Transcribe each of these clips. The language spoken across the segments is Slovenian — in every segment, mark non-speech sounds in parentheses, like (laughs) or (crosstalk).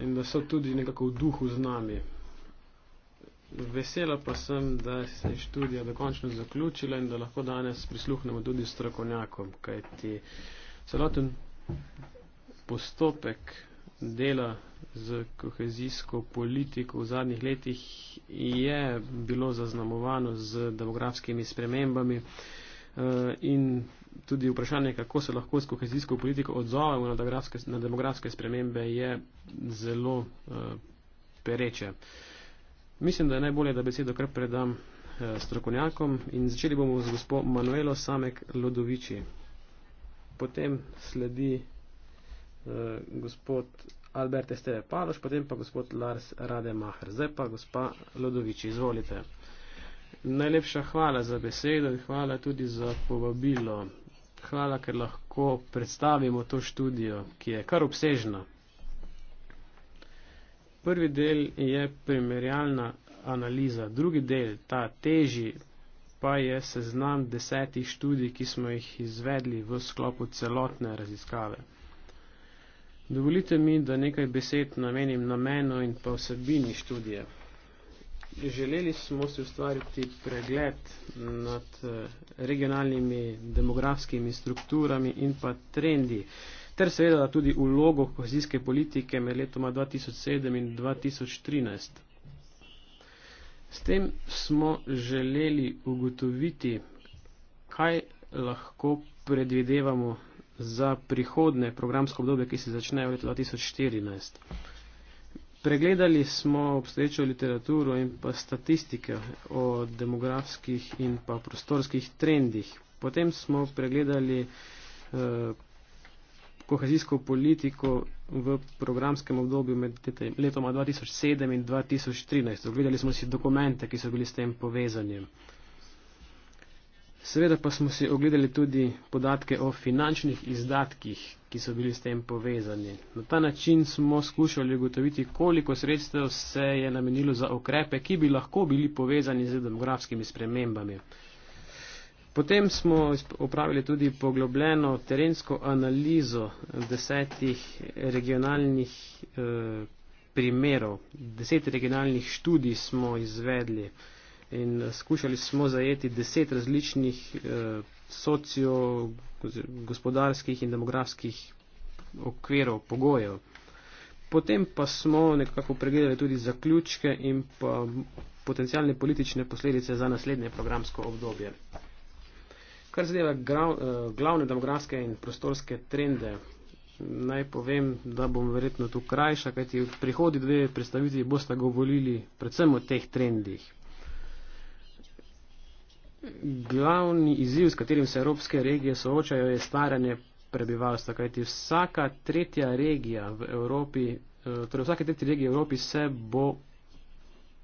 in da so tudi nekako v duhu z nami. Vesela pa sem, da se je študija dokončno zaključila in da lahko danes prisluhnemo tudi strokovnjakom, kajti celoten postopek dela z kohezijsko politiko v zadnjih letih je bilo zaznamovano z demografskimi spremembami. Eh, in tudi vprašanje, kako se lahko s kohezijsko politiko odzovemo na demografske, na demografske spremembe, je zelo eh, pereče. Mislim, da je najbolje, da besedo kar predam eh, strokovnjakom in začeli bomo z gospod Manuelo Samek Lodoviči. Potem sledi eh, gospod Albert Esteve Paloš, potem pa gospod Lars Rademacher. Zdaj pa gospa Lodoviči, izvolite. Najlepša hvala za besedo in hvala tudi za povabilo. Hvala, ker lahko predstavimo to študijo, ki je kar obsežna. Prvi del je primerjalna analiza, drugi del, ta teži, pa je seznam desetih študij, ki smo jih izvedli v sklopu celotne raziskave. Dovolite mi, da nekaj besed namenim namenu in pa vsebini študije. Želeli smo se ustvariti pregled nad eh, regionalnimi demografskimi strukturami in pa trendi, ter seveda tudi ulogo kohezijske politike med letoma 2007 in 2013. S tem smo želeli ugotoviti, kaj lahko predvidevamo za prihodne programsko obdobje, ki se začne v letu 2014. Spregledali smo obstoječo literaturo in pa statistike o demografskih in pa prostorskih trendih. Potem smo pregledali eh, kohezijsko politiko v programskem obdobju med letoma 2007 in 2013. Ogledali smo si dokumente, ki so bili s tem povezanjem. Eh, Seveda pa smo si ogledali tudi podatke o finančnih izdatkih, ki so bili s tem povezani. Na ta način smo skušali ugotoviti, koliko sredstev se je namenilo za okrepe, ki bi lahko bili povezani z demografskimi spremembami. Potem smo opravili tudi poglobljeno terensko analizo desetih regionalnih eh, primerov. Deset regionalnih študij smo izvedli in eh, skušali smo zajeti deset različnih eh, socio-gospodarskih in demografskih okvirov, pogojev. Potem pa smo nekako pregledali tudi zaključke in pa potencijalne politične posledice za naslednje programsko obdobje. Kar zadeva eh, glavne demografske in prostorske trende, naj povem, da bom verjetno tu krajša, kajti v prihodi dve predstaviti boste govorili predvsem o teh trendih glavni izziv, s katerim se evropske regije soočajo, je staranje prebivalstva. Kajti vsaka tretja regija v Evropi, eh, torej vsake tretje regije v Evropi se bo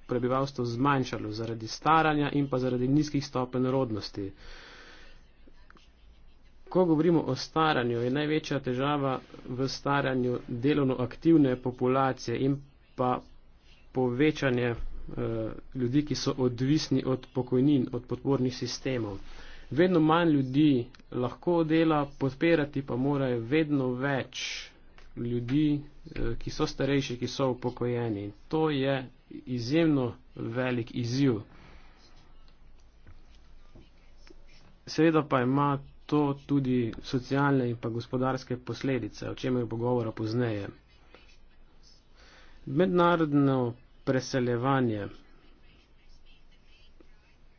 prebivalstvo zmanjšalo zaradi staranja in pa zaradi nizkih stopenj rodnosti. Ko govorimo o staranju, je največja težava v staranju delovno aktivne populacije in pa povečanje Eh, ljudi, ki so odvisni od pokojnin, od podpornih sistemov. Vedno manj ljudi lahko dela, podpirati pa morajo vedno več ljudi, eh, ki so starejši, ki so upokojeni. To je izjemno velik izziv. Seveda pa ima to tudi socialne in pa gospodarske posledice, o čem je pogovora pozneje. Mednarodno preseljevanje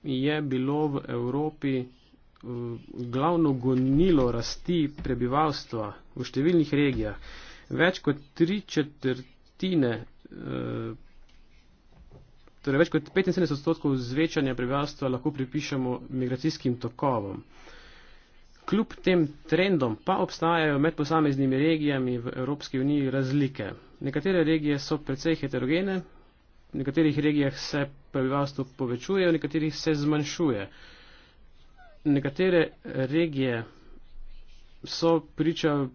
je bilo v Evropi glavno gonilo rasti prebivalstva v številnih regijah. Več kot tri četrtine, eh, torej več kot 75 odstotkov zvečanja prebivalstva lahko pripišemo migracijskim tokovom. Kljub tem trendom pa obstajajo med posameznimi regijami v Evropski uniji razlike. Nekatere regije so precej heterogene, V nekaterih regijah se prebivalstvo povečuje, v nekaterih se zmanjšuje. Nekatere regije so priča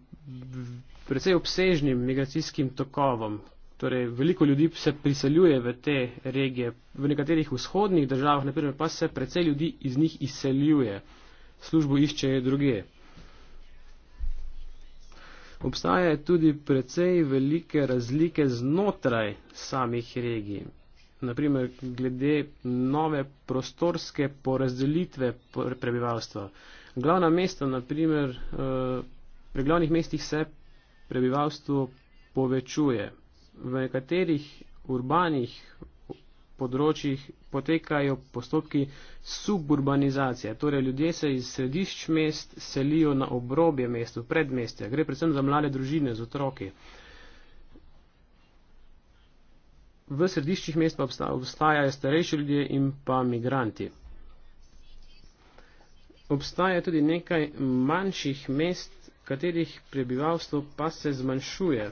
precej obsežnim migracijskim tokovom. Torej, veliko ljudi se priseljuje v te regije. V nekaterih vzhodnih državah, naprimer, pa se precej ljudi iz njih izseljuje. Službo iščejo druge obstajajo tudi precej velike razlike znotraj samih regij. Naprimer, glede nove prostorske porazdelitve prebivalstva. Glavna mesta, naprimer, eh, pri glavnih mestih se prebivalstvo povečuje. V nekaterih urbanih področjih potekajo postopki suburbanizacije. Torej, ljudje se iz središč mest selijo na obrobje mest, v predmestja. Gre predvsem za mlade družine z otroki. V središčih mest pa obstajajo starejši ljudje in pa migranti. Obstaja tudi nekaj manjših mest, katerih prebivalstvo pa se zmanjšuje.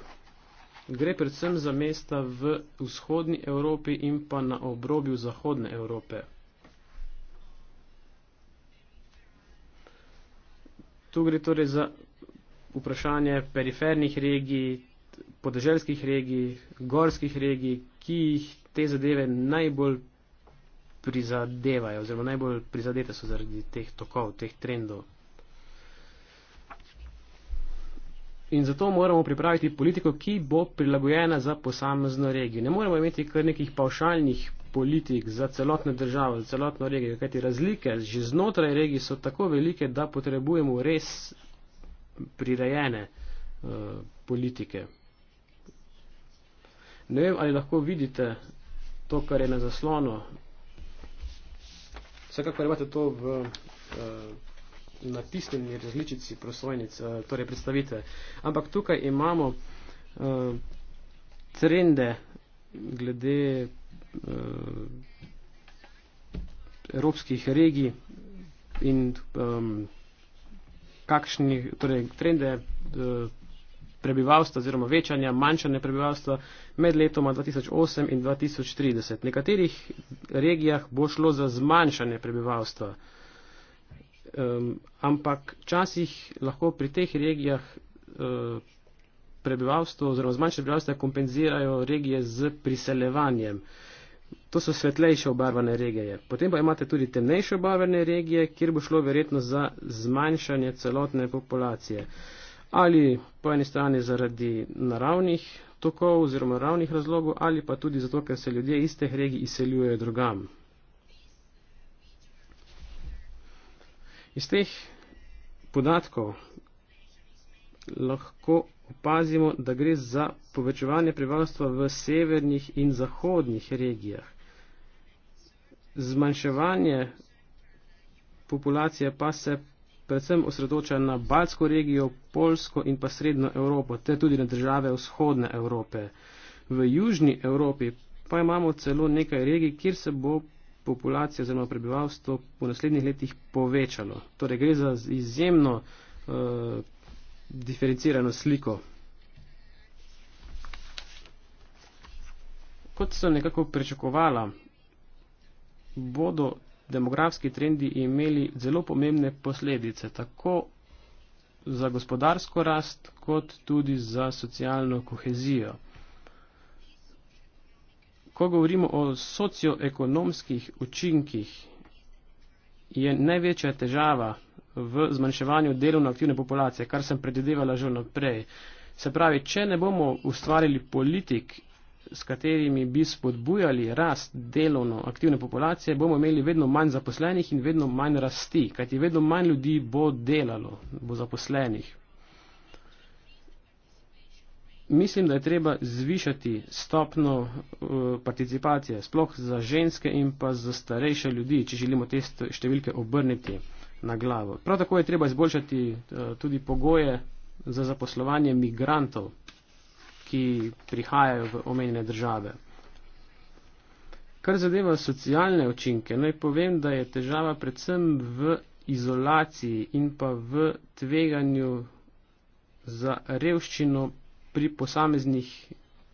Gre predvsem za mesta v vzhodni Evropi in pa na obrobju zahodne Evrope. Tu gre torej za vprašanje perifernih regij, podeželskih regij, gorskih regij, ki jih te zadeve najbolj prizadevajo oziroma najbolj prizadete so zaradi teh tokov, teh trendov. In zato moramo pripraviti politiko, ki bo prilagojena za posamezno regijo. Ne moremo imeti kar nekih pavšalnih politik za celotno državo, za celotno regijo, kajti razlike že znotraj regij so tako velike, da potrebujemo res prirejene uh, politike. Ne vem, ali lahko vidite to, kar je na zaslonu. Vsekakor imate to v. Uh, natisnjeni različici prosojnic, eh, torej predstavite. Ampak tukaj imamo uh, trende glede uh, evropskih regij in um, kakšni, torej trende prebivalstva oziroma večanja, manjšanje prebivalstva med letoma 2008 in 2030. V nekaterih regijah bo šlo za zmanjšanje prebivalstva. Uh, Um, ampak včasih lahko pri teh regijah uh, prebivalstvo oziroma zmanjšanje prebivalstva kompenzirajo regije z priseljevanjem. To so svetlejše obarvane regije. Potem pa imate tudi temnejše obarvane regije, kjer bo šlo verjetno za zmanjšanje celotne populacije. Ali po eni strani zaradi naravnih tokov oziroma naravnih razlogov, ali pa tudi zato, ker se ljudje iz teh regij izseljujejo drugam. Iz teh podatkov lahko opazimo, da gre za povečevanje prebivalstva v severnih in zahodnih regijah. Zmanjševanje populacije pa se predvsem osredoča na Balsko regijo, Polsko in pa Srednjo Evropo, te tudi na države vzhodne Evrope. V Južni Evropi pa imamo celo nekaj regij, kjer se bo populacijo oziroma prebivalstvo v naslednjih letih povečalo. Torej gre za izjemno uh, diferencirano sliko. Kot so nekako pričakovala, bodo demografski trendi imeli zelo pomembne posledice, tako za gospodarsko rast, kot tudi za socialno kohezijo ko govorimo o socioekonomskih učinkih, je največja težava v zmanjševanju delovno aktivne populacije, kar sem predvidevala že naprej. Se pravi, če ne bomo ustvarili politik, s katerimi bi spodbujali rast delovno aktivne populacije, bomo imeli vedno manj zaposlenih in vedno manj rasti, kajti vedno manj ljudi bo delalo, bo zaposlenih mislim, da je treba zvišati stopno uh, participacije, sploh za ženske in pa za starejše ljudi, če želimo te številke obrniti na glavo. Prav tako je treba izboljšati uh, tudi pogoje za zaposlovanje migrantov, ki prihajajo v omenjene države. Kar zadeva socialne učinke, naj povem, da je težava predvsem v izolaciji in pa v tveganju za revščino pri posameznih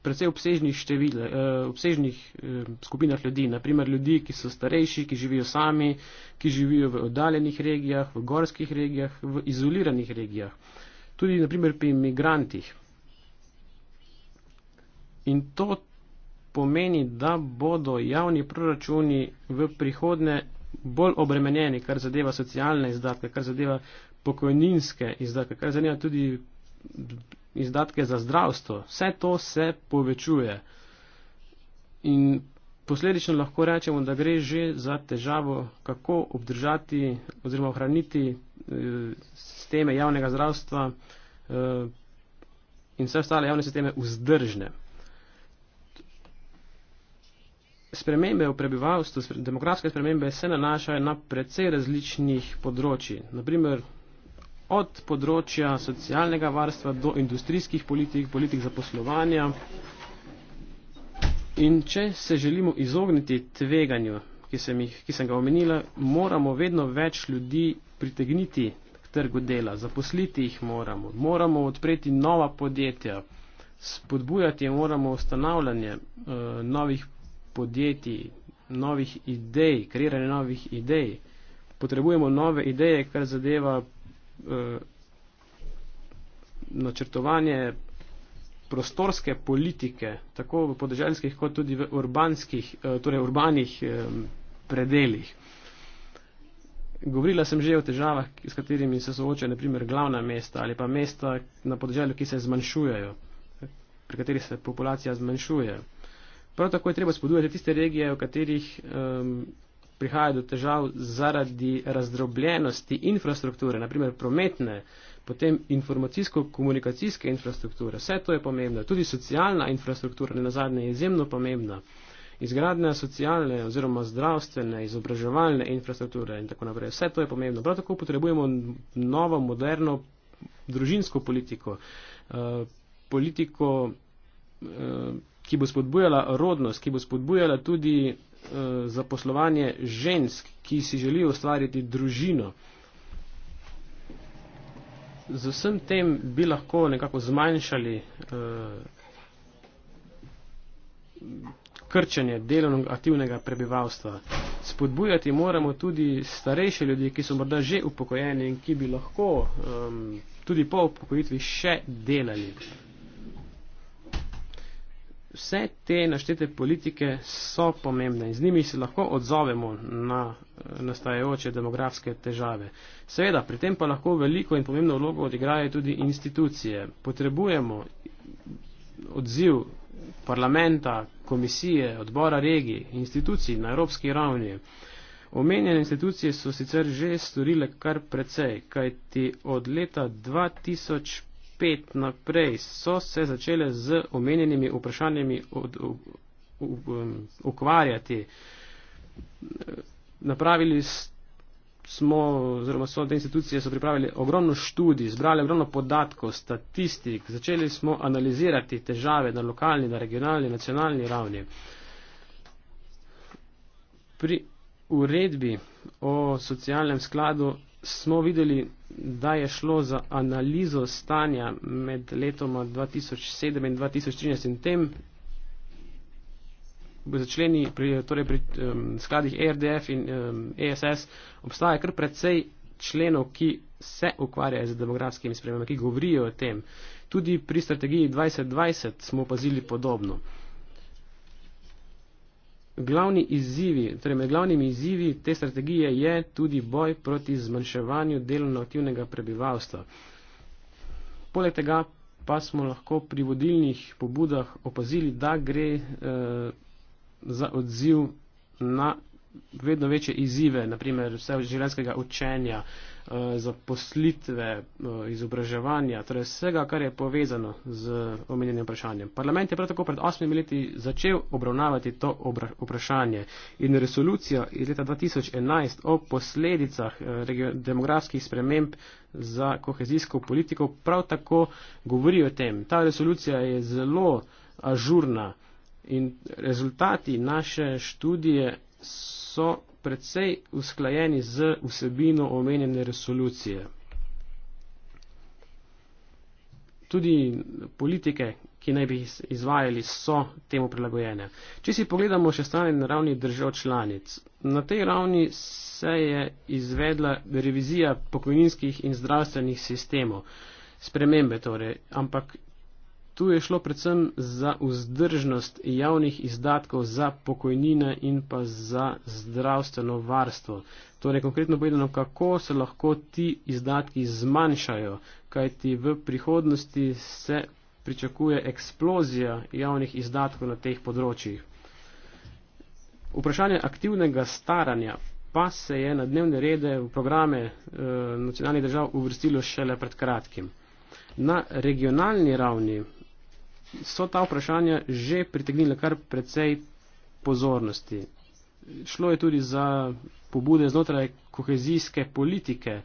precej obsežnih, števil, eh, obsežnih eh, skupinah ljudi, naprimer ljudi, ki so starejši, ki živijo sami, ki živijo v oddaljenih regijah, v gorskih regijah, v izoliranih regijah, tudi naprimer pri imigrantih. In to pomeni, da bodo javni proračuni v prihodne bolj obremenjeni, kar zadeva socialne izdatke, kar zadeva pokojninske izdatke, kar zadeva tudi izdatke za zdravstvo, vse to se povečuje. In posledično lahko rečemo, da gre že za težavo, kako obdržati oziroma ohraniti eh, sisteme javnega zdravstva eh, in vse ostale javne sisteme vzdržne. Spremembe v prebivalstvu, demografske spremembe se nanašajo na precej različnih področji. Naprimer, od področja socialnega varstva do industrijskih politik, politik zaposlovanja. In če se želimo izogniti tveganju, ki sem, jih, ki sem ga omenila, moramo vedno več ljudi pritegniti k trgu dela, zaposliti jih moramo, moramo odpreti nova podjetja, spodbujati moramo ustanavljanje uh, novih podjetij, novih idej, kreiranje novih idej. Potrebujemo nove ideje, kar zadeva Eh, načrtovanje prostorske politike, tako v podeželjskih, kot tudi v urbanskih, eh, torej urbanih eh, predeljih. Govorila sem že o težavah, s katerimi se soočajo naprimer glavna mesta ali pa mesta na podeželju, ki se zmanjšujejo, pri katerih se populacija zmanjšuje. Prav tako je treba spodbujati tiste regije, v katerih um, prihaja do težav zaradi razdrobljenosti infrastrukture, naprimer prometne, potem informacijsko-komunikacijske infrastrukture, vse to je pomembno, tudi socialna infrastruktura ne nazadnje je izjemno pomembna, izgradnja socialne oziroma zdravstvene, izobraževalne infrastrukture in tako naprej, vse to je pomembno. Prav tako potrebujemo novo, moderno družinsko politiko, eh, politiko, eh, ki bo spodbujala rodnost, ki bo spodbujala tudi Eh, zaposlovanje žensk, ki si želijo ustvariti družino. Z vsem tem bi lahko nekako zmanjšali eh, krčenje delovnog aktivnega prebivalstva. Spodbujati moramo tudi starejše ljudi, ki so morda že upokojeni in ki bi lahko um, tudi po upokojitvi še delali vse te naštete politike so pomembne in z njimi se lahko odzovemo na eh, nastajajoče demografske težave. Seveda, pri tem pa lahko veliko in pomembno vlogo odigrajo tudi institucije. Potrebujemo odziv parlamenta, komisije, odbora regij, institucij na evropski ravni. Omenjene institucije so sicer že storile kar precej, kajti od leta 2005 5 naprej so se začele z omenjenimi vprašanjami od, u, u, um, ukvarjati. Napravili smo, oziroma so te institucije so pripravili ogromno študij, zbrali ogromno podatkov, statistik, začeli smo analizirati težave na lokalni, na regionalni, nacionalni ravni. Pri uredbi o socialnem skladu smo videli da je šlo za analizo stanja med letoma 2007 in 2013 in tem za členi pri, torej pri um, skladih ERDF in um, ESS obstaja kar precej členov, ki se ukvarjajo z demografskimi spremembami, ki govorijo o tem. Tudi pri strategiji 2020 smo opazili podobno glavni izzivi, torej med glavnimi izzivi te strategije je tudi boj proti zmanjševanju delovno aktivnega prebivalstva. Poleg tega pa smo lahko pri vodilnih pobudah opazili, da gre eh, za odziv na vedno večje izzive, naprimer vse življenskega učenja, eh, Eh, zaposlitve, eh, izobraževanja, torej vsega, kar je povezano z omenjenim vprašanjem. Parlament je prav tako pred osmimi leti začel obravnavati to vprašanje in resolucija iz leta 2011 o posledicah eh, demografskih sprememb za kohezijsko politiko prav tako govori o tem. Ta resolucija je zelo ažurna in rezultati naše študije so so predvsej usklajeni z vsebino omenjene resolucije. Tudi politike, ki naj bi izvajali, so temu prilagojene. Če si pogledamo še stanje na ravni držav članic, na tej ravni se je izvedla revizija pokojninskih in zdravstvenih sistemov, spremembe torej, ampak Tu je šlo predvsem za vzdržnost javnih izdatkov za pokojnine in pa za zdravstveno varstvo. Torej, konkretno povedano, kako se lahko ti izdatki zmanjšajo, kajti v prihodnosti se pričakuje eksplozija javnih izdatkov na teh področjih. Vprašanje aktivnega staranja pa se je na dnevne rede v programe eh, nacionalnih držav uvrstilo šele pred kratkim. Na regionalni ravni so ta vprašanja že pritegnile kar precej pozornosti. Šlo je tudi za pobude znotraj kohezijske politike.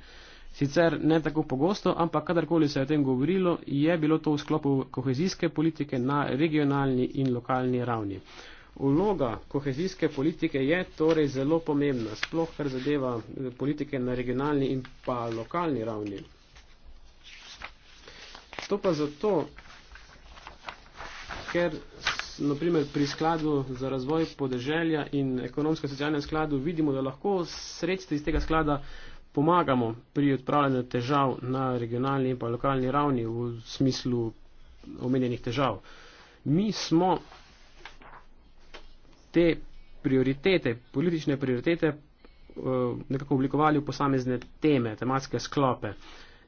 Sicer ne tako pogosto, ampak kadarkoli se je o tem govorilo, je bilo to v sklopu kohezijske politike na regionalni in lokalni ravni. Uloga kohezijske politike je torej zelo pomembna, sploh kar zadeva eh, politike na regionalni in pa lokalni ravni. To pa zato, ker naprimer, pri skladu za razvoj podeželja in ekonomsko socialnem skladu vidimo, da lahko sredstvi iz tega sklada pomagamo pri odpravljanju težav na regionalni in pa lokalni ravni v smislu omenjenih težav. Mi smo te prioritete, politične prioritete eh, nekako oblikovali v posamezne teme, tematske sklope. Uh,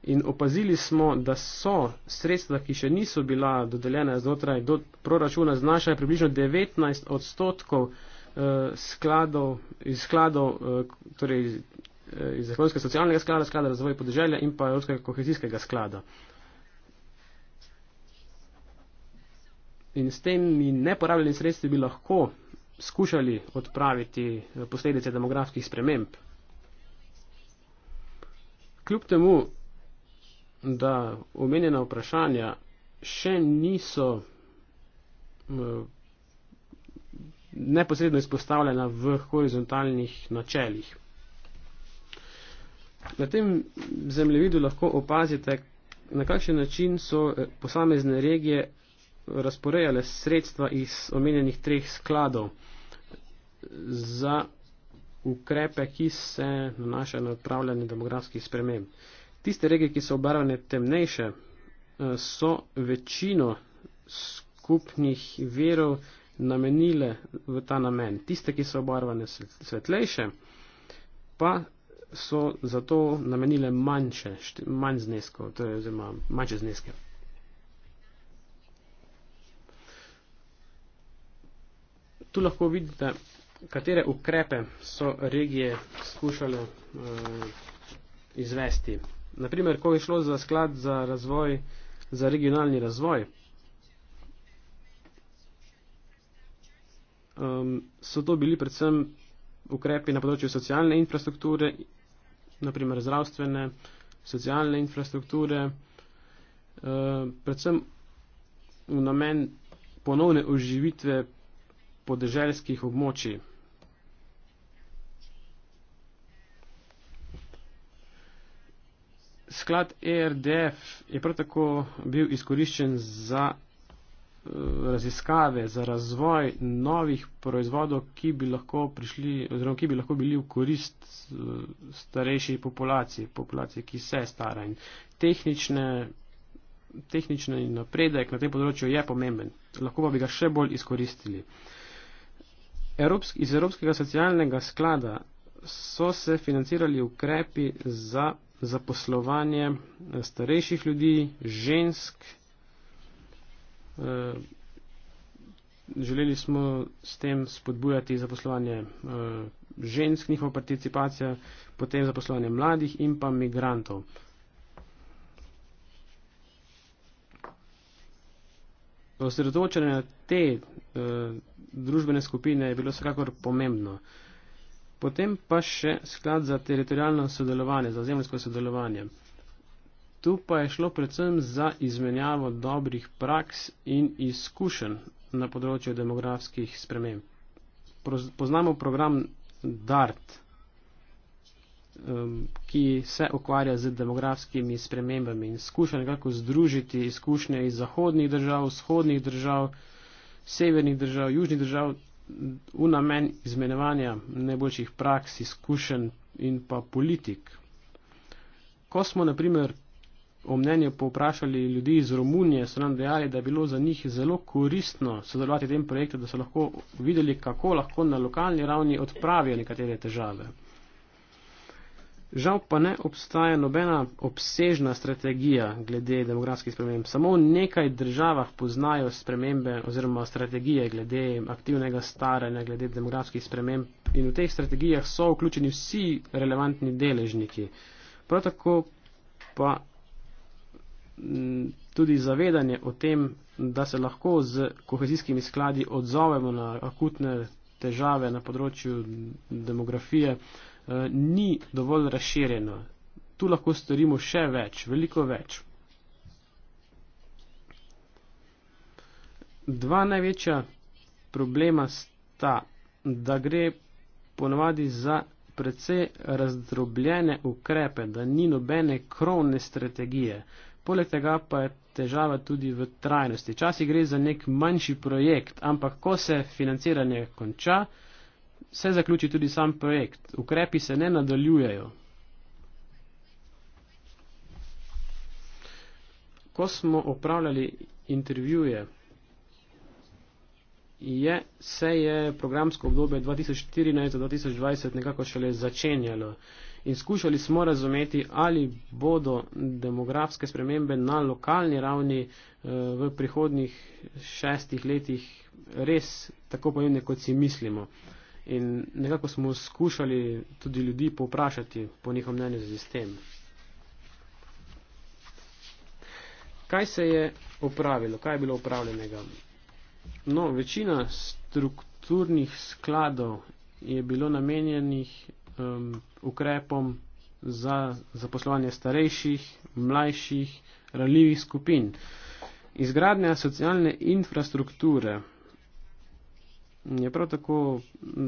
in opazili smo, da so sredstva, ki še niso bila dodeljena znotraj do proračuna, znašajo približno 19 odstotkov eh, skladov, iz skladov, eh, torej eh, iz Zahodnjega socialnega sklada, sklada razvoja podeželja in pa Evropskega kohezijskega sklada. In s temi neporabljenimi sredstvi bi lahko skušali odpraviti posledice demografskih sprememb. Kljub temu, da omenjena vprašanja še niso eh, neposredno izpostavljena v horizontalnih načeljih. Na tem zemljevidu lahko opazite, na kakšen način so eh, posamezne regije razporejale sredstva iz omenjenih treh skladov za ukrepe, ki se nanašajo na odpravljanje demografskih sprememb. Tiste regije, ki so obarvane temnejše, eh, so večino skupnih verov namenile v ta namen. Tiste, ki so obarvane svetlejše, pa so zato namenile manjše, manj zneskov, torej oziroma manjše zneske. Tu lahko vidite, katere ukrepe so regije skušale uh, izvesti. Naprimer, ko je šlo za sklad za razvoj, za regionalni razvoj, um, so to bili predvsem ukrepi na področju socialne infrastrukture, naprimer zdravstvene, socialne infrastrukture, uh, predvsem v namen ponovne oživitve podeželskih območij. sklad ERDF je prav tako bil izkoriščen za eh, raziskave, za razvoj novih proizvodov, ki bi lahko prišli oziroma ki bi lahko bili v korist eh, starejši populaciji, populaciji, ki se stara in tehnične. Tehnični napredek na tem področju je pomemben, lahko pa bi ga še bolj izkoristili. Evropsk, iz Evropskega socialnega sklada so se financirali ukrepi za zaposlovanje eh, starejših ljudi, žensk. Eh, želeli smo s tem spodbujati zaposlovanje eh, žensk, njihova participacija, potem zaposlovanje mladih in pa migrantov. Osredotočanje na te eh, družbene skupine je bilo vsekakor pomembno. Eh, Potem pa še sklad za teritorijalno sodelovanje, za zemljsko sodelovanje. Tu pa je šlo predvsem za izmenjavo dobrih praks in izkušenj na področju demografskih sprememb. Poznamo program DART, um, ki se ukvarja z demografskimi spremembami in skuša nekako združiti izkušnje iz zahodnih držav, vzhodnih držav, severnih držav, južnih držav v namen izmenevanja najboljših praks, izkušenj in pa politik. Ko smo, na primer, o mnenju povprašali ljudi iz Romunije, so nam dejali, da je bilo za njih zelo koristno sodelovati v tem projektu, da so lahko videli, kako lahko na lokalni ravni odpravijo nekatere težave. Žal pa ne obstaja nobena obsežna strategija glede demografskih sprememb. Samo v nekaj državah poznajo spremembe oziroma strategije glede aktivnega staranja, glede demografskih sprememb in v teh strategijah so vključeni vsi relevantni deležniki. Prav tako pa tudi zavedanje o tem, da se lahko z kohezijskimi skladi odzovemo na akutne težave na področju demografije. Eh, ni dovolj razširjeno. Tu lahko storimo še več, veliko več. Dva največja problema sta, da gre ponovadi za precej razdrobljene ukrepe, da ni nobene krovne strategije. Poleg tega pa je težava tudi v trajnosti. Časi gre za nek manjši projekt, ampak ko se financiranje konča, se zaključi tudi sam projekt. Ukrepi se ne nadaljujejo. Ko smo opravljali intervjuje, je, se je programsko obdobje 2014-2020 nekako šele začenjalo in skušali smo razumeti, ali bodo demografske spremembe na lokalni ravni eh, v prihodnih šestih letih res tako pomembne, kot si mislimo. Eh, In nekako smo skušali tudi ljudi povprašati po njihovem mnenju z tem. Kaj se je opravilo, kaj je bilo upravljenega? No, večina strukturnih skladov je bilo namenjenih um, ukrepom za zaposlovanje starejših, mlajših, ranljivih skupin. Izgradnja socialne infrastrukture je prav tako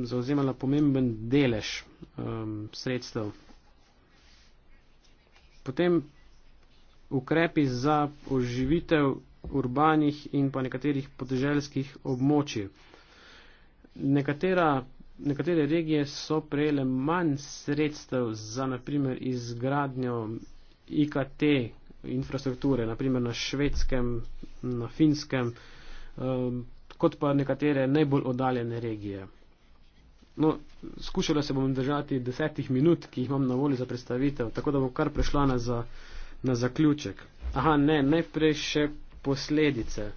zauzemala pomemben delež um, sredstev. Potem ukrepi za oživitev urbanih in pa nekaterih podeželskih območij. Nekatera, nekatere regije so prejele manj sredstev za naprimer izgradnjo IKT infrastrukture, naprimer na švedskem, na finskem. Um, kot pa nekatere najbolj oddaljene regije. No, skušala se bom držati desetih minut, ki jih imam na voljo za predstavitev, tako da bom kar prešla na, za, na zaključek. Aha, ne, najprej še posledice.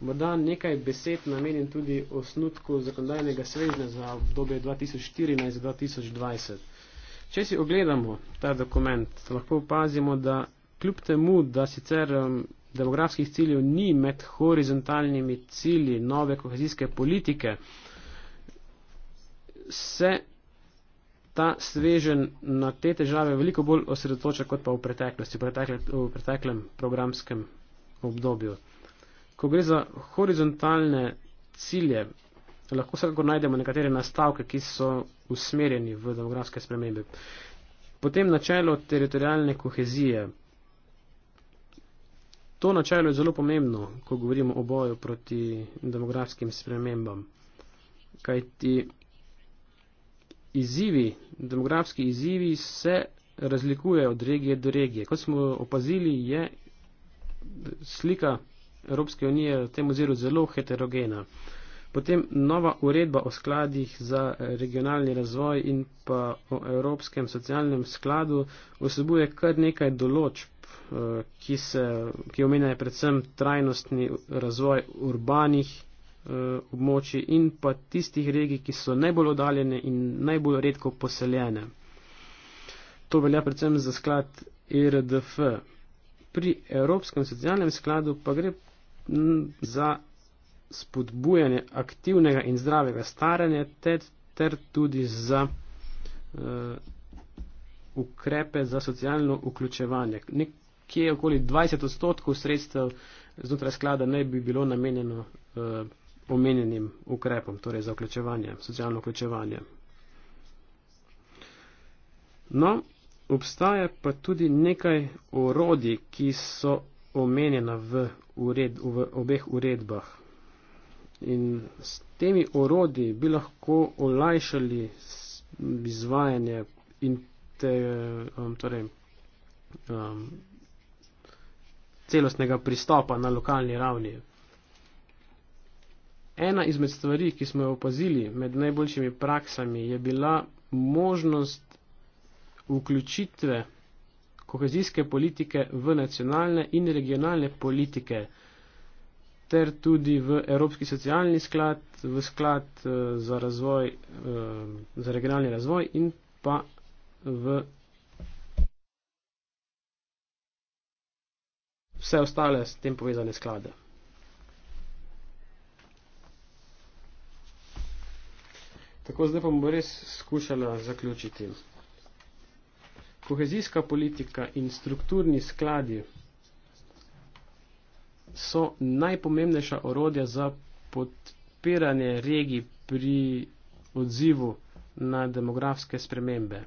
Morda nekaj besed namenim tudi osnutku zakonodajnega svežnja za obdobje 2014-2020. Če si ogledamo ta dokument, lahko opazimo, da kljub temu, da sicer um, demografskih ciljev ni med horizontalnimi cilji nove kohezijske politike, se ta svežen na te težave veliko bolj osredotoča kot pa v preteklosti, v preteklem, v preteklem programskem obdobju. Ko gre za horizontalne cilje, lahko vsekakor najdemo nekatere nastavke, ki so usmerjeni v demografske spremembe. Potem načelo teritorijalne kohezije. To načelo je zelo pomembno, ko govorimo o boju proti demografskim spremembam. Kaj ti izzivi, demografski izzivi se razlikujejo od regije do regije. Kot smo opazili, je slika Evropske unije v tem oziru zelo heterogena. Potem nova uredba o skladih za regionalni razvoj in pa o Evropskem socialnem skladu vsebuje kar nekaj določb Eh, ki, se, ki omenjajo predvsem trajnostni razvoj urbanih eh, območij in pa tistih regij, ki so najbolj oddaljene in najbolj redko poseljene. To velja predvsem za sklad ERDF. Pri Evropskem socialnem skladu pa gre za spodbujanje aktivnega in zdravega staranja ter, ter tudi za uh, ukrepe za socialno vključevanje. Nek kje okoli 20 odstotkov sredstev znotraj sklada ne bi bilo namenjeno uh, omenjenim ukrepom, torej za vključevanje, socialno vključevanje. No, obstaja pa tudi nekaj orodij, ki so omenjena v, ured, v obeh uredbah. In s temi orodji bi lahko olajšali izvajanje in te, um, torej, um, celostnega pristopa na lokalni ravni. Ena izmed stvari, ki smo jo opazili med najboljšimi praksami, je bila možnost vključitve kohezijske politike v nacionalne in regionalne politike ter tudi v Evropski socialni sklad, v sklad eh, za, razvoj, eh, za regionalni razvoj in pa v vse ostale s tem povezane sklade. Tako zdaj pa bomo res skušala zaključiti. Kohezijska politika in strukturni skladi so najpomembnejša orodja za podpiranje regij pri odzivu na demografske spremembe.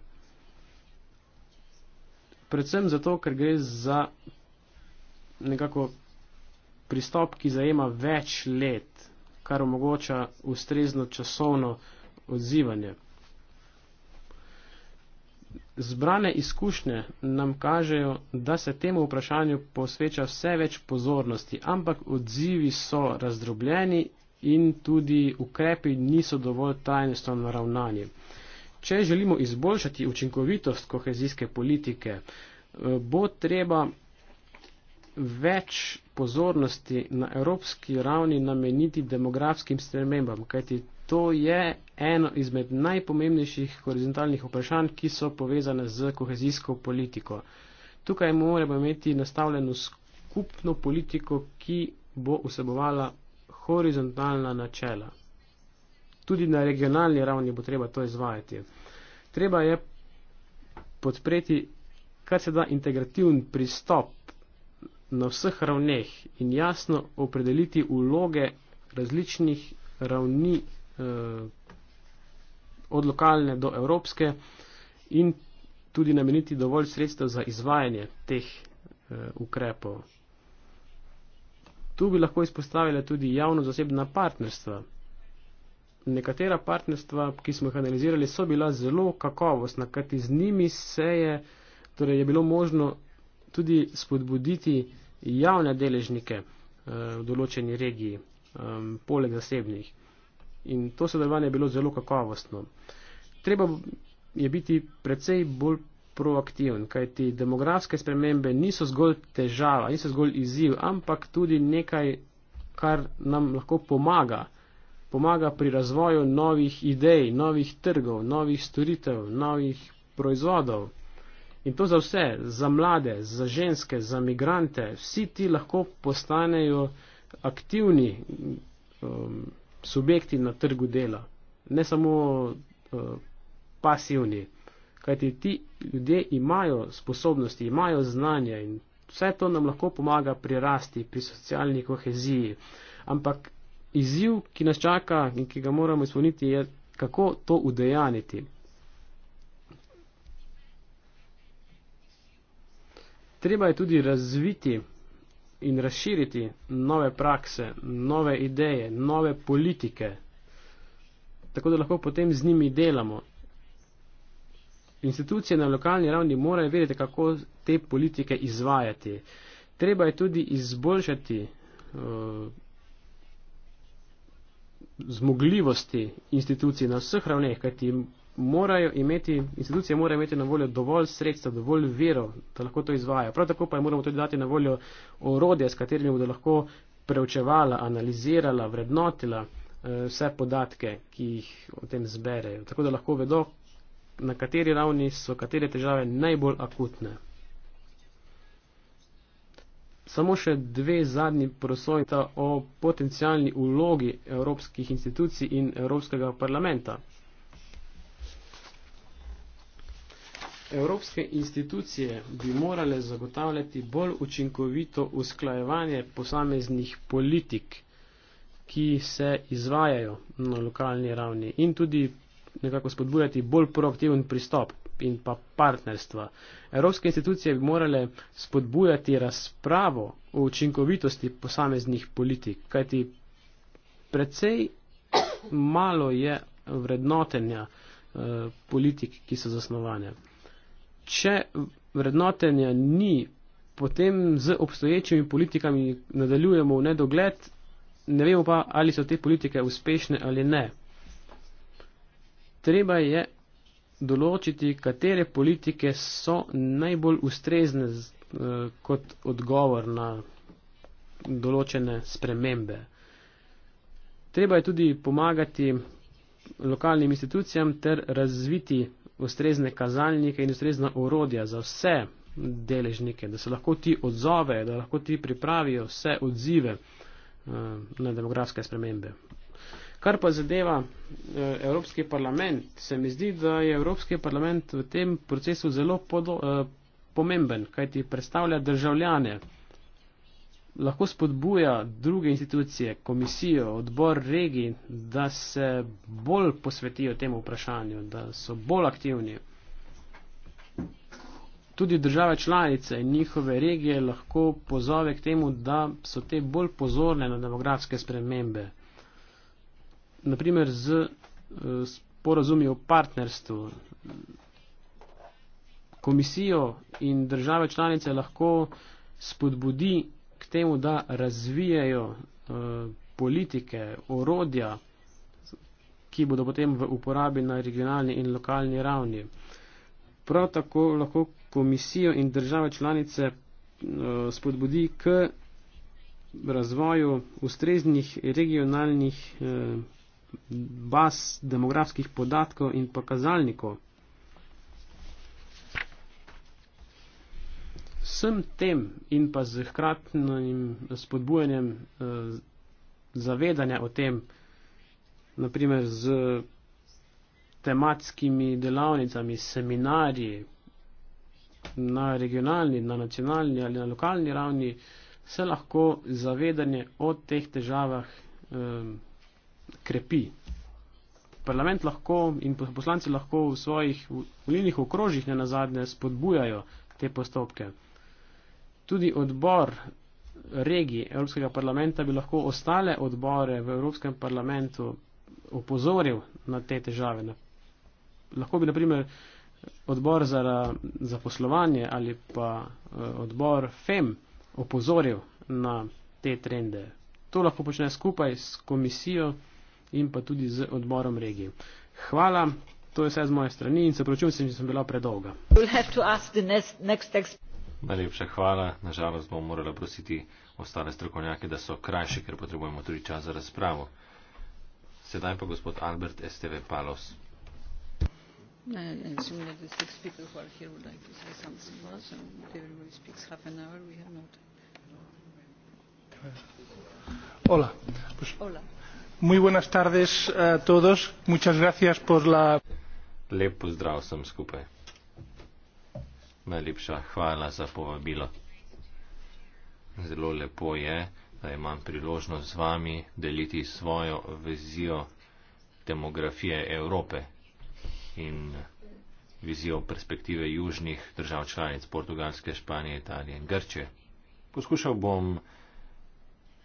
Predvsem zato, ker gre za nekako pristop, ki zajema več let, kar omogoča ustrezno časovno odzivanje. Zbrane izkušnje nam kažejo, da se temu vprašanju posveča vse več pozornosti, ampak odzivi so razdrobljeni in tudi ukrepi niso dovolj tajnostno naravnani. Če želimo izboljšati učinkovitost kohezijske politike, eh, bo treba več pozornosti na evropski ravni nameniti demografskim spremembam, kajti to je eno izmed najpomembnejših horizontalnih vprašanj, ki so povezane z kohezijsko politiko. Tukaj moramo imeti nastavljeno skupno politiko, ki bo vsebovala horizontalna načela. Tudi na regionalni ravni bo treba to izvajati. Treba je podpreti kar se da integrativen pristop na vseh ravneh in jasno opredeliti vloge različnih ravni, eh, od lokalne do evropske, in tudi nameniti dovolj sredstev za izvajanje teh eh, ukrepov. Tu bi lahko izpostavili tudi javno-zasebna partnerstva. Nekatera partnerstva, ki smo jih analizirali, so bila zelo kakovostna, kajti z njimi se je, torej je bilo možno tudi spodbuditi eh, javne deležnike eh, v določeni regiji, poleg zasebnih. In to sodelovanje je bilo zelo kakovostno. Treba je biti precej bolj proaktiven, kajti demografske spremembe niso zgolj težava, niso zgolj izziv, ampak tudi nekaj, kar nam lahko pomaga. Pomaga pri razvoju novih idej, novih trgov, novih storitev, novih proizvodov. In to za vse, za mlade, za ženske, za migrante, vsi ti lahko postanejo aktivni um, subjekti na trgu dela, ne samo uh, pasivni. Kajti ti ljudje imajo sposobnosti, imajo znanje in vse to nam lahko pomaga pri rasti, pri socialni koheziji. Ampak izziv, ki nas čaka in ki ga moramo izpolniti, je, kako to udejaniti. Treba je tudi razviti in razširiti nove prakse, nove ideje, nove politike, tako da lahko potem z njimi delamo. Institucije na lokalni ravni morajo vedeti, kako te politike izvajati. Treba je tudi izboljšati uh, zmogljivosti institucij na vseh ravneh, kajti morajo imeti, institucije morajo imeti na voljo dovolj sredstva, dovolj vero, da lahko to izvaja. Prav tako pa jim moramo tudi dati na voljo orodje, s katerimi bodo lahko preučevala, analizirala, vrednotila eh, vse podatke, ki jih o tem zberejo, tako da lahko vedo, na kateri ravni so katere težave najbolj akutne. Samo še dve zadnji prosojta o potencijalni ulogi evropskih institucij in Evropskega parlamenta. Evropske institucije bi morale zagotavljati bolj učinkovito usklajevanje posameznih politik, ki se izvajajo na lokalni ravni in tudi nekako spodbujati bolj proaktiven pristop in pa partnerstva. Evropske institucije bi morale spodbujati razpravo o učinkovitosti posameznih politik, kajti precej malo je vrednotenja eh, politik, ki so zasnovane če vrednotenja ni, potem z obstoječimi politikami nadaljujemo v nedogled, ne vemo pa, ali so te politike uspešne ali ne. Treba je določiti, katere politike so najbolj ustrezne z, eh, kot odgovor na določene spremembe. Treba je tudi pomagati lokalnim institucijam ter razviti ustrezne kazalnike in ustrezna urodja za vse deležnike, da se lahko ti odzove, da lahko ti pripravijo vse odzive eh, na demografske spremembe. Kar pa zadeva eh, Evropski parlament, se mi zdi, da je Evropski parlament v tem procesu zelo podo, eh, pomemben, kajti predstavlja državljane lahko spodbuja druge institucije, komisijo, odbor regij, da se bolj posvetijo temu vprašanju, da so bolj aktivni. Tudi države članice in njihove regije lahko pozove k temu, da so te bolj pozorne na demografske spremembe. Naprimer z eh, sporazumi o partnerstvu. Komisijo in države članice lahko spodbudi temu, da razvijajo eh, politike, orodja, ki bodo potem v uporabi na regionalni in lokalni ravni. Prav tako lahko komisijo in države članice eh, spodbudi k razvoju ustreznih regionalnih eh, baz demografskih podatkov in pokazalnikov. vsem tem in pa z hkratnim spodbujanjem eh, zavedanja o tem, naprimer z tematskimi delavnicami, seminarji na regionalni, na nacionalni ali na lokalni ravni, se lahko zavedanje o teh težavah eh, krepi. Parlament lahko in poslanci lahko v svojih volilnih okrožjih ne nazadnje spodbujajo te postopke tudi odbor regij Evropskega parlamenta bi lahko ostale odbore v Evropskem parlamentu opozoril na te težave. Lahko bi naprimer odbor za zaposlovanje ali pa eh, odbor FEM opozoril na te trende. To lahko počne skupaj s komisijo in pa tudi z odborom regij. Hvala. To je vse z moje strani in se pročujem, če sem bila predolga. We'll have to ask the next, next Najlepša hvala. Nažalost bom morala prositi ostale strokovnjake, da so krajši, ker potrebujemo tudi čas za razpravo. Sedaj pa gospod Albert STV Palos. No, no, no, Hola. Pues, Hola. Muy buenas tardes a todos. Muchas gracias por la. Lep pozdrav sem skupaj. Najlepša hvala za povabilo. Zelo lepo je, da imam priložnost z vami deliti svojo vizijo demografije Evrope in vizijo perspektive južnih držav članic Portugalske, Španije, Italije in Grče. Poskušal bom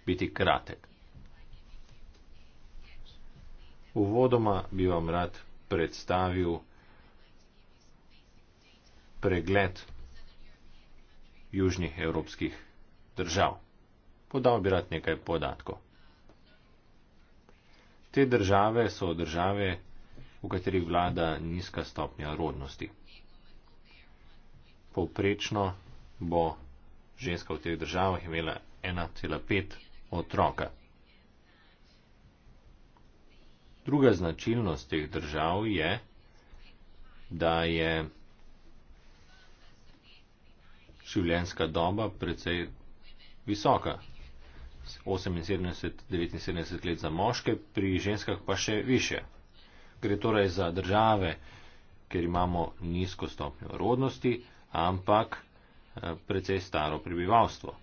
biti kratek. Uvodoma bi vam rad predstavil, pregled južnih evropskih držav. Podal bi rad nekaj podatkov. Te države so države, v katerih vlada nizka stopnja rodnosti. Povprečno bo ženska v teh državah imela 1,5 otroka. Druga značilnost teh držav je, da je življenjska doba precej visoka. 78-79 let za moške, pri ženskah pa še više. Gre torej za države, kjer imamo nizko stopnjo rodnosti, ampak eh, precej staro prebivalstvo.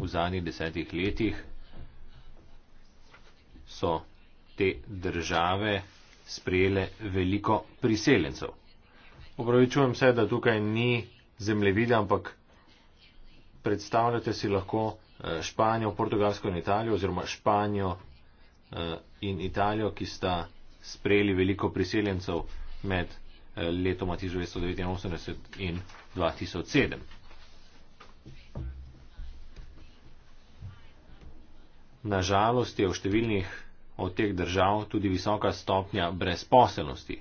V zadnjih desetih letih so te države sprejele veliko priseljencev. Upravičujem se, da tukaj ni zemljevida, ampak predstavljate si lahko eh, Španijo, Portugalsko in Italijo oziroma Španijo eh, in Italijo, ki sta sprejeli veliko priseljencev med eh, letoma 1989 in 2007. Nažalost je v številnih od teh držav tudi visoka stopnja brezposelnosti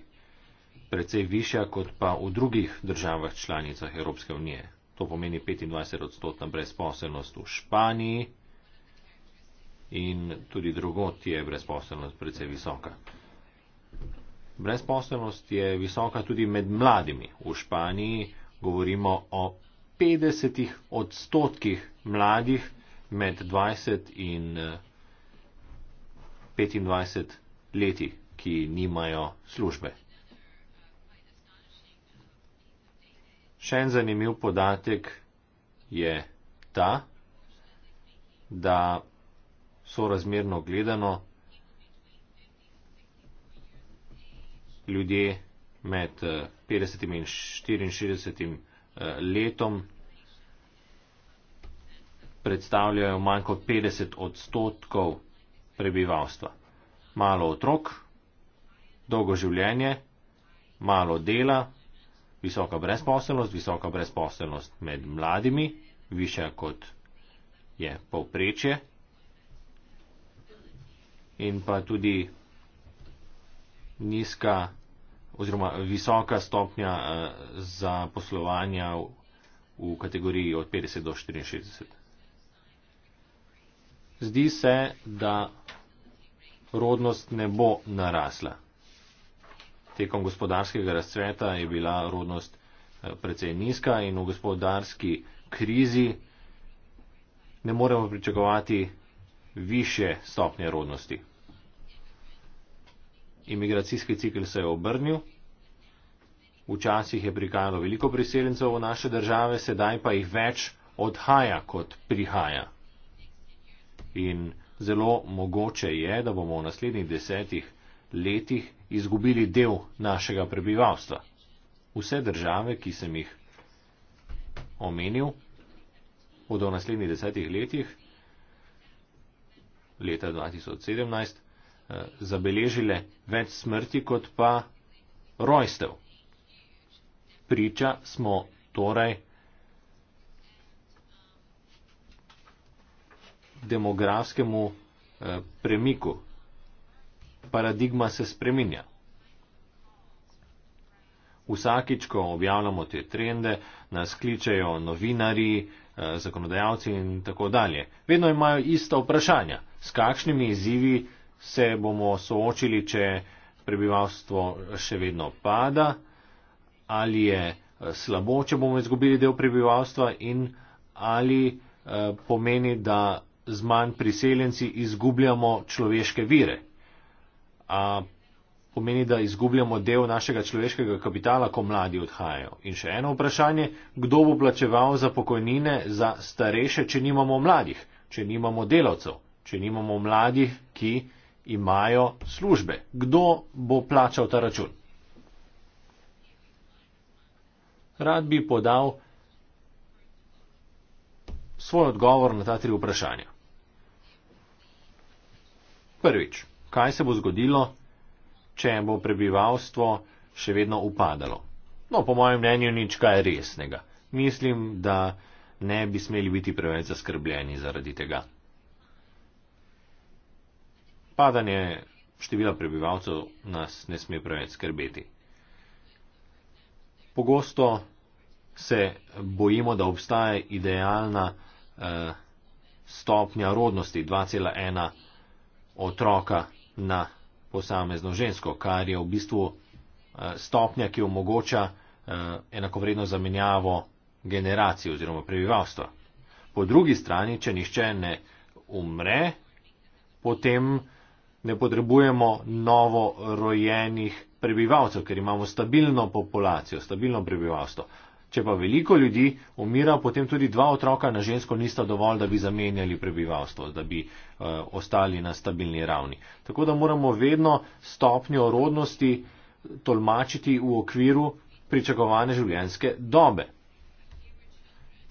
precej višja kot pa v drugih državah članicah Evropske unije. To pomeni 25 odstotna brezposelnost v Španiji in tudi drugot je brezposelnost precej visoka. Brezposelnost je visoka tudi med mladimi. V Španiji govorimo o 50 odstotkih mladih med 20 in 25 eh, leti, ki nimajo službe. Še en zanimiv podatek je ta, da so razmerno gledano ljudje med 50 eh, in 64 eh, letom predstavljajo manj kot 50 odstotkov prebivalstva. Malo otrok, dolgo življenje, malo dela, visoka brezposelnost, visoka brezposelnost med mladimi, više kot je povprečje. In pa tudi nizka oziroma visoka stopnja eh, za poslovanja v kategoriji od 50 do 64. Zdi se, da rodnost ne bo narasla tekom gospodarskega razcveta je bila rodnost eh, precej nizka in v gospodarski krizi ne moremo pričakovati više stopnje rodnosti. Imigracijski cikl se je obrnil, včasih je prikajalo veliko priseljencev v naše države, sedaj pa jih več odhaja kot prihaja. In zelo mogoče je, da bomo v naslednjih desetih letih izgubili del našega prebivalstva. Vse države, ki sem jih omenil, bodo v naslednjih desetih letih, leta 2017, eh, zabeležile več smrti kot pa rojstev. Priča smo torej demografskemu eh, premiku, paradigma se spreminja. Vsakič, ko objavljamo te trende, nas kličejo novinari, eh, zakonodajalci in tako dalje. Vedno imajo ista vprašanja. S kakšnimi izzivi se bomo soočili, če prebivalstvo še vedno pada, ali je eh, slabo, če bomo izgubili del prebivalstva in ali eh, pomeni, da z manj priseljenci izgubljamo človeške vire a, pomeni, da izgubljamo del našega človeškega kapitala, ko mladi odhajajo. In še eno vprašanje, kdo bo plačeval za pokojnine za starejše, če nimamo mladih, če nimamo delavcev, če nimamo mladih, ki imajo službe. Kdo bo plačal ta račun? Rad bi podal svoj odgovor na ta tri vprašanja. Prvič kaj se bo zgodilo, če bo prebivalstvo še vedno upadalo. No, po mojem mnenju, nič kaj resnega. Mislim, da ne bi smeli biti preveč zaskrbljeni zaradi tega. Padanje števila prebivalcev nas ne sme preveč skrbeti. Pogosto se bojimo, da obstaja idealna eh, stopnja rodnosti 2,1 otroka na posamezno žensko, kar je v bistvu eh, stopnja, ki omogoča eh, enakovredno zamenjavo generacij oziroma prebivalstva. Po drugi strani, če nišče ne umre, potem ne potrebujemo novo rojenih prebivalcev, ker imamo stabilno populacijo, stabilno prebivalstvo. Če pa veliko ljudi umira, potem tudi dva otroka na žensko nista dovolj, da bi zamenjali prebivalstvo, da bi uh, ostali na stabilni ravni. Tako da moramo vedno stopnjo rodnosti tolmačiti v okviru pričakovane življenjske dobe.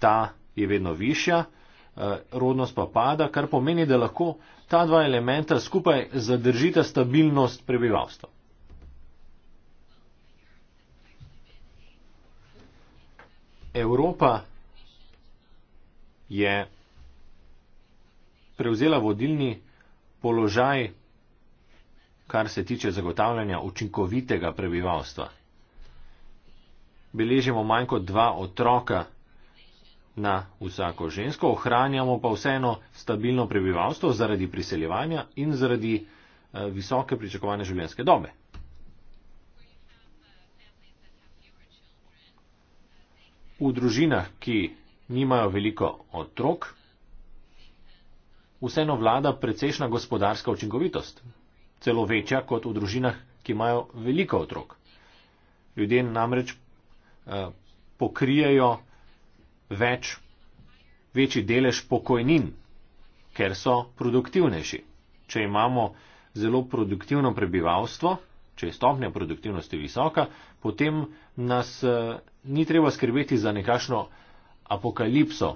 Ta je vedno višja, uh, rodnost pa pada, kar pomeni, da lahko ta dva elementa skupaj zadržita stabilnost prebivalstva. Evropa je prevzela vodilni položaj, kar se tiče zagotavljanja učinkovitega prebivalstva. Beležimo manj kot dva otroka na vsako žensko, ohranjamo pa vseeno stabilno prebivalstvo zaradi priseljevanja in zaradi eh, visoke pričakovane življenjske dobe. v družinah, ki nimajo veliko otrok, vseeno vlada precejšna gospodarska učinkovitost, celo večja kot v družinah, ki imajo veliko otrok. Ljudje namreč eh, pokrijajo več, večji delež pokojnin, ker so produktivnejši. Če imamo zelo produktivno prebivalstvo, če je stopnja produktivnosti visoka, potem nas eh, ni treba skrbeti za nekašno apokalipso,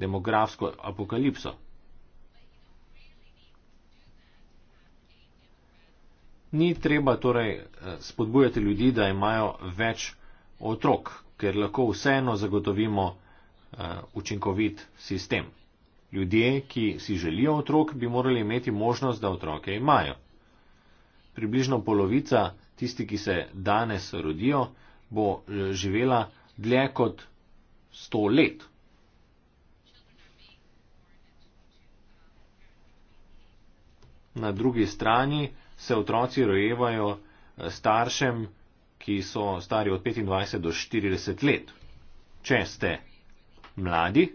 demografsko apokalipso. Ni treba torej eh, spodbujati ljudi, da imajo več otrok, ker lahko vseeno zagotovimo eh, učinkovit sistem. Ljudje, ki si želijo otrok, bi morali imeti možnost, da otroke imajo približno polovica tistih, ki se danes rodijo, bo eh, živela dlje kot 100 let. Na drugi strani se otroci rojevajo eh, staršem, ki so stari od 25 do 40 let. Če ste mladi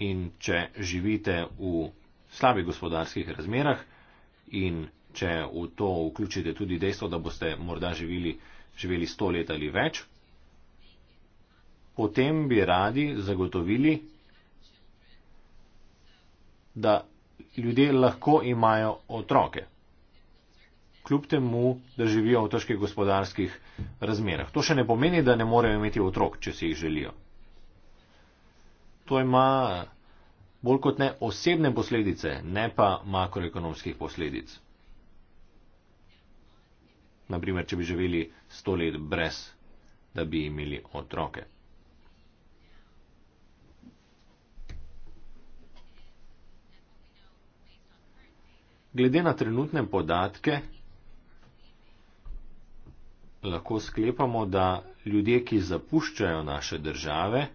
in če živite v slabih gospodarskih razmerah, in če v to vključite tudi dejstvo, da boste morda živeli, živeli 100 let ali več, potem bi radi zagotovili, da ljudje lahko imajo otroke, kljub temu, da živijo v težkih gospodarskih razmerah. To še ne pomeni, da ne morejo imeti otrok, če si jih želijo. To ima bolj kot ne osebne posledice, ne pa makroekonomskih posledic. Naprimer, če bi živeli sto let brez, da bi imeli otroke. Glede na trenutne podatke lahko sklepamo, da ljudje, ki zapuščajo naše države,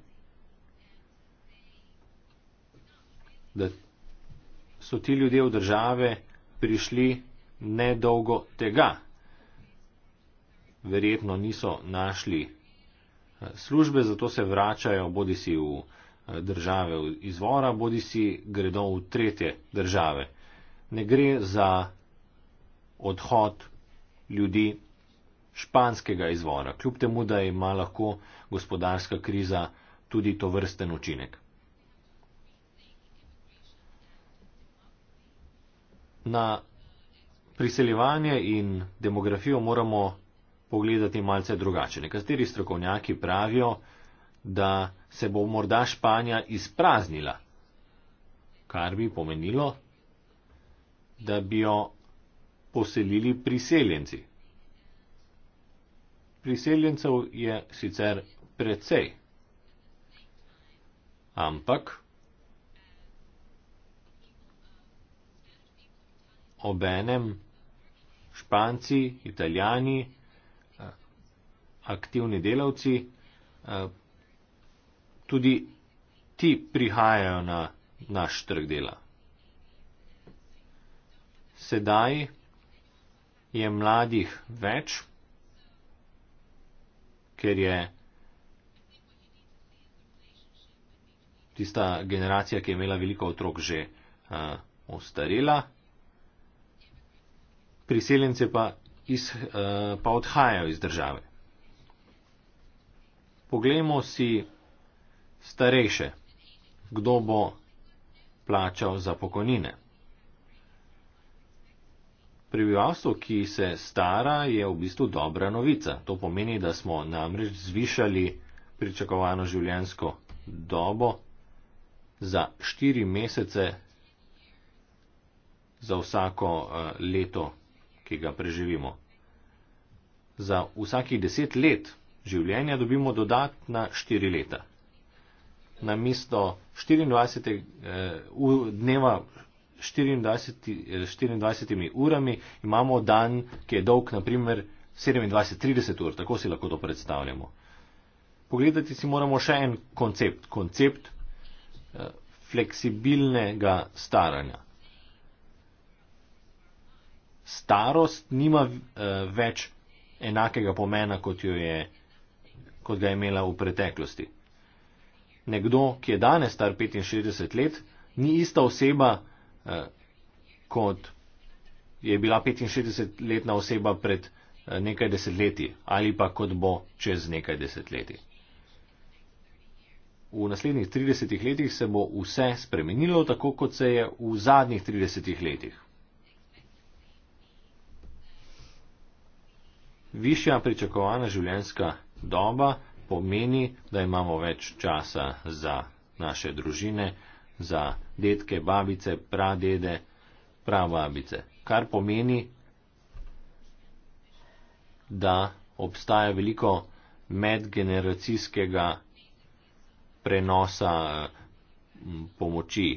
da so ti ljudje v države prišli nedolgo tega. Verjetno niso našli eh, službe, zato se vračajo bodi si v eh, države izvora, bodi si gredo v tretje države. Ne gre za odhod ljudi španskega izvora, kljub temu, da ima lahko gospodarska kriza tudi to vrsten učinek. na priseljevanje in demografijo moramo pogledati malce drugače. Nekateri strokovnjaki pravijo, da se bo morda Španija izpraznila, kar bi pomenilo, da bi jo poselili priseljenci. Priseljencev je sicer precej, ampak obenem španci, italijani, eh, aktivni delavci, eh, tudi ti prihajajo na naš trg dela. Sedaj je mladih več, ker je tista generacija, ki je imela veliko otrok, že uh, eh, ustarela priseljence pa, iz, eh, pa odhajajo iz države. Poglejmo si starejše, kdo bo plačal za pokojnine. Prebivalstvo, ki se stara, je v bistvu dobra novica. To pomeni, da smo namreč zvišali pričakovano življenjsko dobo za štiri mesece za vsako eh, leto ki ga preživimo. Za vsakih deset let življenja dobimo dodatna štiri leta. Na mesto 24. dneva 24, 24 eh, urami imamo dan, ki je dolg naprimer 27-30 ur, tako si lahko to predstavljamo. Pogledati si moramo še en koncept, koncept eh, fleksibilnega staranja starost nima uh, več enakega pomena, kot, je, kot ga je imela v preteklosti. Nekdo, ki je danes star 65 let, ni ista oseba, uh, kot je bila 65-letna oseba pred uh, nekaj desetletji ali pa kot bo čez nekaj desetletji. V naslednjih 30 letih se bo vse spremenilo tako, kot se je v zadnjih 30 letih. Višja pričakovana življenska doba pomeni, da imamo več časa za naše družine, za detke, babice, pradede, pravabice. Kar pomeni, da obstaja veliko medgeneracijskega prenosa pomoči.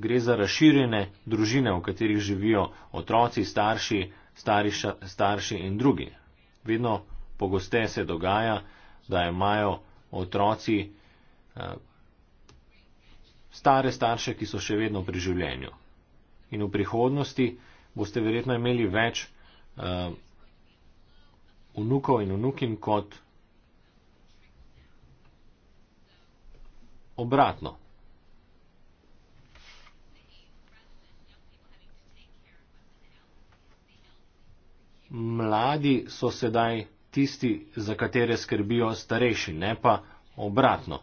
Gre za razširjene družine, v katerih živijo otroci, starši, stariša, starši in drugi. Vedno pogosteje se dogaja, da imajo otroci eh, stare starše, ki so še vedno pri življenju. In v prihodnosti boste verjetno imeli več eh, vnukov in vnukin kot obratno. mladi so sedaj tisti, za katere skrbijo starejši, ne pa obratno.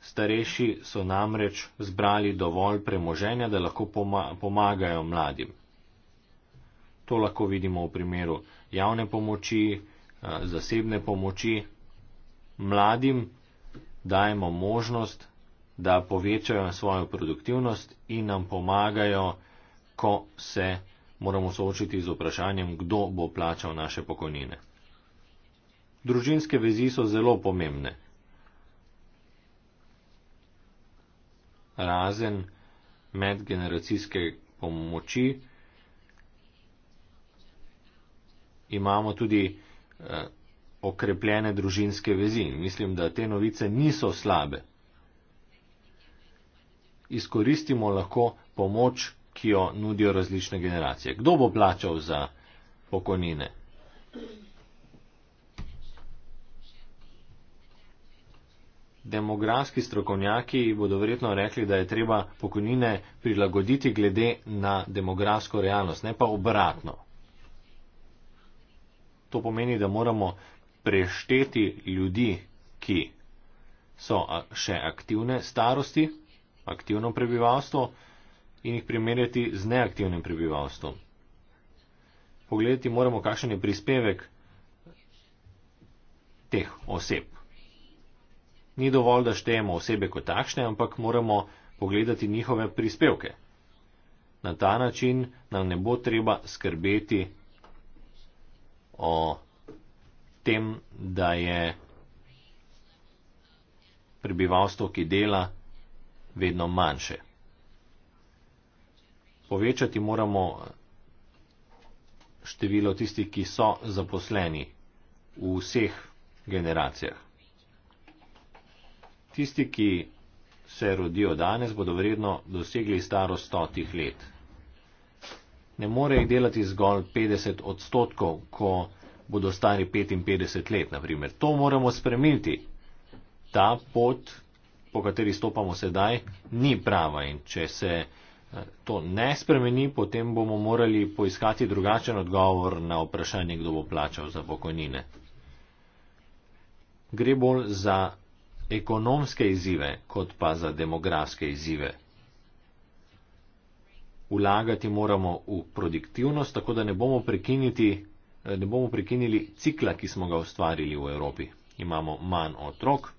Starejši so namreč zbrali dovolj premoženja, da lahko poma pomagajo mladim. To lahko vidimo v primeru javne pomoči, eh, zasebne pomoči. Mladim dajemo možnost, da povečajo svojo produktivnost in nam pomagajo, ko se moramo soočiti z vprašanjem, kdo bo plačal naše pokojnine. Družinske vezi so zelo pomembne. Razen medgeneracijske pomoči imamo tudi eh, okrepljene družinske vezi. Mislim, da te novice niso slabe. Izkoristimo lahko pomoč ki jo nudijo različne generacije. Kdo bo plačal za pokojnine? Demografski strokovnjaki bodo verjetno rekli, da je treba pokojnine prilagoditi glede na demografsko realnost, ne pa obratno. To pomeni, da moramo prešteti ljudi, ki so še aktivne starosti, aktivno prebivalstvo, in jih primerjati z neaktivnim prebivalstvom. Pogledati moramo, kakšen je prispevek teh oseb. Ni dovolj, da štejemo osebe kot takšne, ampak moramo pogledati njihove prispevke. Na ta način nam ne bo treba skrbeti o tem, da je prebivalstvo, ki dela, vedno manjše povečati moramo število tistih, ki so zaposleni v vseh generacijah. Tisti, ki se rodijo danes, bodo vredno dosegli starost stotih let. Ne more jih delati zgolj 50 odstotkov, ko bodo stari 55 let, naprimer. To moramo spremeniti. Ta pot, po kateri stopamo sedaj, ni prava in če se to ne spremeni, potem bomo morali poiskati drugačen odgovor na vprašanje, kdo bo plačal za pokojnine. Gre bolj za ekonomske izzive, kot pa za demografske izzive. Ulagati moramo v produktivnost, tako da ne bomo, ne bomo prekinili cikla, ki smo ga ustvarili v Evropi. Imamo manj otrok,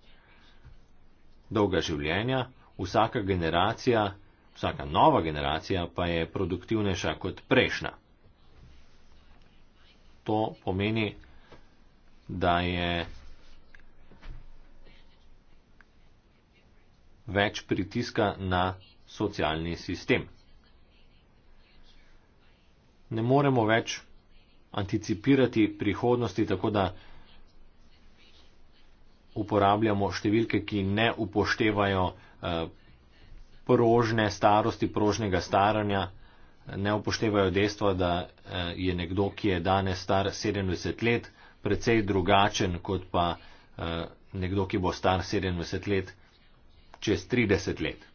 dolga življenja, vsaka generacija vsaka nova generacija pa je produktivnejša kot prejšnja. To pomeni, da je več pritiska na socialni sistem. Ne moremo več anticipirati prihodnosti tako, da uporabljamo številke, ki ne upoštevajo eh, prožne starosti, prožnega staranja, ne upoštevajo dejstva, da eh, je nekdo, ki je danes star 70 let, precej drugačen kot pa eh, nekdo, ki bo star 70 let čez 30 let.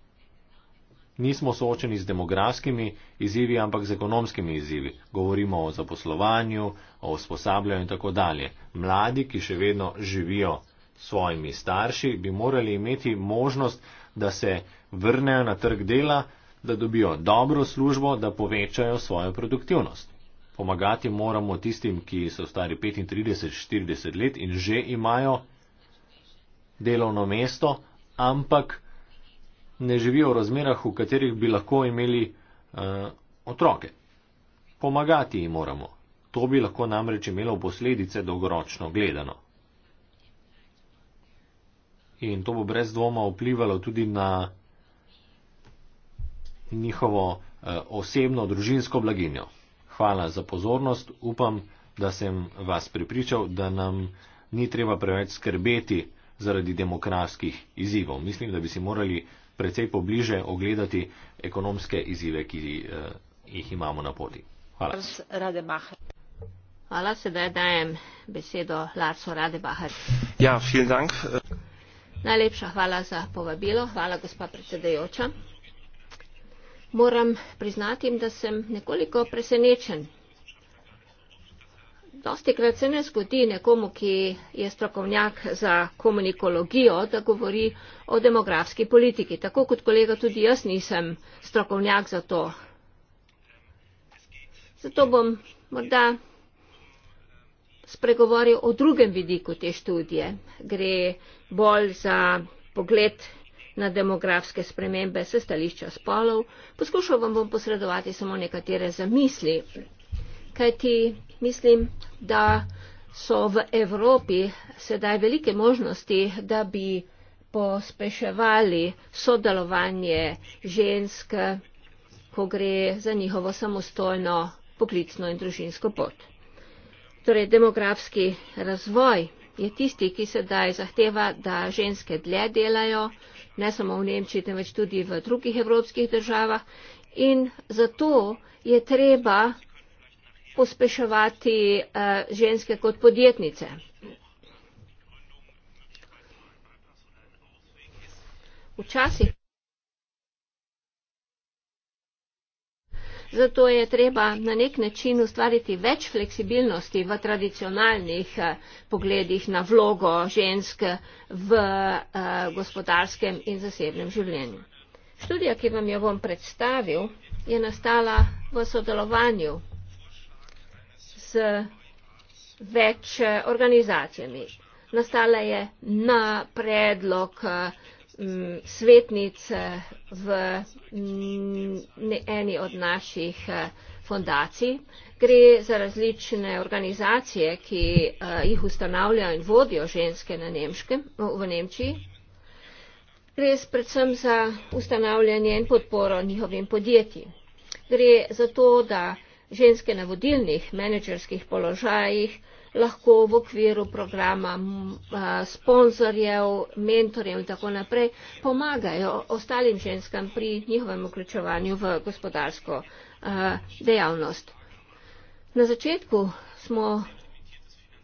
Nismo soočeni z demografskimi izzivi, ampak z ekonomskimi izzivi. Govorimo o zaposlovanju, o usposabljanju in tako dalje. Mladi, ki še vedno živijo s svojimi starši, bi morali imeti možnost, da se vrnejo na trg dela, da dobijo dobro službo, da povečajo svojo produktivnost. Pomagati moramo tistim, ki so stari 35-40 let in že imajo delovno mesto, ampak ne živijo v razmerah, v katerih bi lahko imeli uh, otroke. Pomagati jim moramo. To bi lahko namreč imelo posledice dolgoročno gledano. In to bo brez dvoma vplivalo tudi na njihovo eh, osebno družinsko blaginjo. Hvala za pozornost, upam, da sem vas pripričal, da nam ni treba preveč skrbeti zaradi demokratskih izzivov. Mislim, da bi si morali precej pobliže ogledati ekonomske izzive, ki eh, jih imamo na poti. Hvala. Hvala, sedaj dajem besedo Larsu Radebahar. Ja, vielen Dank. Najlepša hvala za povabilo. Hvala, gospa predsedajoča moram priznati, da sem nekoliko presenečen. Dosti krat se ne zgodi nekomu, ki je strokovnjak za komunikologijo, da govori o demografski politiki. Tako kot kolega tudi jaz nisem strokovnjak za to. Zato bom morda spregovoril o drugem vidiku te študije. Gre bolj za pogled na demografske spremembe se stališča spolov. Poskušal vam bom posredovati samo nekatere zamisli, kajti mislim, da so v Evropi sedaj velike možnosti, da bi pospeševali sodelovanje žensk, ko gre za njihovo samostojno poklicno in družinsko pot. Torej, demografski razvoj je tisti, ki sedaj zahteva, da ženske dlje delajo, ne samo v Nemčiji, temveč tudi v drugih evropskih državah. In zato je treba pospeševati eh, ženske kot podjetnice. Včasih Zato je treba na nek način ustvariti več fleksibilnosti v tradicionalnih eh, pogledih na vlogo žensk v eh, gospodarskem in zasebnem življenju. Študija, ki vam jo bom predstavil, je nastala v sodelovanju s več eh, organizacijami. Nastala je na predlog svetnic v eni od naših eh, fundacij. Gre za različne organizacije, ki eh, jih ustanavljajo in vodijo ženske na Nemškem, v Nemčiji. Gre predvsem za ustanavljanje in podporo njihovim podjetjem. Gre za to, da ženske na vodilnih menedžerskih položajih lahko v okviru programa sponzorjev, mentorjev in tako naprej pomagajo ostalim ženskam pri njihovem vključevanju v gospodarsko dejavnost. Na začetku smo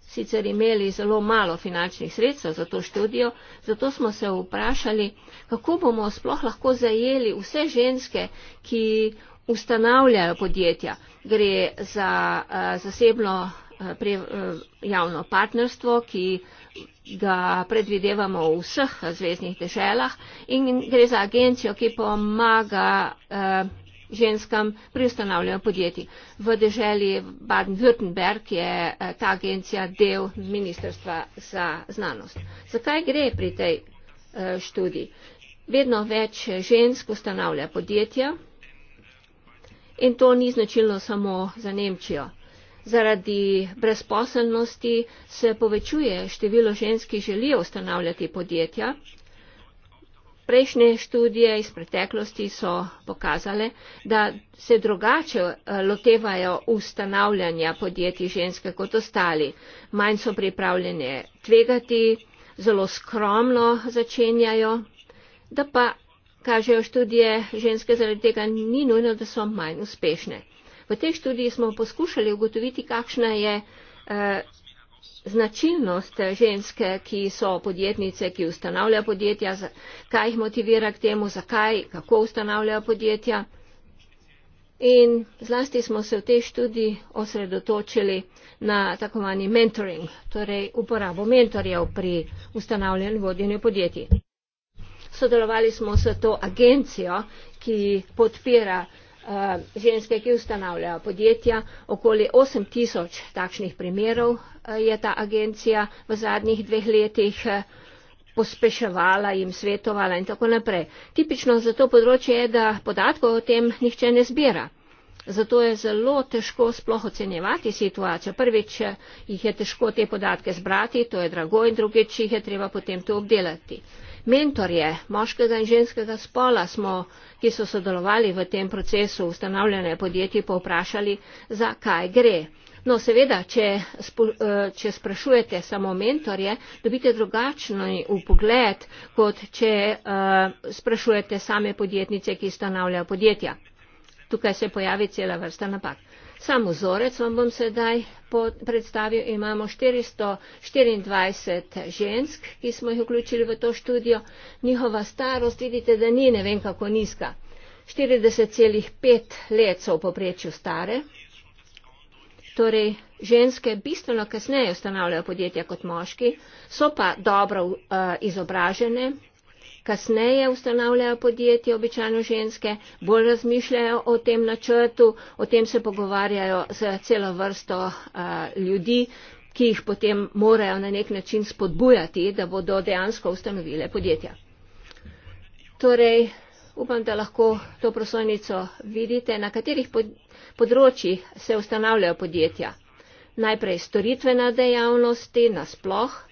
sicer imeli zelo malo finančnih sredstev za to študijo, zato smo se vprašali, kako bomo sploh lahko zajeli vse ženske, ki ustanavljajo podjetja. Gre za uh, zasebno Eh, pre, eh, javno partnerstvo, ki ga predvidevamo v vseh zvezdnih deželah in gre za agencijo, ki pomaga eh, ženskam pri ustanavljanju podjetij. V deželi Baden-Württemberg je ta agencija del Ministrstva za znanost. Zakaj gre pri tej študiji? Vedno več žensk ustanavlja podjetja in to ni značilno samo za Nemčijo. Zaradi brezposelnosti se povečuje število žensk, ki želijo ustanavljati podjetja. Prejšnje študije iz preteklosti so pokazale, da se drugače eh, lotevajo ustanavljanja podjetij ženske kot ostali. Manj so pripravljene tvegati, zelo skromno začenjajo, da pa, kažejo študije, ženske zaradi tega ni nujno, da so manj uspešne. V tej študiji smo poskušali ugotoviti, kakšna je eh, značilnost eh, ženske, ki so podjetnice, ki ustanavlja podjetja, kaj jih motivira k temu, zakaj, kako ustanavljajo podjetja. In zlasti smo se v tej študiji osredotočili na tako manji mentoring, torej uporabo mentorjev pri ustanavljanju vodenju podjetij. Sodelovali smo s to agencijo, ki podpira Eh, ženske, ki ustanavljajo podjetja. Okoli 8000 takšnih primerov eh, je ta agencija v zadnjih dveh letih eh, pospeševala, jim svetovala in tako naprej. Tipično za to področje je, da podatkov o tem nihče ne zbira. Zato je zelo težko sploh ocenjevati situacijo. Prvič jih je težko te podatke zbrati, to je drago in drugič jih je treba potem to obdelati mentorje moškega in ženskega spola smo, ki so sodelovali v tem procesu ustanavljanja podjetij, povprašali, za kaj gre. No, seveda, če, eh, če sprašujete samo mentorje, dobite drugačni upogled, kot če uh, sprašujete same podjetnice, ki stanavljajo podjetja. Tukaj se pojavi cela vrsta napak. Samo vzorec vam bom sedaj predstavil. Imamo 424 žensk, ki smo jih vključili v to študijo. Njihova starost vidite, da ni ne vem kako nizka. 40,5 let so v poprečju stare. Torej, ženske bistveno kasneje ustanavljajo podjetja kot moški, so pa dobro uh, izobražene, kasneje ustanavljajo podjetje, običajno ženske, bolj razmišljajo o tem načrtu, o tem se pogovarjajo z celo vrsto uh, ljudi, ki jih potem morajo na nek način spodbujati, da bodo dejansko ustanovile podjetja. Torej, upam, da lahko to prosojnico vidite, na katerih področjih se ustanavljajo podjetja. Najprej storitvena dejavnosti, nasploh,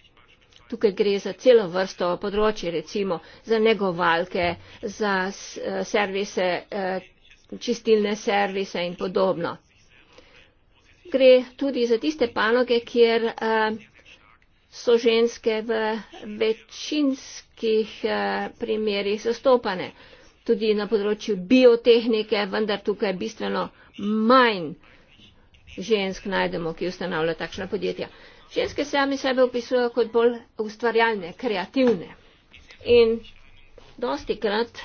Tukaj gre za celo vrsto področji, recimo za negovalke, za eh, servise, eh, čistilne servise in podobno. Gre tudi za tiste panoge, kjer eh, so ženske v večinskih primerjih zastopane. Tudi na področju biotehnike, vendar tukaj bistveno manj žensk najdemo, ki ustanavlja takšna podjetja. Ženske sami sebe opisujejo kot bolj ustvarjalne, kreativne. In dosti krat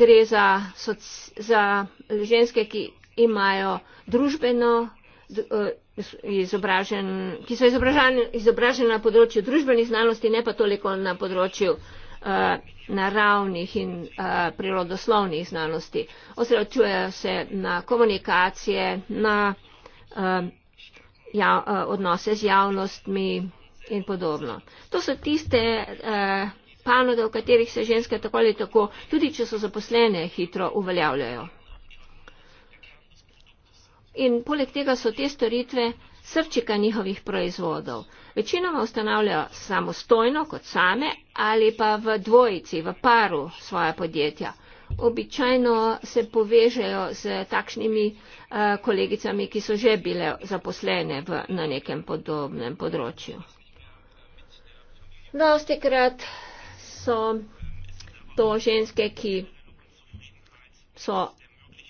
gre za, soc, za ženske, ki imajo družbeno, eh, izobražen, ki so izobražene na področju družbenih znanosti, ne pa toliko na področju eh, naravnih in eh, prirodoslovnih znanosti. Osredotočujejo se na komunikacije, na ja, eh, odnose z javnostmi in podobno. To so tiste eh, panode, v katerih se ženske tako ali tako, tudi če so zaposlene, hitro uveljavljajo. In poleg tega so te storitve srčika njihovih proizvodov. Večinoma ustanavljajo samostojno kot same ali pa v dvojici, v paru svoje podjetja običajno se povežejo z takšnimi eh, kolegicami, ki so že bile zaposlene v, na nekem podobnem področju. Dosti krat so to ženske, ki so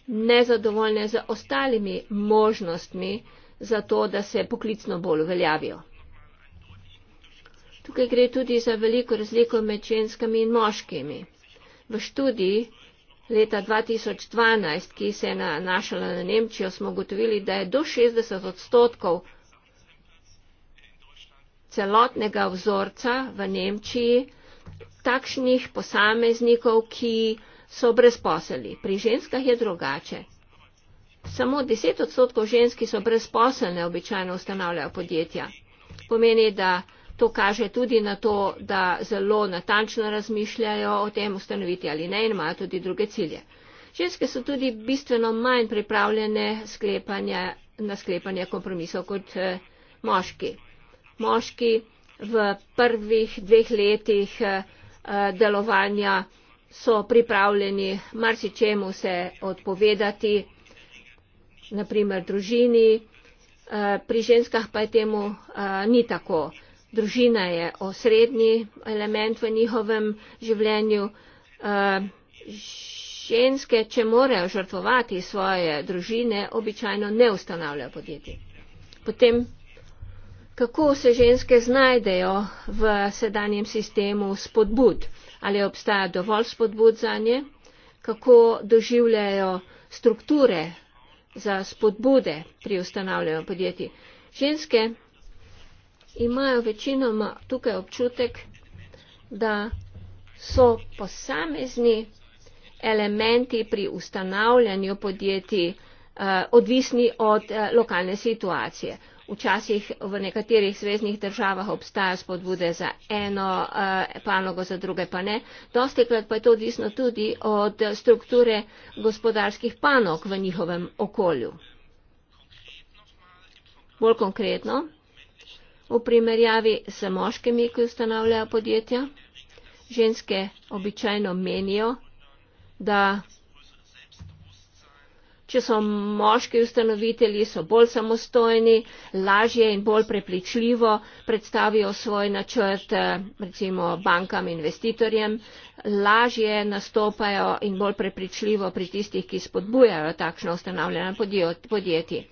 nezadovoljne z ostalimi možnostmi za to, da se poklicno bolj uveljavijo. Tukaj gre tudi za veliko razliko med ženskami in moškimi. V študiji leta 2012, ki se je nanašala na Nemčijo, smo ugotovili, da je do 60 odstotkov celotnega vzorca v Nemčiji takšnih posameznikov, ki so brezposelni. Pri ženskah je drugače. Samo 10 odstotkov ženski so brezposelne, običajno ustanavljajo podjetja. Pomeni, da to kaže tudi na to, da zelo natančno razmišljajo o tem ustanoviti ali ne in imajo tudi druge cilje. Ženske so tudi bistveno manj pripravljene na sklepanje kompromisov kot eh, moški. Moški v prvih dveh letih eh, eh, delovanja so pripravljeni marsičemu se odpovedati, naprimer družini, pri ženskah pa je temu ni tako. Družina je osrednji element v njihovem življenju. Eh, ženske, če morajo žrtvovati svoje družine, običajno ne ustanavljajo podjetij. Potem, kako se ženske znajdejo v sedanjem sistemu spodbud? Ali obstaja dovolj spodbud za nje? Kako doživljajo strukture za spodbude pri ustanavljanju podjetij? Ženske imajo večinoma tukaj občutek, da so posamezni elementi pri ustanavljanju podjetij eh, odvisni od eh, lokalne situacije. Včasih v nekaterih zvezdnih državah obstajajo spodbude za eno eh, panogo, za druge pa ne. Dostikrat pa je to odvisno tudi od strukture gospodarskih panog v njihovem okolju. Bolj konkretno, v primerjavi s moškimi, ki ustanavljajo podjetja. Ženske običajno menijo, da če so moški ustanovitelji, so bolj samostojni, lažje in bolj prepričljivo predstavijo svoj načrt eh, recimo bankam, investitorjem, lažje nastopajo in bolj prepričljivo pri tistih, ki spodbujajo takšno ustanavljanje podjetij.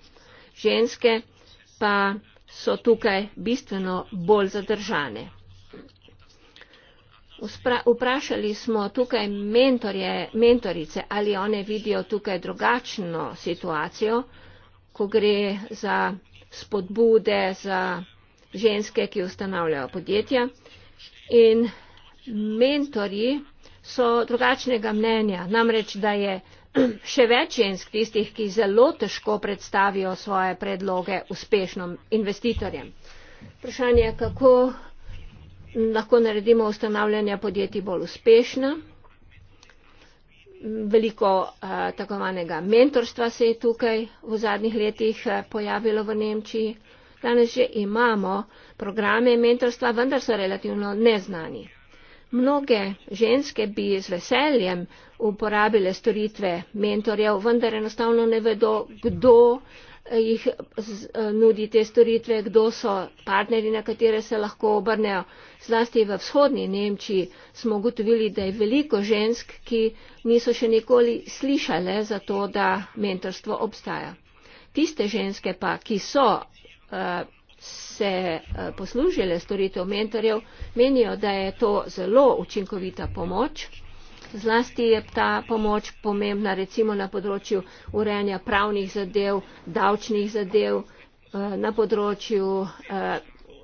Ženske pa so tukaj bistveno bolj zadržane. Vprašali smo tukaj mentorje, mentorice, ali one vidijo tukaj drugačno situacijo, ko gre za spodbude za ženske, ki ustanavljajo podjetja. In mentorji so drugačnega mnenja, namreč, da je (clears throat) še več žensk tistih, ki zelo težko predstavijo svoje predloge uspešnim investitorjem. Vprašanje je, kako lahko naredimo ustanavljanje podjetij bolj uspešna. Veliko eh, tako imenega mentorstva se je tukaj v zadnjih letih eh, pojavilo v Nemčiji. Danes že imamo programe mentorstva, vendar so relativno neznani. Mnoge ženske bi z veseljem uporabile storitve mentorjev, vendar enostavno ne vedo, kdo eh, jih eh, nudi te storitve, kdo so partnerji, na katere se lahko obrnejo. Zlasti v vzhodni Nemčiji smo ugotovili, da je veliko žensk, ki niso še nikoli slišale za to, da mentorstvo obstaja. Tiste ženske pa, ki so uh, se eh, poslužile storitev mentorjev, menijo, da je to zelo učinkovita pomoč. Zlasti je ta pomoč pomembna recimo na področju urejanja pravnih zadev, davčnih zadev, eh, na področju eh,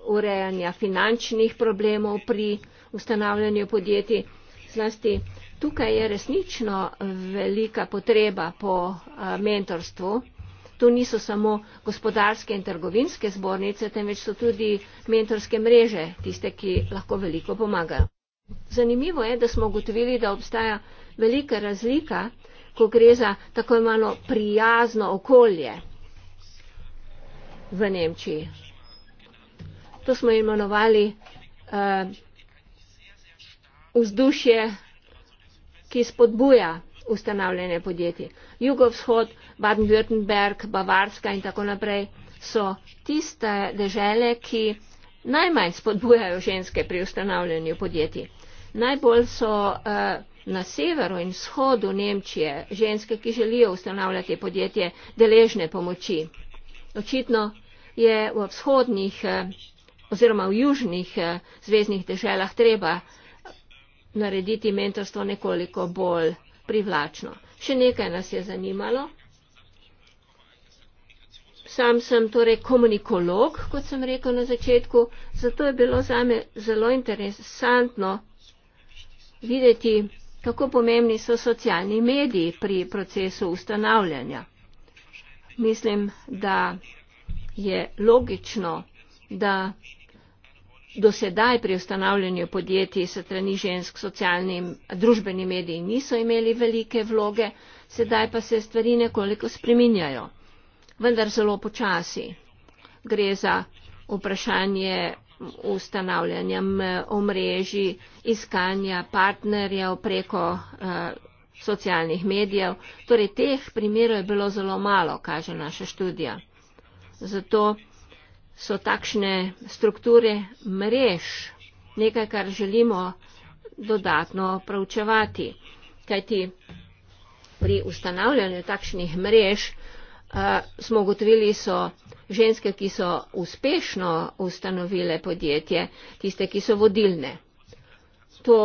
urejanja finančnih problemov pri ustanavljanju podjetij. Zlasti tukaj je resnično velika potreba po mentorstvu to niso samo gospodarske in trgovinske zbornice, temveč so tudi mentorske mreže, tiste, ki lahko veliko pomagajo. Zanimivo je, da smo ugotovili, da obstaja velika razlika, ko gre za tako imeno prijazno okolje v Nemčiji. To smo imenovali uh, vzdušje, ki spodbuja ustanavljanje podjetij. Jugovzhod, Baden-Württemberg, Bavarska in tako naprej so tiste dežele, ki najmanj spodbujajo ženske pri ustanavljanju podjetij. Najbolj so uh, na severu in vzhodu Nemčije ženske, ki želijo ustanavljati podjetje, deležne pomoči. Očitno je v vzhodnih eh, oziroma v južnih eh, zvezdnih deželah treba narediti mentorstvo nekoliko bolj privlačno. Še nekaj nas je zanimalo. Sam sem torej komunikolog, kot sem rekel na začetku, zato je bilo zame zelo interesantno videti, kako pomembni so socialni mediji pri procesu ustanavljanja. Mislim, da je logično, da do sedaj pri ustanavljanju podjetij strani žensk socialni družbeni mediji niso imeli velike vloge, sedaj pa se stvari nekoliko spreminjajo, vendar zelo počasi. Gre za vprašanje ustanavljanja omrežji, iskanja partnerjev preko uh, socialnih medijev. Torej teh primerov je bilo zelo malo, kaže naša študija. Zato so takšne strukture mrež nekaj, kar želimo dodatno pravčevati. Kajti pri ustanavljanju takšnih mrež eh, smo ugotovili so ženske, ki so uspešno ustanovile podjetje, tiste, ki so vodilne. To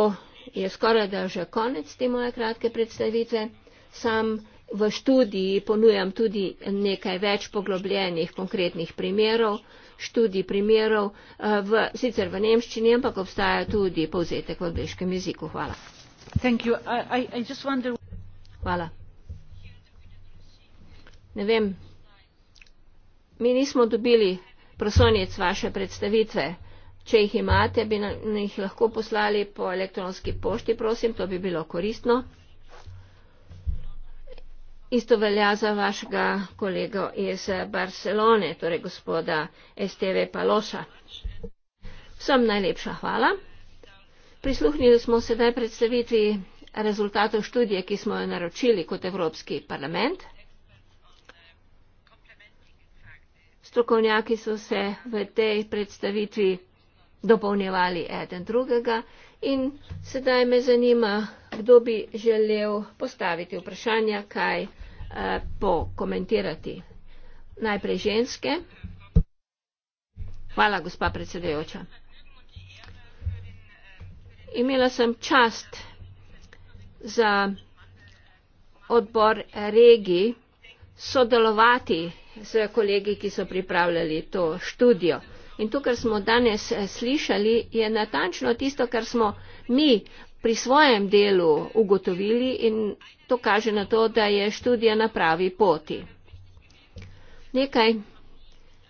je skoraj da že konec te moje kratke predstavitve. Sam v študiji ponujam tudi nekaj več poglobljenih konkretnih primerov študij primerov eh, v, sicer v nemščini, ampak obstaja tudi povzetek v angliškem jeziku. Hvala. Hvala. Ne vem, mi nismo dobili prosonic vaše predstavitve. Če jih imate, bi nam jih lahko poslali po elektronski pošti, prosim, to bi bilo koristno isto velja za vašega kolega iz Barcelone, torej gospoda Esteve Paloša. Vsem najlepša hvala. Prisluhnili smo sedaj predstaviti rezultatov študije, ki smo jo naročili kot Evropski parlament. Strokovnjaki so se v tej predstavitvi dopolnjevali eden drugega in sedaj me zanima, kdo bi želel postaviti vprašanja, kaj. Eh, pokomentirati. Najprej ženske. Hvala, gospa predsedajoča. Imela sem čast za odbor regij sodelovati z kolegi, ki so pripravljali to študijo. In to, kar smo danes slišali, je natančno tisto, kar smo mi pri svojem delu ugotovili in to kaže na to, da je študija na pravi poti. Nekaj,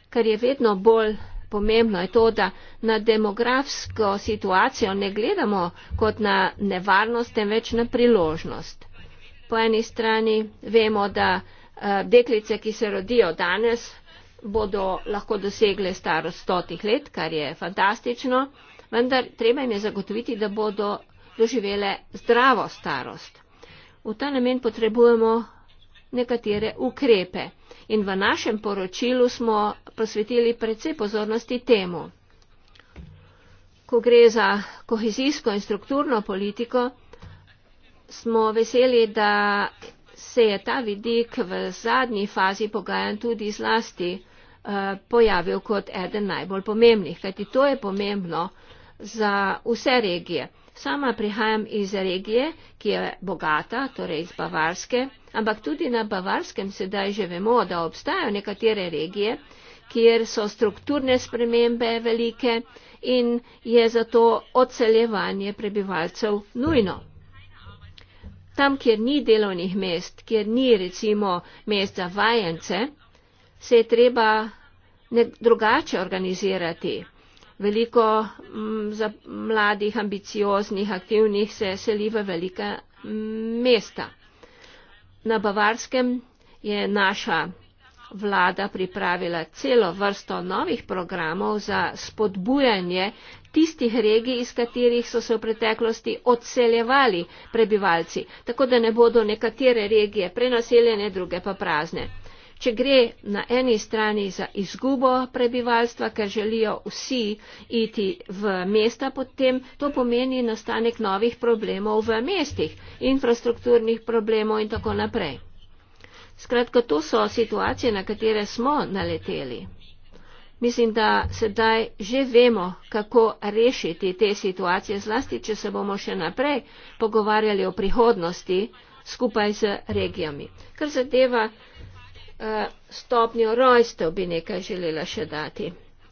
kar je vedno bolj pomembno, je to, da na demografsko situacijo ne gledamo kot na nevarnost, temveč na priložnost. Po eni strani vemo, da eh, deklice, ki se rodijo danes, bodo lahko dosegle starost stotih let, kar je fantastično, vendar treba jim je zagotoviti, da bodo doživele zdravo starost. V ta namen potrebujemo nekatere ukrepe in v našem poročilu smo posvetili predvsej pozornosti temu. Ko gre za kohezijsko in strukturno politiko, smo veseli, da se je ta vidik v zadnji fazi pogajanj tudi zlasti eh, pojavil kot eden najbolj pomembnih, kajti to je pomembno za vse regije. Sama prihajam iz regije, ki je bogata, torej iz Bavarske, ampak tudi na Bavarskem sedaj že vemo, da obstajajo nekatere regije, kjer so strukturne spremembe velike in je zato odseljevanje prebivalcev nujno. Tam, kjer ni delovnih mest, kjer ni recimo mest za vajence, se je treba drugače organizirati veliko mm, mladih, ambicioznih, aktivnih se seli v velika mm, mesta. Na Bavarskem je naša vlada pripravila celo vrsto novih programov za spodbujanje tistih regij, iz katerih so se v preteklosti odseljevali prebivalci, tako da ne bodo nekatere regije prenaseljene, druge pa prazne če gre na eni strani za izgubo prebivalstva, ker želijo vsi iti v mesta, potem to pomeni nastanek novih problemov v mestih, infrastrukturnih problemov in tako naprej. Skratka, to so situacije, na katere smo naleteli. Mislim, da sedaj že vemo, kako rešiti te situacije, zlasti, če se bomo še naprej pogovarjali o prihodnosti skupaj z regijami. Kar zadeva Eh, stopnjo rojstev bi nekaj želela še dati.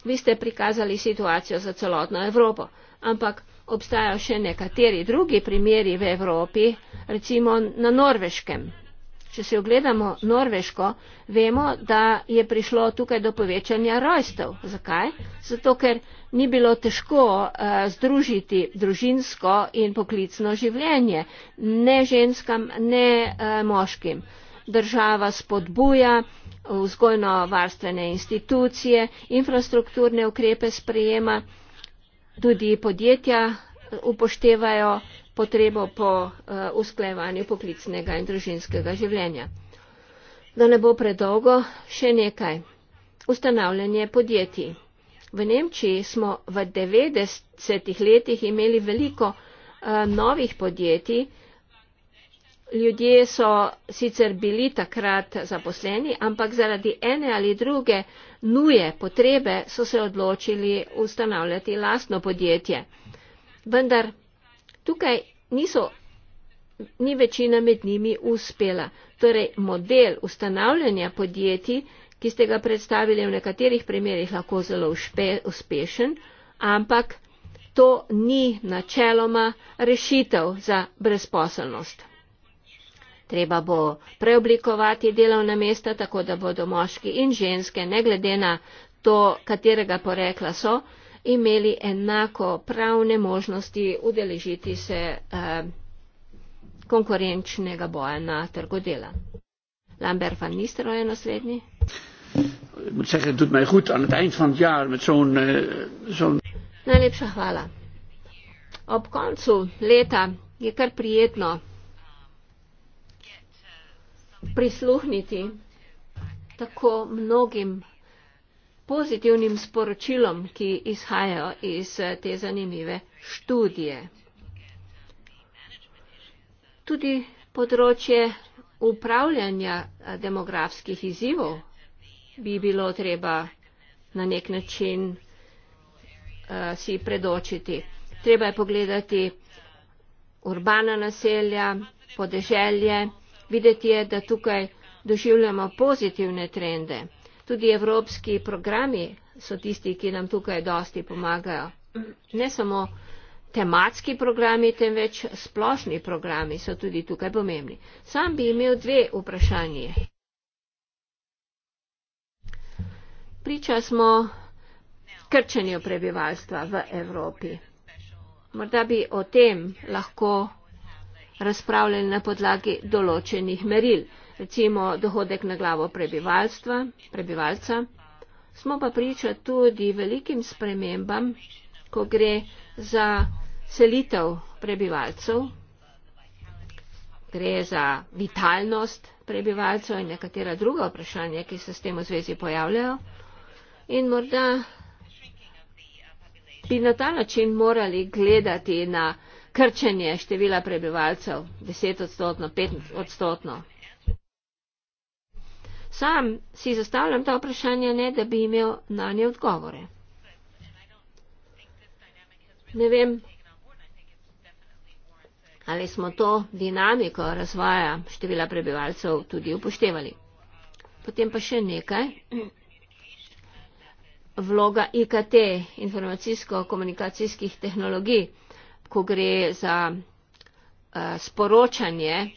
Vi ste prikazali situacijo za celotno Evropo, ampak obstajajo še nekateri drugi primeri v Evropi, recimo na Norveškem. Če si ogledamo Norveško, vemo, da je prišlo tukaj do povečanja rojstev. Zakaj? Zato, ker ni bilo težko uh, združiti družinsko in poklicno življenje, ne ženskam, ne uh, moškim. Uh, država spodbuja vzgojno-varstvene institucije, infrastrukturne ukrepe sprejema, tudi podjetja eh, upoštevajo potrebo po eh, usklajevanju poklicnega in družinskega življenja. Da ne bo predolgo, še nekaj. Ustanavljanje podjetij. V Nemčiji smo v 90-ih letih imeli veliko uh, novih podjetij, ljudje so sicer bili takrat zaposleni, ampak zaradi ene ali druge nuje potrebe so se odločili ustanavljati lastno podjetje. Vendar tukaj niso, ni večina med njimi uspela. Torej, model ustanavljanja podjetij, ki ste ga predstavili v nekaterih primerjih, lahko zelo uspe, uspešen, ampak to ni načeloma rešitev za brezposelnost. Treba bo preoblikovati delovna mesta, tako da bodo moški in ženske, ne glede na to, katerega porekla so, imeli enako pravne možnosti udeležiti se eh, konkurenčnega boja na trgu dela. Lambert van Nistelrooy je naslednji. Eh, Najlepša hvala. Ob koncu leta je kar prijetno prisluhniti tako mnogim pozitivnim sporočilom, ki izhajajo iz eh, te zanimive študije. Tudi področje upravljanja eh, demografskih izzivov bi bilo treba na nek način uh, si predočiti. Treba je pogledati urbana naselja, podeželje, Videti je, da tukaj doživljamo pozitivne trende. Tudi evropski programi so tisti, ki nam tukaj dosti pomagajo. Ne samo tematski programi, temveč splošni programi so tudi tukaj pomembni. Sam bi imel dve vprašanje. Priča smo krčenju prebivalstva v Evropi. Morda bi o tem lahko razpravljali na podlagi določenih meril, recimo dohodek na glavo prebivalstva, prebivalca. Smo pa priča tudi velikim spremembam, ko gre za selitev prebivalcev, gre za vitalnost prebivalcev in nekatera druga vprašanja, ki se s tem v zvezi pojavljajo. In morda bi na ta način morali gledati na krčenje števila prebivalcev, deset odstotno, pet odstotno. Sam si zastavljam ta vprašanja ne, da bi imel na nje odgovore. Ne vem, ali smo to dinamiko razvoja števila prebivalcev tudi upoštevali. Potem pa še nekaj. Vloga IKT, informacijsko-komunikacijskih tehnologij ko gre za eh, sporočanje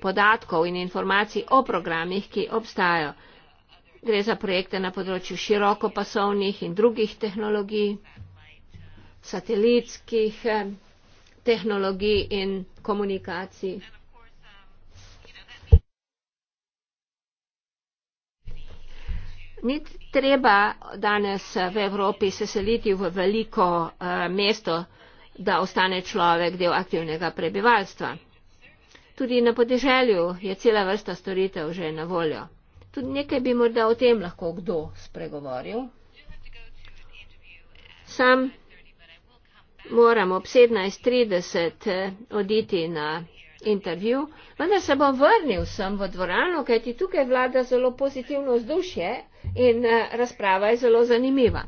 podatkov in informacij o programih, ki obstajajo. Gre za projekte na področju širokopasovnih in drugih tehnologij, satelitskih eh, tehnologij in komunikacij. Ni treba danes v Evropi se seliti v veliko uh, mesto, da ostane človek del aktivnega prebivalstva. Tudi na podeželju je cela vrsta storitev že na voljo. Tudi nekaj bi morda o tem lahko kdo spregovoril. Sam moram ob 17.30 eh, oditi na intervju, vendar se bom vrnil sem v dvorano, kajti tukaj vlada zelo pozitivno vzdušje in eh, razprava je zelo zanimiva.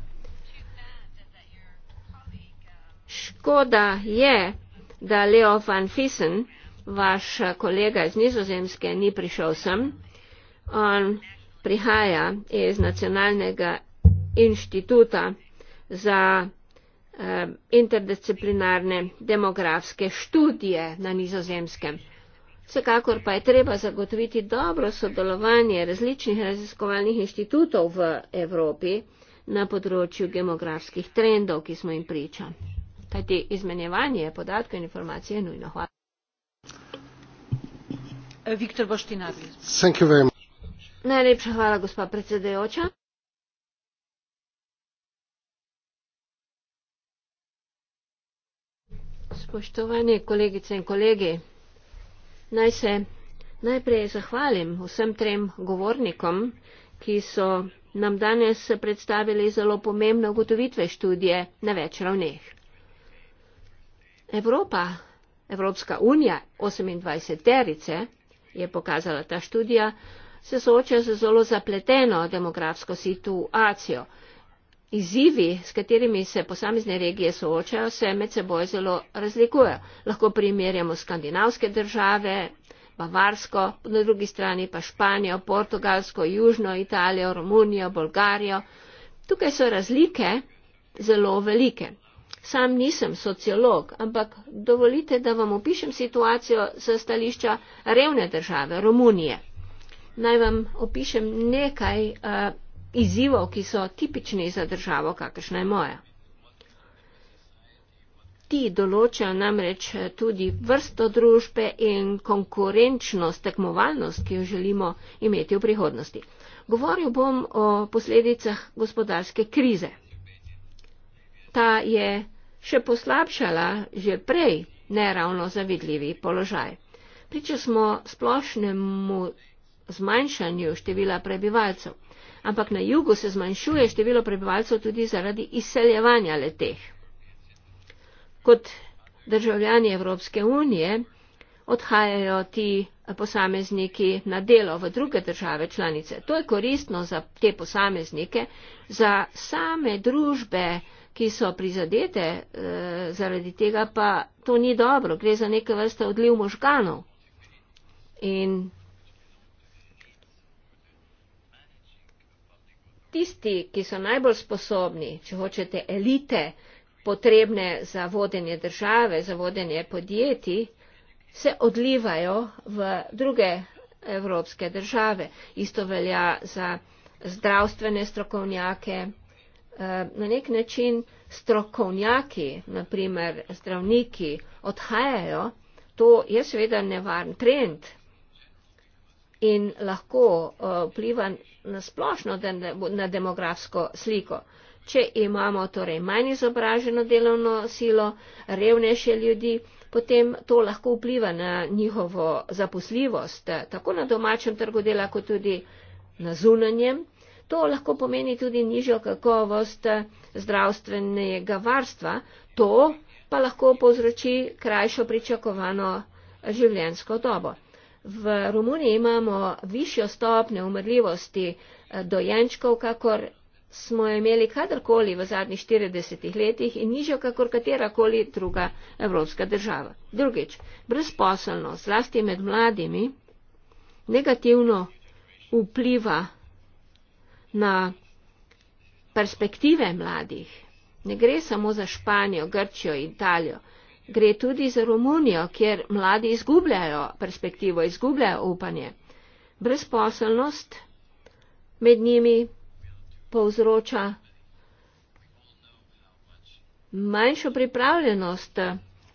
Škoda je, da Leo van Fissen, vaš kolega iz Nizozemske, ni prišel sem. On prihaja iz Nacionalnega inštituta za eh, interdisciplinarne demografske študije na Nizozemskem. Vsekakor pa je treba zagotoviti dobro sodelovanje različnih raziskovalnih inštitutov v Evropi na področju demografskih trendov, ki smo jim priča. Kajti izmenjevanje podatkov in informacij je nujno. Hvala. Viktor Boštinar. Najlepša hvala, gospa predsedajoča. Spoštovani kolegice in kolegi. Naj se najprej zahvalim vsem trem govornikom, ki so nam danes predstavili zelo pomembne ugotovitve študije na več ravneh. Evropa, Evropska unija 28 terice, je pokazala ta študija, se sooča z zelo zapleteno demografsko situacijo. Izzivi, s katerimi se posamezne regije soočajo, se med seboj zelo razlikujejo. Lahko primerjamo skandinavske države, Bavarsko, na drugi strani pa Španijo, Portugalsko, Južno Italijo, Romunijo, Bolgarijo. Tukaj so razlike zelo velike. Sam nisem sociolog, ampak dovolite, da vam opišem situacijo z stališča revne države, Romunije. Naj vam opišem nekaj. Uh, izzivov, ki so tipični za državo, kakršna je moja. Ti določajo namreč tudi vrsto družbe in konkurenčnost, tekmovalnost, ki jo želimo imeti v prihodnosti. Govoril bom o posledicah gospodarske krize. Ta je še poslabšala že prej neravno zavidljivi položaj. Priča smo splošnemu zmanjšanju števila prebivalcev ampak na jugu se zmanjšuje število prebivalcev tudi zaradi izseljevanja leteh. Kot državljani Evropske unije odhajajo ti posamezniki na delo v druge države članice. To je koristno za te posameznike, za same družbe, ki so prizadete e, zaradi tega, pa to ni dobro. Gre za neke vrste odliv možganov. In tisti, ki so najbolj sposobni, če hočete, elite potrebne za vodenje države, za vodenje podjetij, se odlivajo v druge evropske države. Isto velja za zdravstvene strokovnjake. Eh, na nek način strokovnjaki, naprimer zdravniki, odhajajo. To je seveda nevaren trend in lahko eh, vpliva nasplošno na demografsko sliko. Če imamo torej manj izobraženo delovno silo, revnejše ljudi, potem to lahko vpliva na njihovo zaposljivost, tako na domačem trgu dela, kot tudi na zunanjem. To lahko pomeni tudi nižjo kakovost eh, zdravstvenega varstva, to pa lahko povzroči krajšo pričakovano življenjsko dobo. V Romuniji imamo višjo stopnjo umrljivosti eh, dojenčkov, kakor smo imeli kadarkoli v zadnjih 40 letih in nižjo, kakor katerakoli druga evropska država. Drugič, brezposelnost, zlasti med mladimi, negativno vpliva na perspektive mladih. Ne gre samo za Španijo, Grčijo, Italijo gre tudi za Romunijo, kjer mladi izgubljajo perspektivo, izgubljajo upanje. Brezposelnost med njimi povzroča manjšo pripravljenost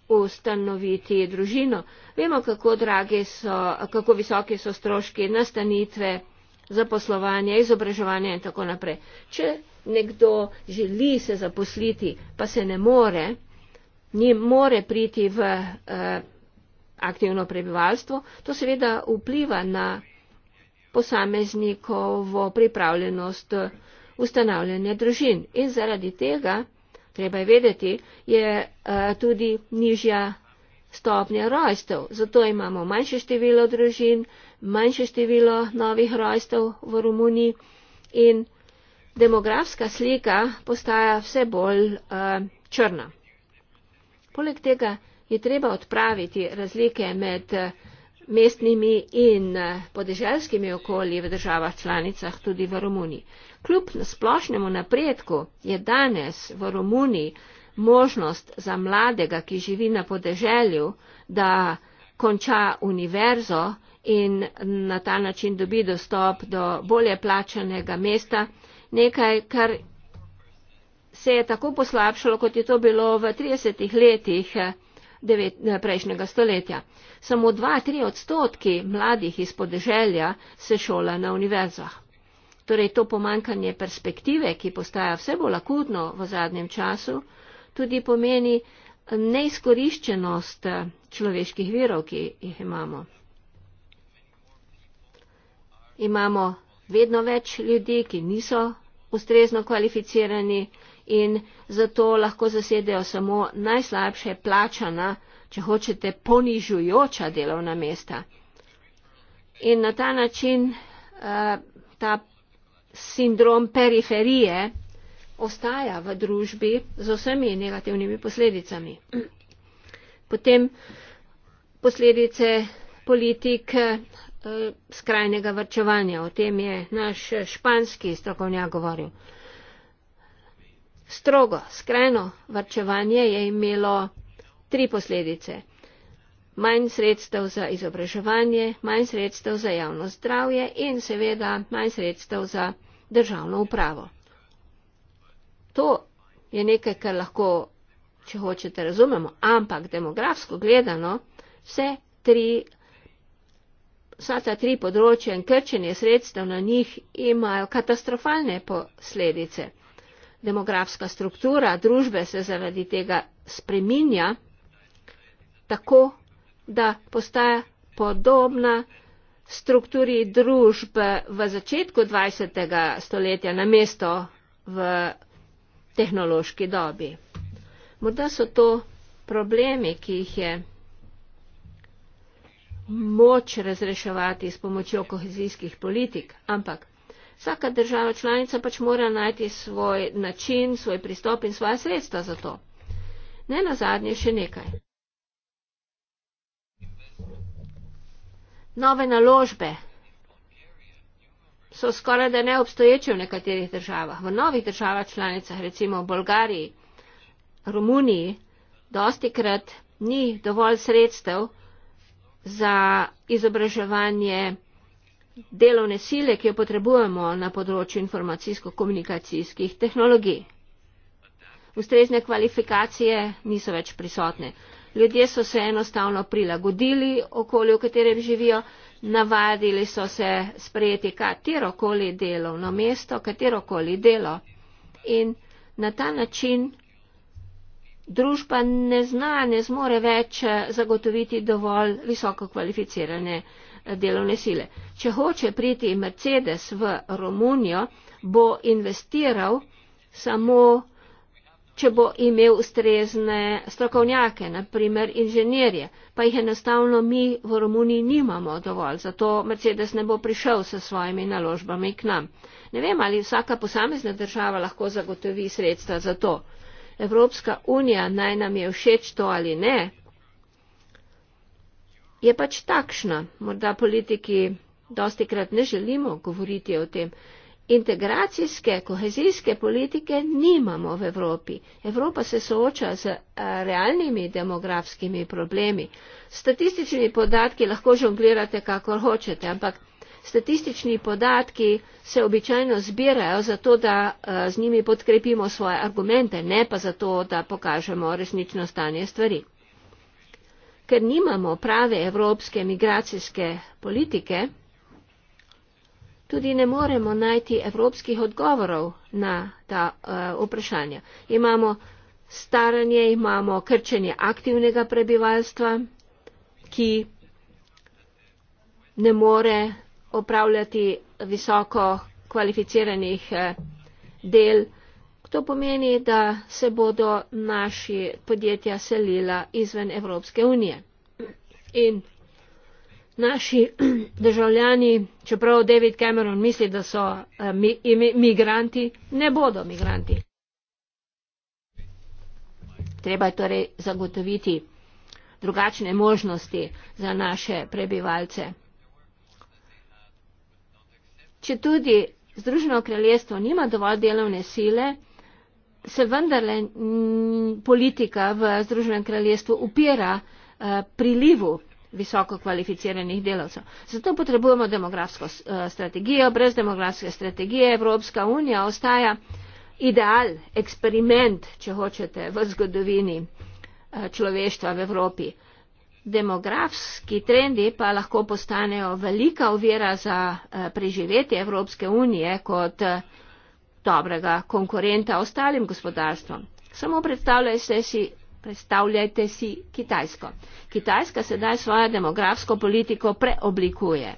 ustanoviti družino. Vemo, kako, so, kako visoke so stroški nastanitve, zaposlovanje, izobraževanje in tako naprej. Če nekdo želi se zaposliti, pa se ne more, ne more priti v eh, aktivno prebivalstvo, to seveda vpliva na posameznikovo pripravljenost eh, ustanavljanja družin. In zaradi tega, treba je vedeti, je eh, tudi nižja stopnja rojstev. Zato imamo manjše število družin, manjše število novih rojstev v Romuniji in demografska slika postaja vse bolj črna. Poleg tega je treba odpraviti razlike med eh, mestnimi in eh, podeželskimi okolji v državah članicah, tudi v Romuniji. Kljub splošnemu napredku je danes v Romuniji možnost za mladega, ki živi na podeželju, da konča univerzo in na ta način dobi dostop do bolje plačanega mesta, nekaj, kar se je tako poslabšalo, kot je to bilo v 30 letih eh, eh, prejšnjega stoletja. Samo 2-3 odstotki mladih iz podeželja se šola na univerzah. Torej to pomankanje perspektive, ki postaja vse bolj akutno v zadnjem času, tudi pomeni eh, neizkoriščenost človeških virov, ki jih imamo. Imamo vedno več ljudi, ki niso ustrezno kvalificirani, in zato lahko zasedejo samo najslabše plačana, če hočete, ponižujoča delovna mesta. In na ta način eh, ta sindrom periferije ostaja v družbi z vsemi negativnimi posledicami. Potem posledice politik eh, skrajnega vrčevanja. O tem je naš španski strokovnjak govoril strogo, skrajno varčevanje je imelo tri posledice. Manj sredstev za izobraževanje, manj sredstev za javno zdravje in seveda manj sredstev za državno upravo. To je nekaj, kar lahko, če hočete, razumemo, ampak demografsko gledano vse tri. Vsa ta tri področja in krčenje sredstev na njih imajo katastrofalne posledice demografska struktura družbe se zaradi tega spreminja tako, da postaja podobna strukturi družbe v začetku 20. stoletja na mesto v tehnološki dobi. Morda so to problemi, ki jih je moč razreševati s pomočjo kohezijskih politik, ampak Vsaka država članica pač mora najti svoj način, svoj pristop in svoja sredstva za to. Ne na zadnje še nekaj. Nove naložbe so skoraj da neobstoječe v nekaterih državah. V novih državah članicah, recimo v Bolgariji, Romuniji, dosti krat ni dovolj sredstev za izobraževanje delovne sile, ki jo potrebujemo na področju informacijsko-komunikacijskih tehnologij. Ustrezne kvalifikacije niso več prisotne. Ljudje so se enostavno prilagodili okolju, v katerem živijo, navadili so se sprejeti katerokoli delovno mesto, katerokoli delo. In na ta način družba ne zna, ne zmore več eh, zagotoviti dovolj visoko kvalificirane delovne sile. Če hoče priti Mercedes v Romunijo, bo investiral samo, če bo imel ustrezne strokovnjake, naprimer inženirje, pa jih enostavno mi v Romuniji nimamo dovolj, zato Mercedes ne bo prišel s svojimi naložbami k nam. Ne vem, ali vsaka posamezna država lahko zagotovi sredstva za to. Evropska unija naj nam je všeč to ali ne, je pač takšna. Morda politiki dosti krat ne želimo govoriti o tem. Integracijske, kohezijske politike nimamo v Evropi. Evropa se sooča z eh, realnimi demografskimi problemi. Statistični podatki lahko žonglirate, kakor hočete, ampak statistični podatki se običajno zbirajo zato, da eh, z njimi podkrepimo svoje argumente, ne pa zato, da pokažemo resnično stanje stvari ker nimamo prave evropske migracijske politike, tudi ne moremo najti evropskih odgovorov na ta uh, vprašanja. Imamo staranje, imamo krčenje aktivnega prebivalstva, ki ne more opravljati visoko kvalificiranih eh, del To pomeni, da se bodo naši podjetja selila izven Evropske unije. In naši (clears throat) državljani, čeprav David Cameron misli, da so eh, mi, mi, migranti, ne bodo migranti. Treba je torej zagotoviti drugačne možnosti za naše prebivalce. Če tudi Združeno kraljestvo nima dovolj delovne sile, se vendarle politika v Združenem kraljestvu upira eh, prilivu visoko kvalificiranih delavcev. Zato potrebujemo demografsko eh, strategijo. Brez demografske strategije Evropska unija ostaja ideal, eksperiment, če hočete, v zgodovini eh, človeštva v Evropi. Demografski trendi pa lahko postanejo velika ovira za preživetje Evropske unije kot dobrega konkurenta ostalim gospodarstvom. Samo predstavljajte si, predstavljajte si Kitajsko. Kitajska sedaj svojo demografsko politiko preoblikuje.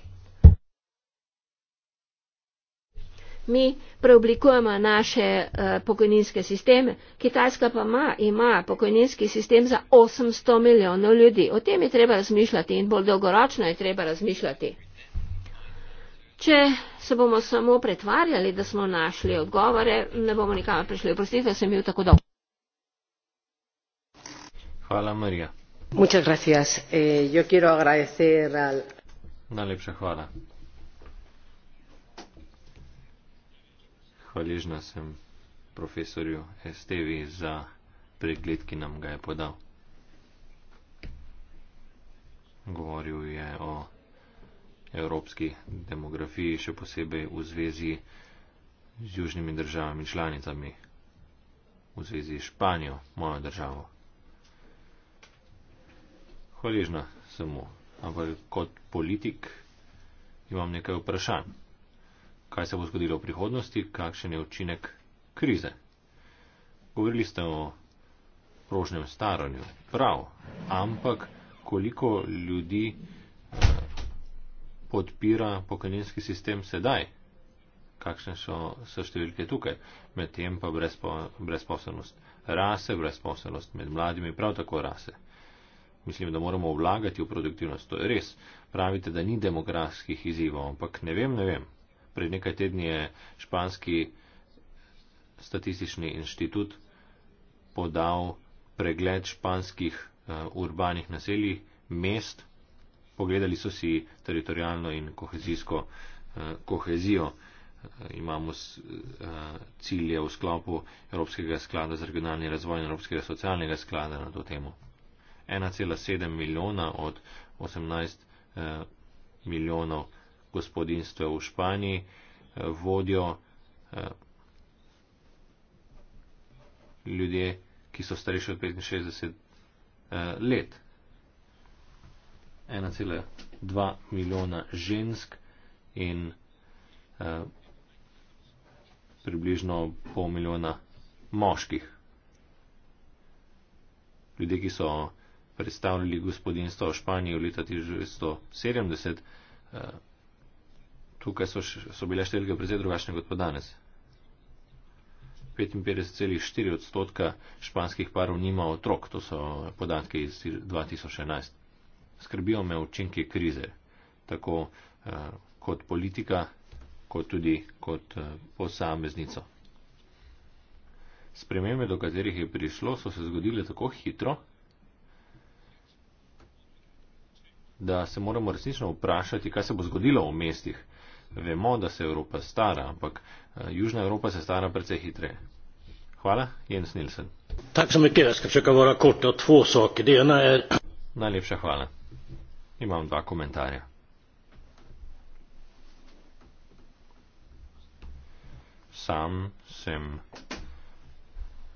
Mi preoblikujemo naše uh, pokojninske sisteme. Kitajska pa ima, ima pokojninski sistem za 800 milijonov ljudi. O tem je treba razmišljati in bolj dolgoročno je treba razmišljati. Če se bomo samo pretvarjali, da smo našli odgovore, ne bomo nikamor prišli. Oprostite, sem bil tako dolg. Hvala, Marija. Muchas gracias. Eh, yo quiero agradecer al. Dale, hvala. Hvaležna sem profesorju Estevi za pregled, ki nam ga je podal. Govoril je o evropski demografiji, še posebej v zvezi z južnimi državami članicami, v zvezi s Španijo, mojo državo. Hvaležna sem mu, ampak kot politik imam nekaj vprašanj. Kaj se bo zgodilo v prihodnosti, kakšen je učinek krize? Govorili ste o prožnem staranju, prav, ampak koliko ljudi podpira pokojninski sistem sedaj, kakšne so, so številke tukaj, medtem pa brezpo, brezposobnost rase, brezposobnost med mladimi, prav tako rase. Mislim, da moramo vlagati v produktivnost, to je res. Pravite, da ni demografskih izzivov, ampak ne vem, ne vem. Pred nekaj tedni je Španski statistični inštitut podal pregled španskih uh, urbanih naselij, mest, pogledali so si teritorijalno in kohezijsko eh, kohezijo. Eh, imamo eh, cilje v sklopu Evropskega sklada za regionalni razvoj in Evropskega socialnega sklada na to temo. 1,7 milijona od 18 milijonov gospodinstve v Španiji vodijo ljudje, ki so starejši od 65 let. 1,2 milijona žensk in eh, približno pol milijona moških. Ljudje, ki so predstavljali gospodinstvo v Španiji v leta 1970, eh, tukaj so, so bile številke precej drugačne kot pa danes. 55,4 odstotka španskih parov nima otrok, to so podatke iz 2011 skrbijo me učinki krize, tako eh, kot politika, kot tudi kot eh, posameznico. Spremembe, do katerih je prišlo, so se zgodile tako hitro, da se moramo resnično vprašati, kaj se bo zgodilo v mestih. Vemo, da se Evropa stara, ampak eh, Južna Evropa se stara precej hitreje. Hvala, Jens Nilsen. Tak som mycket, jag ska försöka vara kort och två saker. Det ena är... Najlepša hvala imam dva komentarja. Sam sem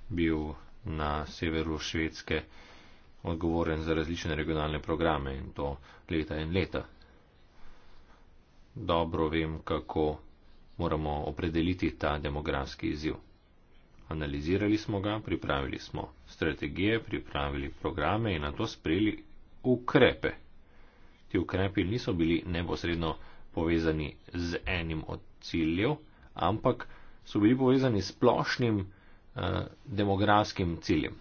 bil na severu Švedske odgovoren za različne regionalne programe in to leta in leta. Dobro vem, kako moramo opredeliti ta demografski izziv. Analizirali smo ga, pripravili smo strategije, pripravili programe in na to sprejeli ukrepe. Ti ukrepi niso bili neposredno povezani z enim od ciljev, ampak so bili povezani s splošnim eh, demografskim ciljem.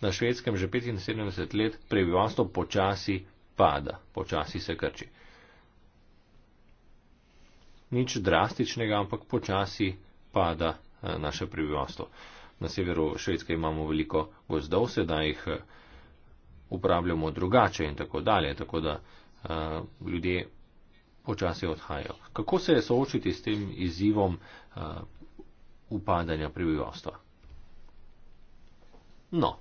Na švedskem že 75 let prebivalstvo počasi pada, počasi se krči. Nič drastičnega, ampak počasi pada eh, naše prebivalstvo. Eh, na severu Švedske imamo veliko gozdov, sedaj jih eh, uporabljamo drugače in tako dalje, tako da uh, ljudje počasi odhajajo. Kako se je soočiti s tem izzivom uh, upadanja prebivalstva? No,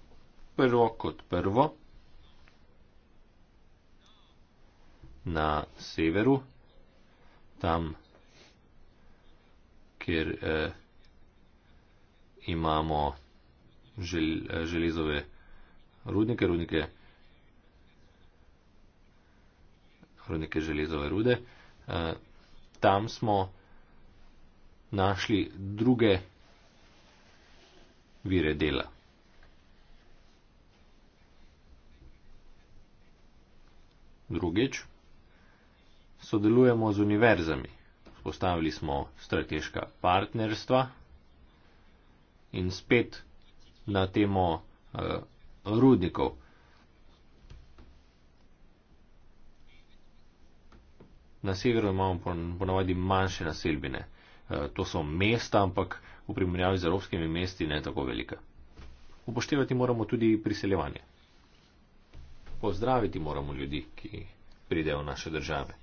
prvo kot prvo, na severu, tam, kjer. Uh, imamo žel, eh, železove rudnike, rudnike, rudnike železove rude. Eh, tam smo našli druge vire dela. Drugič, sodelujemo z univerzami. Spostavili smo strateška partnerstva in spet na temo uh, rudnikov. Na severu imamo ponovadi manjše naselbine. Eh, to so mesta, ampak v primerjavi z evropskimi mesti ne tako velika. Upoštevati moramo tudi priseljevanje. Pozdraviti moramo ljudi, ki pridejo v naše države.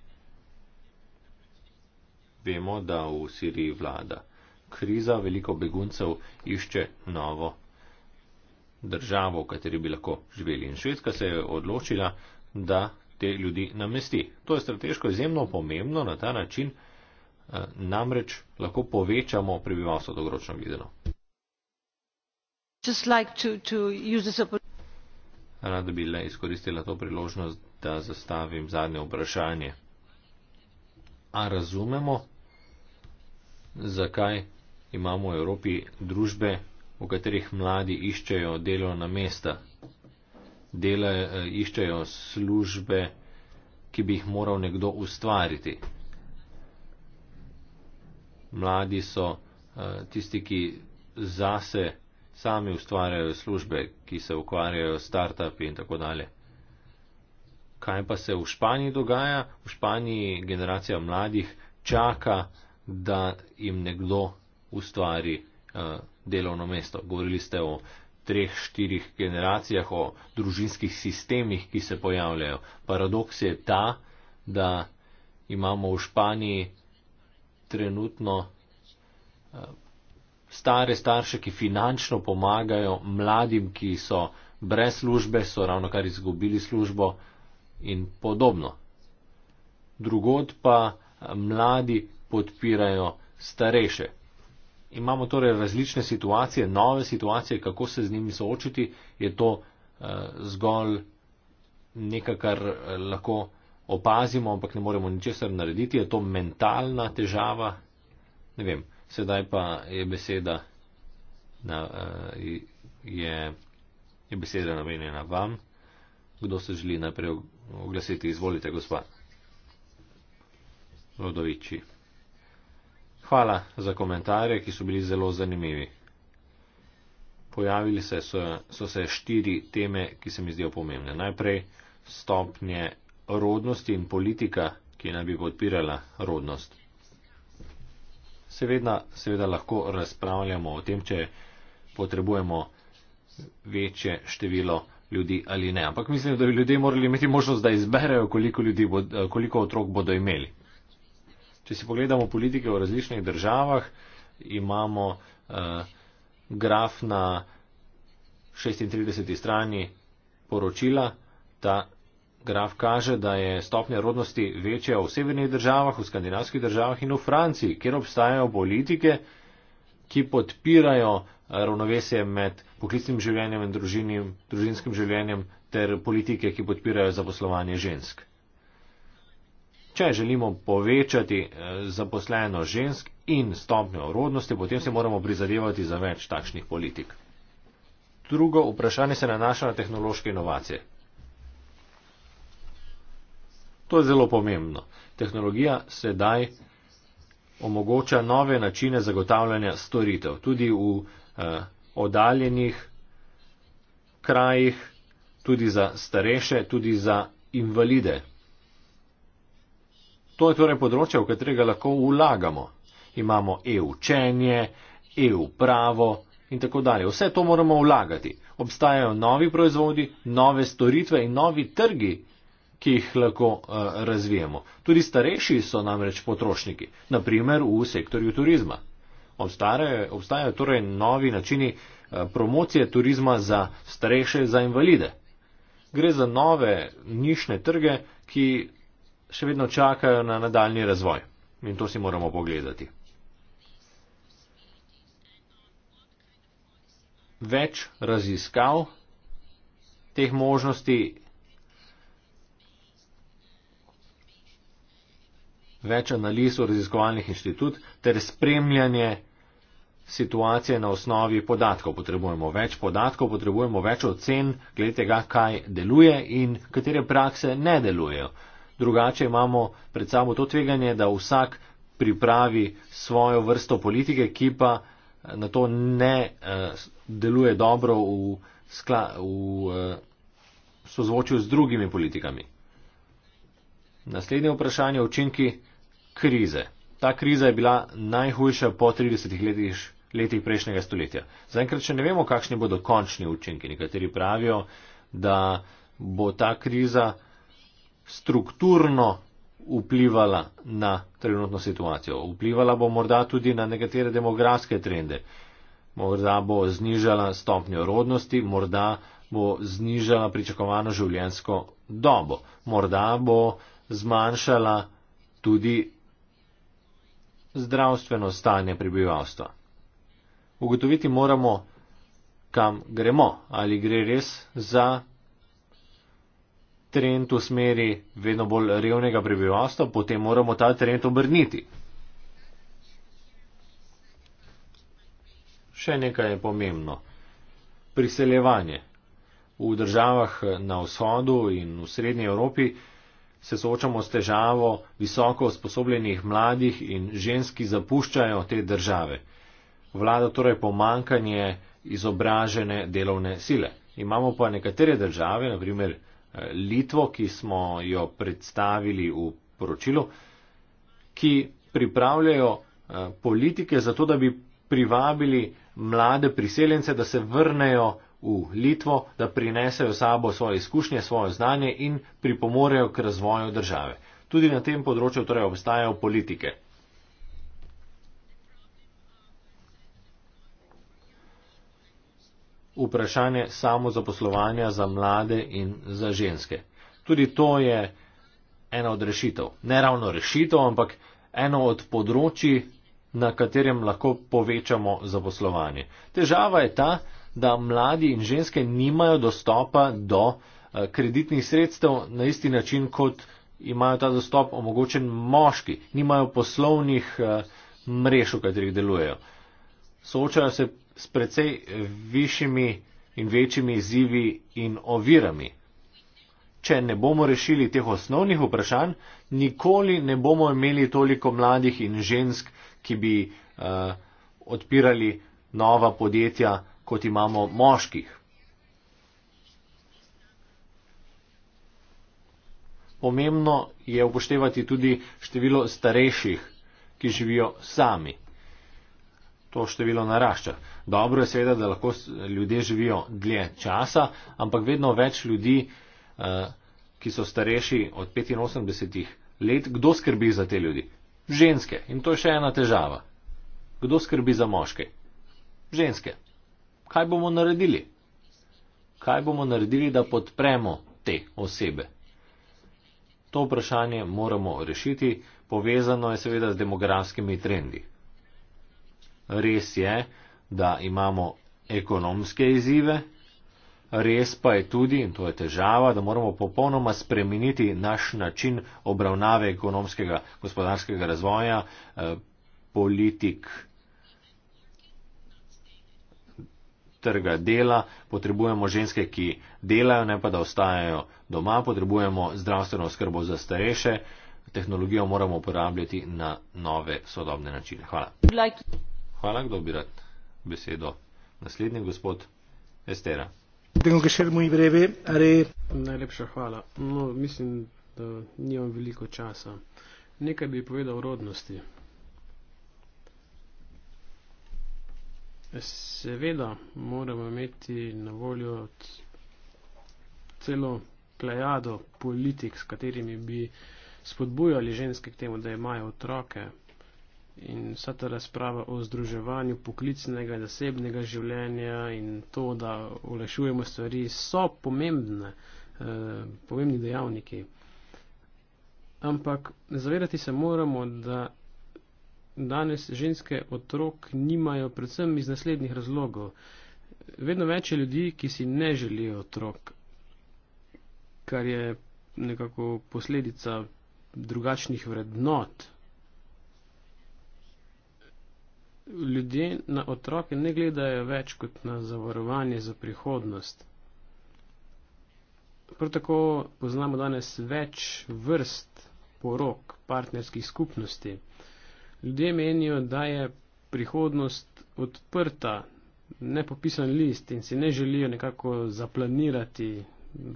Vemo, da v Siriji vlada kriza, veliko beguncev išče novo državo, v kateri bi lahko živeli. In Švedska se je odločila, da te ljudi namesti. To je strateško izjemno pomembno, na ta način eh, namreč lahko povečamo prebivalstvo dolgoročno gledano. Rada bi le izkoristila to priložnost, da zastavim zadnje vprašanje. A razumemo, zakaj imamo v Evropi družbe, v katerih mladi iščejo delovna mesta, Dele, eh, iščejo službe, ki bi jih moral nekdo ustvariti. Mladi so eh, tisti, ki zase sami ustvarjajo službe, ki se ukvarjajo s start-upi in tako dalje. Kaj pa se v Španiji dogaja? V Španiji generacija mladih čaka, da jim nekdo ustvari eh, delovno mesto. Govorili ste o treh, štirih generacijah, o družinskih sistemih, ki se pojavljajo. Paradoks je ta, da imamo v Španiji trenutno eh, stare starše, ki finančno pomagajo mladim, ki so brez službe, so ravno kar izgubili službo in podobno. Drugod pa eh, mladi podpirajo starejše imamo torej različne situacije, nove situacije, kako se z njimi soočiti, je to uh, zgolj nekaj, kar eh, lahko opazimo, ampak ne moremo ničesar narediti, je to mentalna težava. Ne vem, sedaj pa je beseda, na, uh, je, je beseda namenjena vam. Kdo se želi najprej oglasiti, izvolite, gospa. Rodoviči. Hvala za komentarje, ki so bili zelo zanimivi. Pojavili se, so, so se štiri teme, ki se mi zdijo pomembne. Najprej stopnje rodnosti in politika, ki naj bi podpirala rodnost. Seveda, seveda lahko razpravljamo o tem, če potrebujemo večje število ljudi ali ne. Ampak mislim, da bi ljudje morali imeti možnost, da izberejo, koliko, ljudi, koliko otrok bodo imeli če si pogledamo politike v različnih državah, imamo uh, graf na 36. strani poročila. Ta graf kaže, da je stopnja rodnosti večja v severnih državah, v skandinavskih državah in v Franciji, kjer obstajajo politike, ki podpirajo eh, ravnovesje med poklicnim življenjem in družinim, družinskim življenjem ter politike, ki podpirajo zaposlovanje žensk. Če želimo povečati eh, zaposleno žensk in stopnjo rodnosti, potem se moramo prizadevati za več takšnih politik. Drugo vprašanje se nanaša na tehnološke inovacije. To je zelo pomembno. Tehnologija sedaj omogoča nove načine zagotavljanja storitev, tudi v eh, oddaljenih krajih, tudi za starejše, tudi za invalide. To je torej področje, v katerega lahko vlagamo. Imamo e-učenje, e-upravo in tako dalje. Vse to moramo vlagati. Obstajajo novi proizvodi, nove storitve in novi trgi, ki jih lahko uh, razvijemo. Tudi starejši so namreč potrošniki, naprimer v sektorju turizma. Obstajajo, obstajajo torej novi načini uh, promocije turizma za starejše, za invalide. Gre za nove nišne trge, ki še vedno čakajo na nadaljni razvoj in to si moramo pogledati. Več raziskav teh možnosti, več analiz v raziskovalnih inštitut ter spremljanje situacije na osnovi podatkov. Potrebujemo več podatkov, potrebujemo več ocen glede tega, kaj deluje in katere prakse ne delujejo drugače imamo pred sabo to tveganje, da vsak pripravi svojo vrsto politike, ki pa eh, na to ne uh, deluje dobro v, skla, v uh, sozvočju z drugimi politikami. Naslednje vprašanje je učinki krize. Ta kriza je bila najhujša po 30 letih, letih prejšnjega stoletja. Zaenkrat še ne vemo, kakšni bodo končni učinki. Nekateri pravijo, da bo ta kriza strukturno vplivala na trenutno situacijo. Vplivala bo morda tudi na nekatere demografske trende. Morda bo znižala stopnjo rodnosti, morda bo znižala pričakovano življensko dobo, morda bo zmanjšala tudi zdravstveno stanje prebivalstva. Ugotoviti moramo, kam gremo, ali gre res za trend v smeri vedno bolj revnega prebivalstva, potem moramo ta trend obrniti. Še nekaj je pomembno. Priseljevanje. V državah na vzhodu in v srednji Evropi se soočamo s težavo visoko usposobljenih mladih in žensk, ki zapuščajo te države. Vlada torej pomankanje izobražene delovne sile. Imamo pa nekatere države, naprimer Litvo, ki smo jo predstavili v poročilu, ki pripravljajo eh, politike za to, da bi privabili mlade priseljence, da se vrnejo v Litvo, da prinesejo sabo svoje izkušnje, svoje znanje in pripomorejo k razvoju države. Tudi na tem področju torej obstajajo politike. vprašanje samozaposlovanja za mlade in za ženske. Tudi to je ena od rešitev. Ne ravno rešitev, ampak eno od področji, na katerem lahko povečamo zaposlovanje. Težava je ta, da mladi in ženske nimajo dostopa do eh, kreditnih sredstev na isti način, kot imajo ta dostop omogočen moški, nimajo poslovnih eh, mrež, v katerih delujejo. Soočajo se s precej višjimi in večjimi izzivi in ovirami. Če ne bomo rešili teh osnovnih vprašanj, nikoli ne bomo imeli toliko mladih in žensk, ki bi eh, odpirali nova podjetja, kot imamo moških. Pomembno je upoštevati tudi število starejših, ki živijo sami to število narašča. Dobro je seveda, da lahko ljudje živijo dlje časa, ampak vedno več ljudi, eh, ki so starejši od 85 let, kdo skrbi za te ljudi? Ženske. In to je še ena težava. Kdo skrbi za moške? Ženske. Kaj bomo naredili? Kaj bomo naredili, da podpremo te osebe? To vprašanje moramo rešiti, povezano je seveda z demografskimi trendi res je, da imamo ekonomske izzive, res pa je tudi, in to je težava, da moramo popolnoma spremeniti naš način obravnave ekonomskega gospodarskega razvoja, eh, politik trga dela, potrebujemo ženske, ki delajo, ne pa da ostajajo doma, potrebujemo zdravstveno skrbo za starejše, tehnologijo moramo uporabljati na nove sodobne načine. Hvala. Like Hvala, kdo bi rad besedo. Naslednji gospod Estera. Najlepša hvala. No, mislim, da nimam veliko časa. Nekaj bi povedal o rodnosti. Seveda moramo imeti na voljo celo plejado politik, s katerimi bi spodbujali ženske k temu, da imajo otroke, in vsa ta razprava o združevanju poklicnega in zasebnega življenja in to, da olešujemo stvari, so pomembne, eh, pomembni dejavniki. Ampak zavedati se moramo, da danes ženske otrok nimajo predvsem iz naslednjih razlogov. Vedno več je ljudi, ki si ne želijo otrok, kar je nekako posledica drugačnih vrednot, ljudje na otroke ne gledajo več kot na zavarovanje za prihodnost. Prav tako poznamo danes več vrst porok partnerskih skupnosti. Ljudje menijo, da je prihodnost odprta, nepopisan list in si ne želijo nekako zaplanirati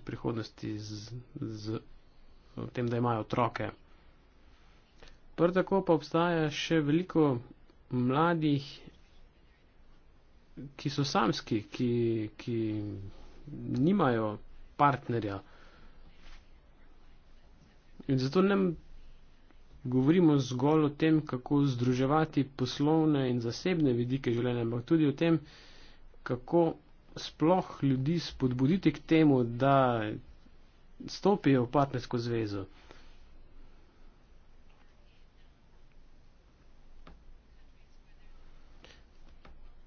prihodnosti z, z tem, da imajo otroke. Prav tako pa obstaja še veliko mladih, ki so samski, ki, ki nimajo partnerja. In zato ne govorimo zgolj o tem, kako združevati poslovne in zasebne vidike življenja, ampak tudi o tem, kako sploh ljudi spodbuditi k temu, da stopijo v partnersko zvezo.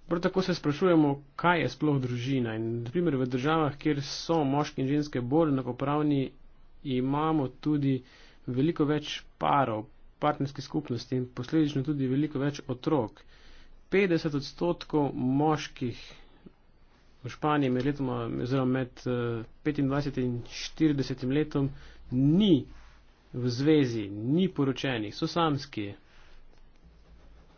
Prav tako se sprašujemo, kaj je sploh družina. In, naprimer, v državah, kjer so moški in ženske bolj enakopravni, imamo tudi veliko več parov, partnerskih skupnosti in posledično tudi veliko več otrok. 50 odstotkov moških v Španiji med, letoma, med 25 eh, in 40 letom ni v zvezi, ni poročeni, so samski.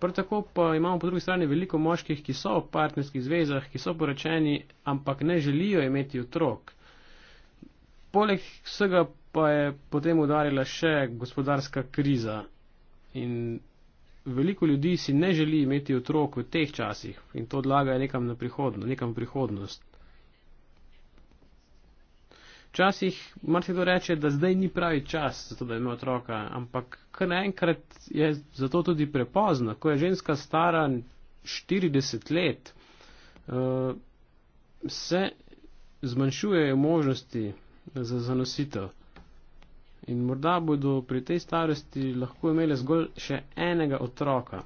Prav tako pa imamo po drugi strani veliko moških, ki so v partnerskih zvezah, ki so poročeni, ampak ne želijo imeti otrok. Poleg vsega pa je potem udarila še gospodarska kriza in veliko ljudi si ne želi imeti otrok v teh časih in to odlagajo nekam na prihodnost, nekam v prihodnost. Včasih marsikdo reče, da zdaj ni pravi čas za to, da ima otroka, ampak kar naenkrat je za to tudi prepozno, ko je ženska stara 40 let, eh, se zmanjšujejo možnosti za zanositev. In morda bodo pri tej starosti lahko imeli zgolj še enega otroka.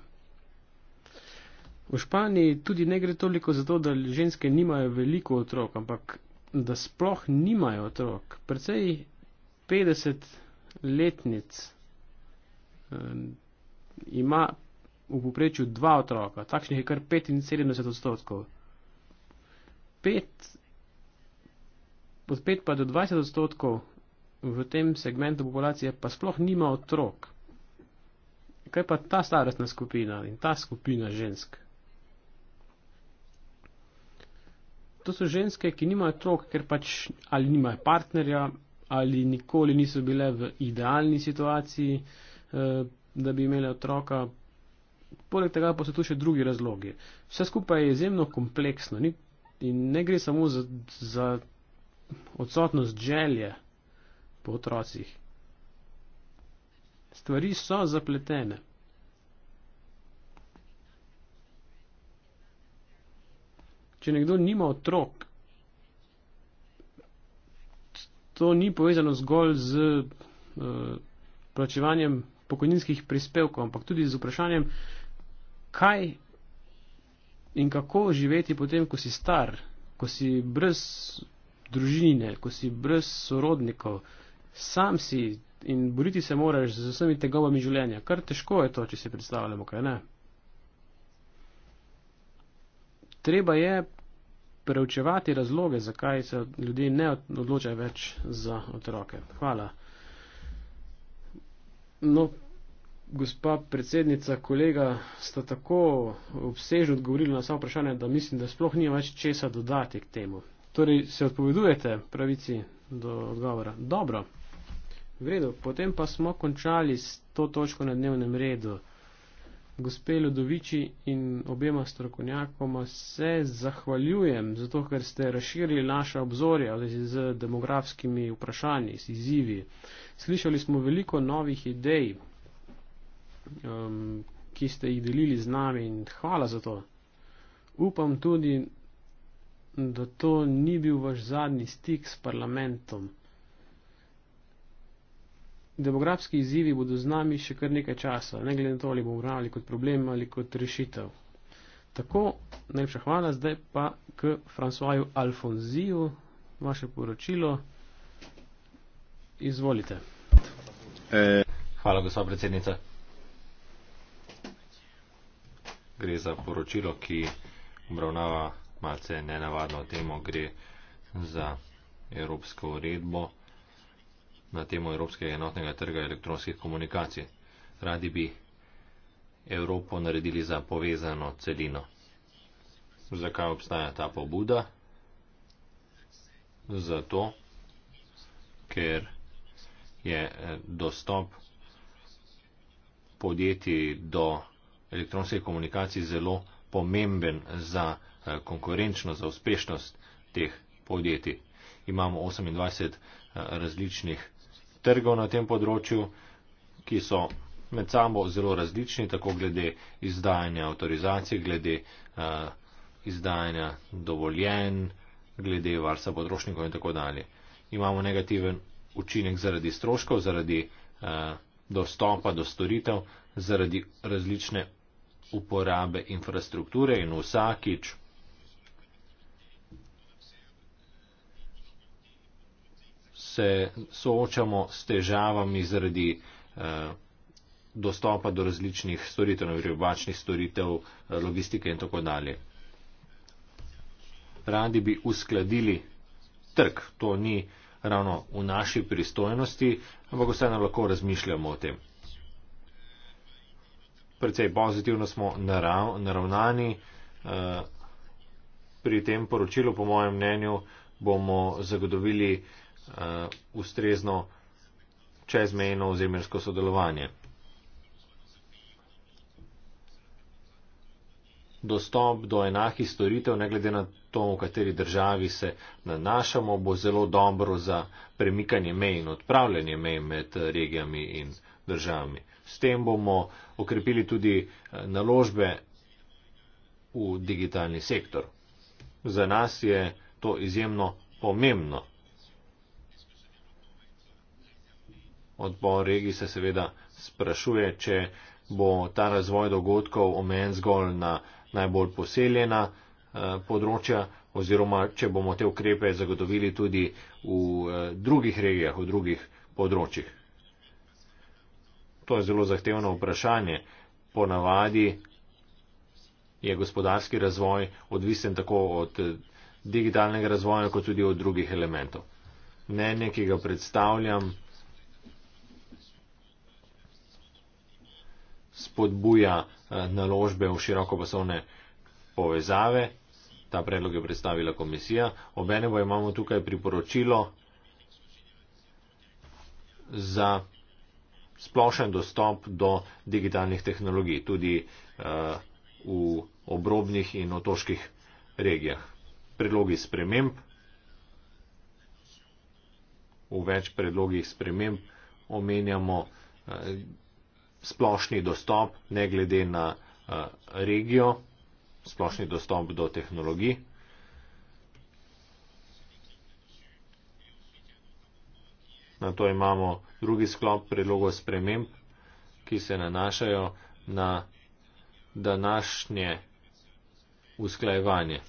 V Španiji tudi ne gre toliko za to, da ženske nimajo veliko otrok, ampak da sploh nimajo otrok. Predvsej 50 letnic um, ima v poprečju dva otroka, takšnih je kar 75 odstotkov. Pet, od 5 pa do 20 odstotkov v tem segmentu populacije pa sploh nima otrok. Kaj pa ta starostna skupina in ta skupina žensk? to so ženske, ki nimajo otrok, ker pač ali nimajo partnerja, ali nikoli niso bile v idealni situaciji, eh, da bi imele otroka. Poleg tega pa so tu še drugi razlogi. Vse skupaj je izjemno kompleksno ni? in ne gre samo za, za odsotnost želje po otrocih. Stvari so zapletene. Če nekdo nima otrok, to ni povezano zgolj z uh, plačevanjem pokojninskih prispevkov, ampak tudi z vprašanjem, kaj in kako živeti potem, ko si star, ko si brez družine, ko si brez sorodnikov, sam si in boriti se moraš z vsemi tegobami življenja. Kar težko je to, če si predstavljamo, kaj ne. Treba je preučevati razloge, zakaj se ljudje ne odločajo več za otroke. Hvala. No, gospa predsednica, kolega, sta tako obsežno odgovorili na vsa vprašanja, da mislim, da sploh nima več česa dodati k temu. Torej, se odpovedujete pravici do odgovora. Dobro, v redu, potem pa smo končali s to točko na dnevnem redu gospe Ludoviči in obema strokovnjakoma se zahvaljujem, zato ker ste razširili naše obzorje z demografskimi vprašanji, z izzivi. Slišali smo veliko novih idej, um, ki ste jih delili z nami in hvala za to. Upam tudi, da to ni bil vaš zadnji stik s parlamentom demografski izzivi bodo z nami še kar nekaj časa, ne glede na to, ali bomo obravnavali kot problem ali kot rešitev. Tako, najlepša hvala, zdaj pa k Francoju Alfonziju, vaše poročilo. Izvolite. Hvala, gospa predsednica. Gre za poročilo, ki obravnava malce nenavadno temo, gre za Evropsko uredbo na temo Evropskega enotnega trga elektronskih komunikacij. Radi bi Evropo naredili za povezano celino. Zakaj obstaja ta pobuda? Zato, ker je eh, dostop podjetij do elektronskih komunikacij zelo pomemben za eh, konkurenčno, za uspešnost teh podjetij. Imamo 28 eh, različnih trgov na tem področju, ki so med sabo zelo različni, tako glede izdajanja avtorizacij, glede uh, izdajanja dovoljen, glede varstva potrošnikov in tako dalje. Imamo negativen učinek zaradi stroškov, zaradi uh, dostopa do storitev, zaradi različne uporabe infrastrukture in vsakič se soočamo s težavami zaradi eh, dostopa do različnih storitev, vrjobačnih storitev, eh, logistike in tako dalje. Radi bi uskladili trg, to ni ravno v naši pristojnosti, ampak vseeno lahko razmišljamo o tem. Predvsej pozitivno smo narav, naravnani. Eh, pri tem poročilu, po mojem mnenju, bomo zagotovili eh, uh, ustrezno čezmejno ozemersko sodelovanje. Dostop do enakih storitev, ne glede na to, v kateri državi se nanašamo, bo zelo dobro za premikanje mej in odpravljanje mej med eh, regijami in državami. S tem bomo okrepili tudi eh, naložbe v digitalni sektor. Za nas je to izjemno pomembno. Odbor regij se seveda sprašuje, če bo ta razvoj dogodkov omejen zgolj na najbolj poseljena eh, področja oziroma če bomo te ukrepe zagotovili tudi v eh, drugih regijah, v drugih področjih. To je zelo zahtevno vprašanje. Ponavadi je gospodarski razvoj odvisen tako od eh, digitalnega razvoja, kot tudi od drugih elementov. Mnenje, ki ga predstavljam, spodbuja eh, naložbe v širokopasovne povezave. Ta predlog je predstavila komisija. Obene pa imamo tukaj priporočilo za splošen dostop do digitalnih tehnologij, tudi uh, v obrobnih in otoških regijah. Predlogi sprememb. V več predlogih sprememb omenjamo uh, splošni dostop, ne glede na eh, regijo, splošni dostop do tehnologij. Na to imamo drugi sklop predlogov sprememb, ki se nanašajo na današnje usklajevanje.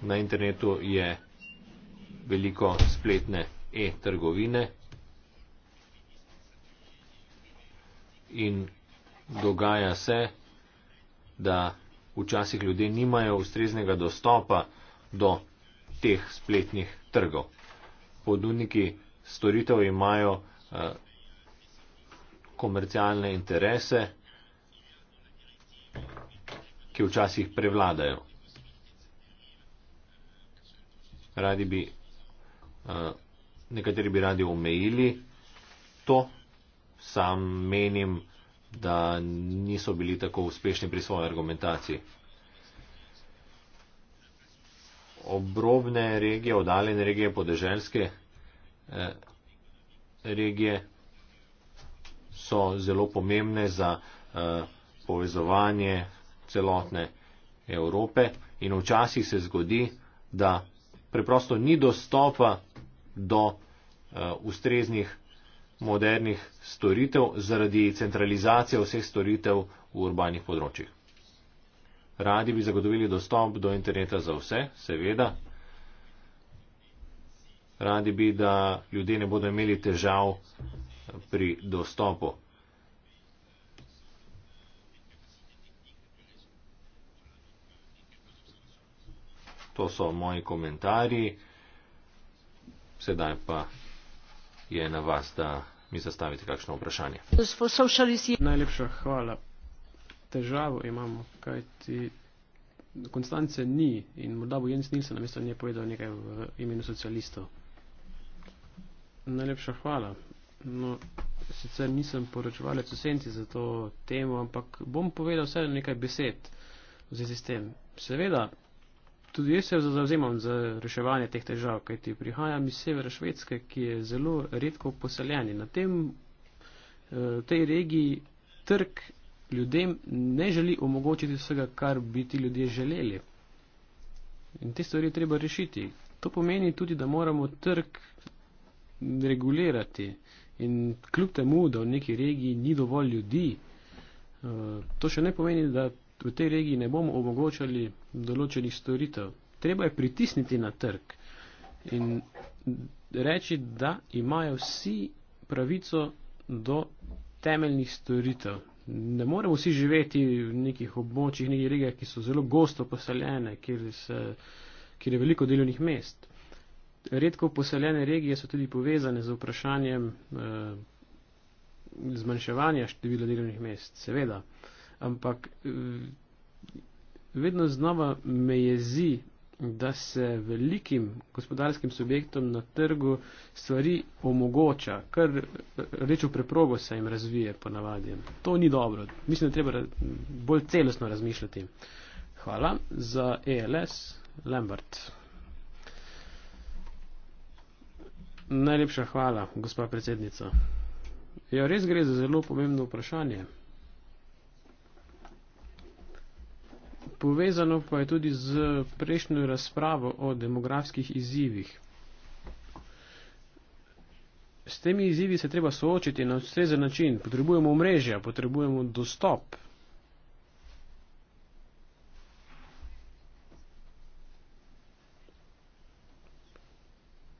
Na internetu je veliko spletne e-trgovine. in dogaja se, da včasih ljudje nimajo ustreznega dostopa do teh spletnih trgov. Podudniki storitev imajo eh, komercialne interese, ki včasih prevladajo. Radi bi, eh, nekateri bi radi omejili to, sam menim, da niso bili tako uspešni pri svoji argumentaciji. Obrobne regije, oddaljene regije, podeželske eh, regije so zelo pomembne za eh, povezovanje celotne Evrope in včasih se zgodi, da preprosto ni dostopa do eh, ustreznih modernih storitev zaradi centralizacije vseh storitev v urbanih področjih. Radi bi zagotovili dostop do interneta za vse, seveda. Radi bi, da ljudje ne bodo imeli težav pri dostopu. To so moji komentarji. Sedaj pa je na vas, da mi zastavite kakšno vprašanje. Najlepša hvala. Težavo imamo, kajti Konstance ni in morda bo Jens Nilsen namesto nje povedal nekaj v imenu socialistov. Najlepša hvala. No, sicer nisem poročevalec v senci za to temo, ampak bom povedal vse nekaj besed v zvezi s tem. Seveda, Tudi jaz se zauzemam za reševanje teh težav, kajti prihajam iz severa Švedske, ki je zelo redko poseljeni. Na tem, eh, tej regiji trg ljudem ne želi omogočiti vsega, kar bi ti ljudje želeli. In te stvari treba rešiti. To pomeni tudi, da moramo trg regulirati. In kljub temu, da v neki regiji ni dovolj ljudi, eh, to še ne pomeni, da v tej regiji ne bomo omogočali določenih storitev. Treba je pritisniti na trg in reči, da imajo vsi pravico do temeljnih storitev. Ne moremo vsi živeti v nekih območjih, nekih regijah, ki so zelo gosto poseljene, kjer, se, kjer je veliko delovnih mest. Redko poseljene regije so tudi povezane z vprašanjem eh, zmanjševanja števila delovnih mest, seveda. Eh, ampak eh, vedno znova me jezi, da se velikim gospodarskim subjektom na trgu stvari omogoča, kar eh, rečem preprogo se jim razvije ponavadi. To ni dobro. Mislim, da treba bolj celostno razmišljati. Hvala za ELS Lambert. Najlepša hvala, gospa predsednica. Ja, res gre za zelo pomembno vprašanje. povezano pa je tudi z prejšnjo razpravo o demografskih izzivih. S temi izzivi se treba soočiti na ustrezen način. Potrebujemo mrežja, potrebujemo dostop.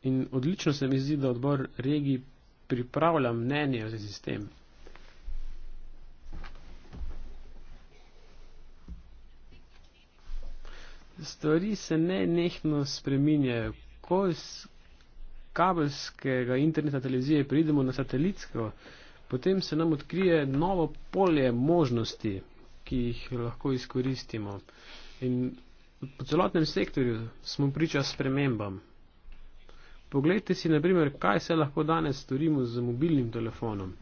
In odlično se mi zdi, da odbor regij pripravlja mnenje v zvezi s tem. stvari se ne nehno spreminjajo. Ko iz kabelskega interneta televizije pridemo na satelitsko, potem se nam odkrije novo polje možnosti, ki jih lahko izkoristimo. In po celotnem sektorju smo priča spremembam. Poglejte si, naprimer, kaj se lahko danes storimo z mobilnim telefonom.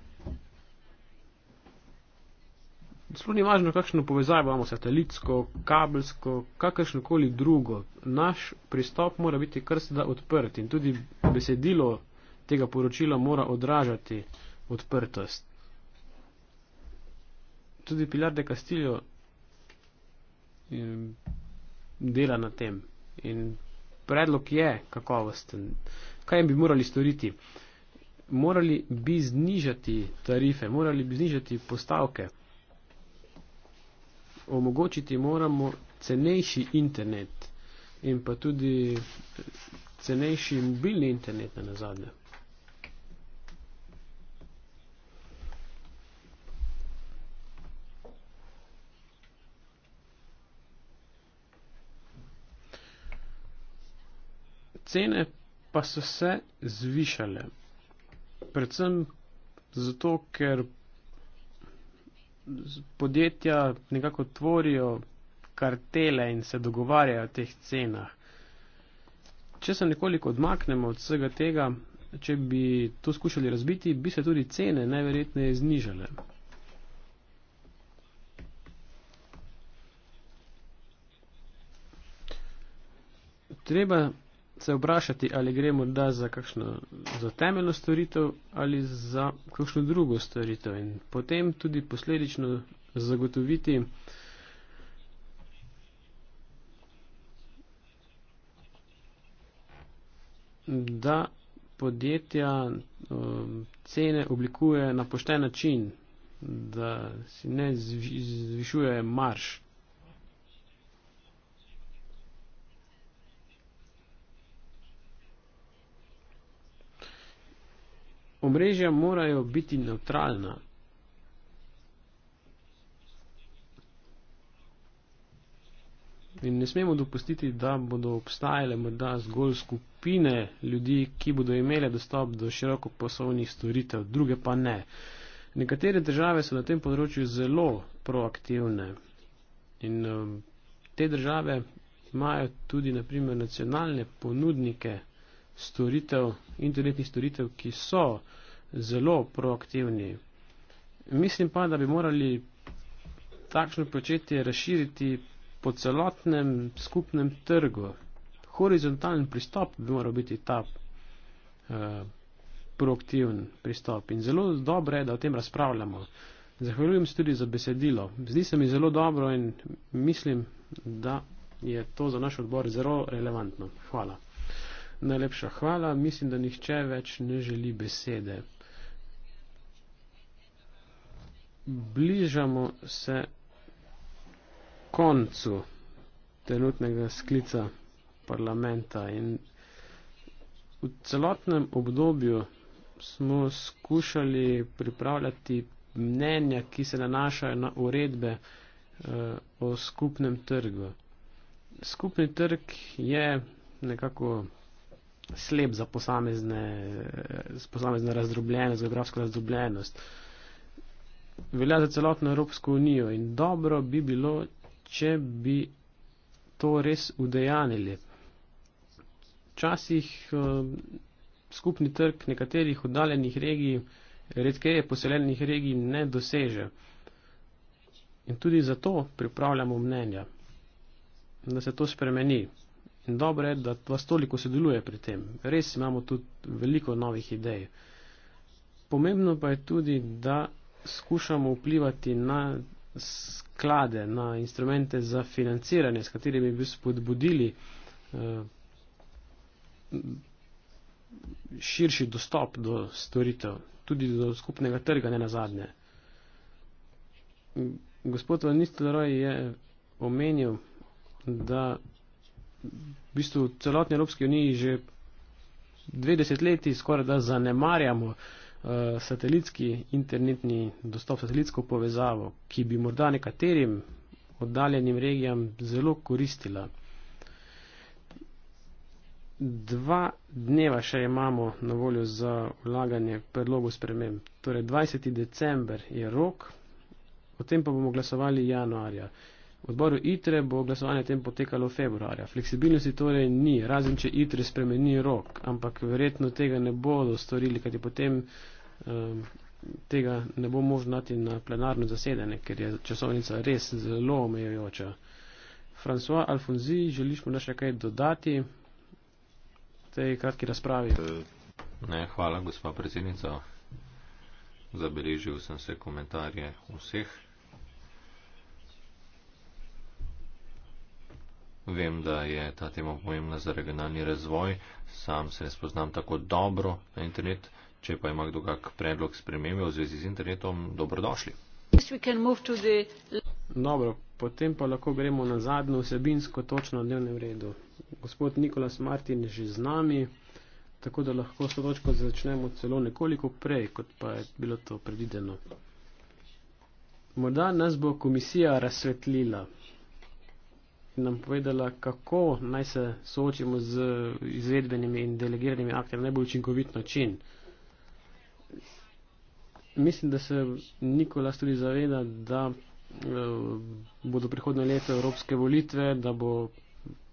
Sploh ni važno, kakšno povezavo imamo, satelitsko, kabelsko, kakršno koli drugo. Naš pristop mora biti kar se da odprt in tudi besedilo tega poročila mora odražati odprtost. Tudi Piljarde Kastiljo ehm, dela na tem in predlog je kakovosten. Kaj bi morali storiti? Morali bi znižati tarife, morali bi znižati postavke omogočiti moramo cenejši internet in pa tudi cenejši mobilni internet na nazadnje. Cene pa so se zvišale, predvsem zato, ker podjetja nekako tvorijo kartele in se dogovarjajo o teh cenah. Če se nekoliko odmaknemo od vsega tega, če bi to skušali razbiti, bi se tudi cene najverjetneje znižale. Treba se vprašati, ali gre morda za, kakšno, za temeljno storitev ali za kakšno drugo storitev in potem tudi posledično zagotoviti da podjetja um, cene oblikuje na pošten način, da si ne zvišuje marš omrežja morajo biti neutralna. In ne smemo dopustiti, da bodo obstajale morda zgolj skupine ljudi, ki bodo imele dostop do široko poslovnih storitev, druge pa ne. Nekatere države so na tem področju zelo proaktivne in um, te države imajo tudi naprimer nacionalne ponudnike storitev, internetnih storitev, ki so zelo proaktivni. Mislim pa, da bi morali takšno početje razširiti po celotnem skupnem trgu. Horizontalen pristop bi moral biti ta uh, proaktiven pristop in zelo dobro je, da o tem razpravljamo. Zahvaljujem se tudi za besedilo. Zdi se mi zelo dobro in mislim, da je to za naš odbor zelo relevantno. Hvala. Najlepša hvala. Mislim, da nihče več ne želi besede. Bližamo se koncu trenutnega sklica parlamenta in v celotnem obdobju smo skušali pripravljati mnenja, ki se nanašajo na uredbe eh, o skupnem trgu. Skupni trg je nekako slep za posamezne, posamezne razdrobljene, za geografsko razdrobljenost. Velja za celotno Evropsko unijo in dobro bi bilo, če bi to res udejanili. Včasih eh, skupni trg nekaterih oddaljenih regij, redkeje poseljenih regij, ne doseže. In tudi zato pripravljamo mnenja, da se to spremeni. In dobro je, da vas toliko sodeluje pri tem. Res imamo tudi veliko novih idej. Pomembno pa je tudi, da skušamo vplivati na sklade, na instrumente za financiranje, s katerimi bi spodbudili eh, širši dostop do storitev, tudi do skupnega trga, ne nazadnje. Gospod Van Nistelrooy je omenil, da v bistvu celotni Evropski uniji že dve desetletji skoraj da zanemarjamo uh, satelitski internetni dostop, satelitsko povezavo, ki bi morda nekaterim oddaljenim regijam zelo koristila. Dva dneva še imamo na voljo za vlaganje predlogu sprememb. Torej 20. december je rok, o tem pa bomo glasovali januarja. V odboru ITRE bo glasovanje tem potekalo februarja. Fleksibilnosti torej ni, razen če ITRE spremeni rok, ampak verjetno tega ne bodo storili, kajti potem um, tega ne bo možno dati na plenarno zasedanje, ker je časovnica res zelo omejujoča. François Alfonzi, želiš mu še kaj dodati v tej kratki razpravi? E, ne, hvala, gospa predsednica. Zabeležil sem se komentarje vseh. Vem, da je ta tema pomembna za regionalni razvoj, sam se ne spoznam tako dobro na internet, če pa ima kdo kak predlog spremembe v zvezi z internetom, dobrodošli. Dobro, potem pa lahko gremo na zadnjo vsebinsko točno dnevnem redu. Gospod Nikolas Martin je že z nami, tako da lahko s to točko začnemo celo nekoliko prej, kot pa je bilo to predideno. Morda nas bo komisija razsvetlila in nam povedala, kako naj se soočimo z izvedbenimi in delegiranimi akti na najbolj učinkovit način. Mislim, da se Nikolas tudi zaveda, da uh, bodo prihodne leto evropske volitve, da bo,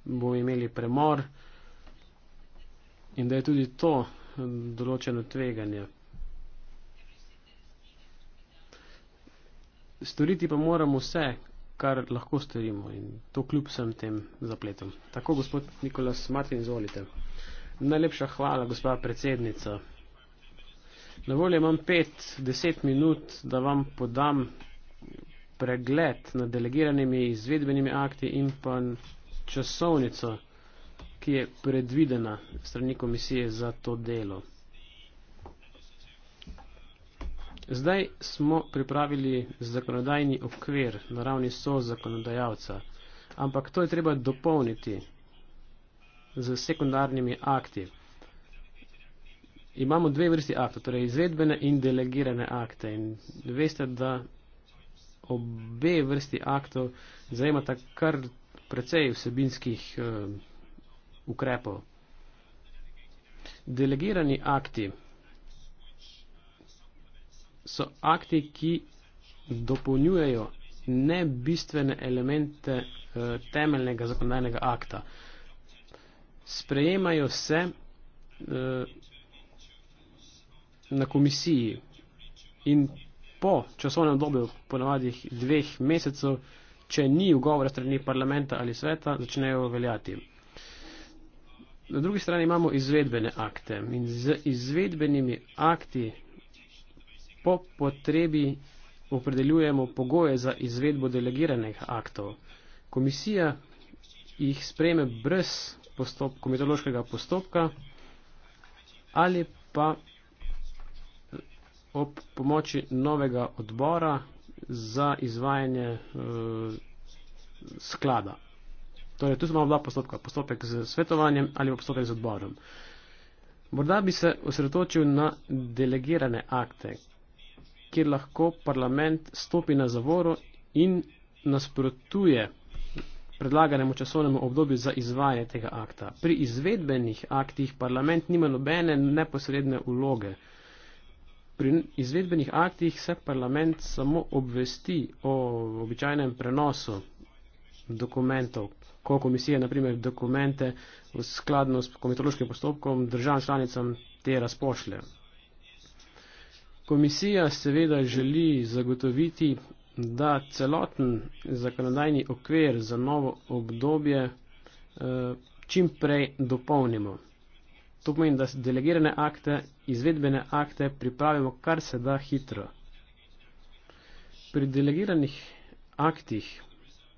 bo imeli premor in da je tudi to določeno tveganje. Storiti pa moramo vse, kar lahko storimo in to kljub vsem tem zapletom. Tako, gospod Nikolas Martin, izvolite. Najlepša hvala, gospa predsednica. Na voljo imam 5-10 minut, da vam podam pregled nad delegiranimi izvedbenimi akti in pa časovnico, ki je predvidena strani komisije za to delo. Zdaj smo pripravili zakonodajni okvir na ravni so zakonodajalca, ampak to je treba dopolniti z sekundarnimi akti. Imamo dve vrsti aktov, torej izvedbene in delegirane akte. In veste, da obe vrsti aktov zajemata kar precej vsebinskih uh, ukrepov. Delegirani akti so akti, ki dopolnjujejo ne bistvene elemente eh, temeljnega zakonodajnega akta. Sprejemajo se eh, na komisiji in po časovnem dobu, ponavadi dveh mesecev, če ni ugovora strani parlamenta ali sveta, začnejo veljati. Na drugi strani imamo izvedbene akte in z izvedbenimi akti po potrebi opredeljujemo pogoje za izvedbo delegiranih aktov. Komisija jih spreme brez postop, komitološkega postopka ali pa ob pomoči novega odbora za izvajanje e, sklada. Torej, tu imamo dva postopka. Postopek z svetovanjem ali postopek z odborom. Morda bi se osredotočil na delegirane akte kjer lahko parlament stopi na zavoro in nasprotuje predlaganemu časovnemu obdobju za izvajanje tega akta. Pri izvedbenih aktih parlament nima nobene neposredne uloge. Pri izvedbenih aktih se parlament samo obvesti o običajnem prenosu dokumentov, ko komisija naprimer dokumente v skladnost komitološkim postopkom državam članicam te razpošlje. Komisija seveda želi zagotoviti, da celoten zakonodajni okvir za novo obdobje eh, čim prej dopolnimo. To pomeni, da delegirane akte, izvedbene akte pripravimo kar se da hitro. Pri delegiranih aktih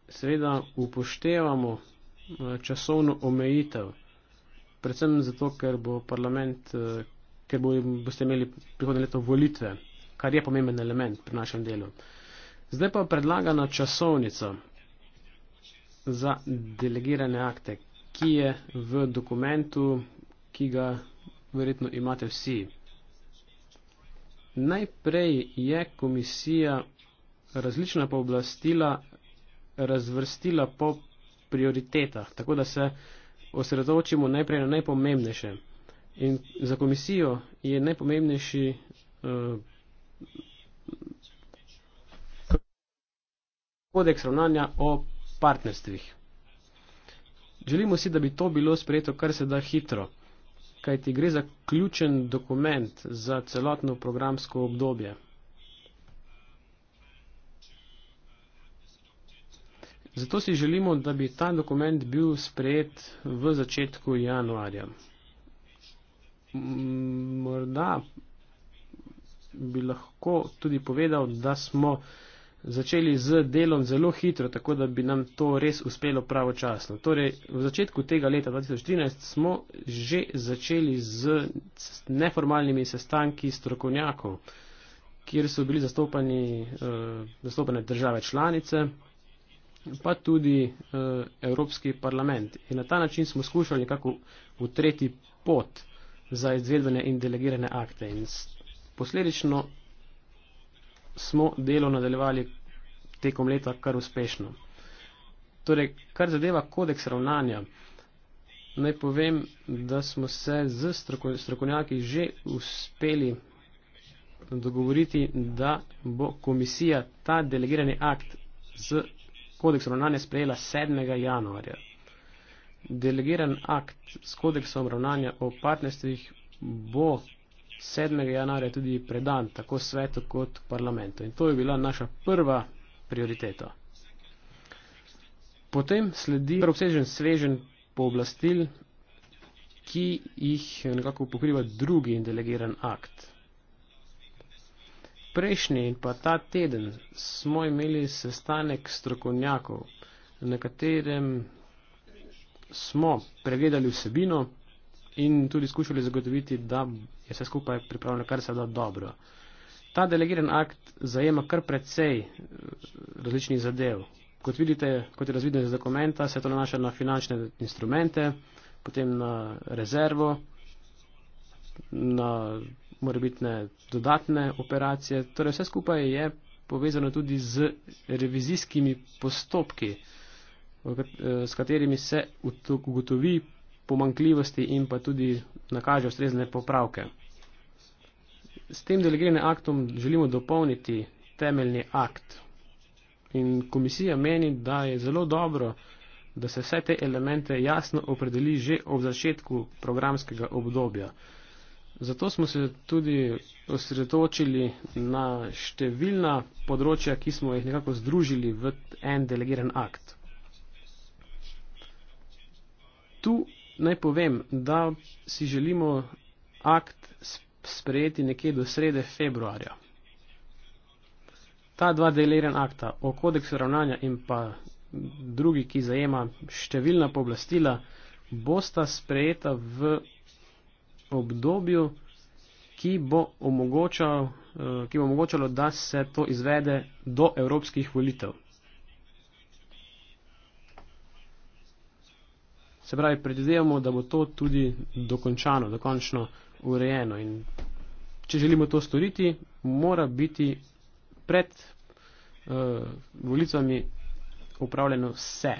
seveda upoštevamo eh, časovno omejitev, predvsem zato, ker bo parlament eh, ker bo, boste imeli prihodne leto volitve, kar je pomemben element pri našem delu. Zdaj pa predlagana časovnica za delegirane akte, ki je v dokumentu, ki ga verjetno imate vsi. Najprej je komisija različna pooblastila razvrstila po prioritetah, tako da se osredotočimo najprej na najpomembnejše. In za komisijo je najpomembnejši. Eh, kodeks ravnanja o partnerstvih. Želimo si, da bi to bilo sprejeto kar se da hitro, kajti gre za ključen dokument za celotno programsko obdobje. Zato si želimo, da bi ta dokument bil sprejet v začetku januarja morda bi lahko tudi povedal, da smo začeli z delom zelo hitro, tako da bi nam to res uspelo pravočasno. Torej, v začetku tega leta 2013 smo že začeli z neformalnimi sestanki strokovnjakov, kjer so bili zastopani, eh, zastopane države članice, pa tudi eh, Evropski parlament. In na ta način smo skušali nekako utreti pot za izvedbene in delegirane akte. In posledično smo delo nadaljevali tekom leta kar uspešno. Torej, kar zadeva kodeks ravnanja, naj povem, da smo se z strokovnjaki že uspeli dogovoriti, da bo komisija ta delegirani akt z kodeksom ravnanja sprejela 7. januarja delegiran akt s kodeksom ravnanja o partnerstvih bo 7. januarja tudi predan tako svetu kot parlamentu. In to je bila naša prva prioriteta. Potem sledi obsežen svežen pooblastil, ki jih nekako pokriva drugi delegiran akt. Prejšnji in pa ta teden smo imeli sestanek strokovnjakov, na katerem smo pregledali vsebino in tudi skušali zagotoviti, da je vse skupaj pripravljeno kar se da dobro. Ta delegiran akt zajema kar precej eh, različnih zadev. Kot vidite, kot je razvidno iz dokumenta, se to nanaša na finančne instrumente, potem na rezervo, na morebitne dodatne operacije. Torej vse skupaj je povezano tudi z revizijskimi postopki. Eh, s katerimi se ugotovi pomankljivosti in pa tudi nakaže ustrezne popravke. S tem delegiranim aktom želimo dopolniti temeljni akt. In komisija meni, da je zelo dobro, da se vse te elemente jasno opredeli že ob začetku programskega obdobja. Zato smo se tudi osredotočili na številna področja, ki smo jih nekako združili v en delegiran akt tu naj povem, da si želimo akt sprejeti nekje do srede februarja. Ta dva deliran akta o kodeksu ravnanja in pa drugi, ki zajema številna pooblastila, bosta sprejeta v obdobju, ki bo, omogočal, eh, ki bo omogočalo, da se to izvede do evropskih volitev. Se pravi, predvidevamo, da bo to tudi dokončano, dokončno urejeno. In če želimo to storiti, mora biti pred uh, volitvami upravljeno vse.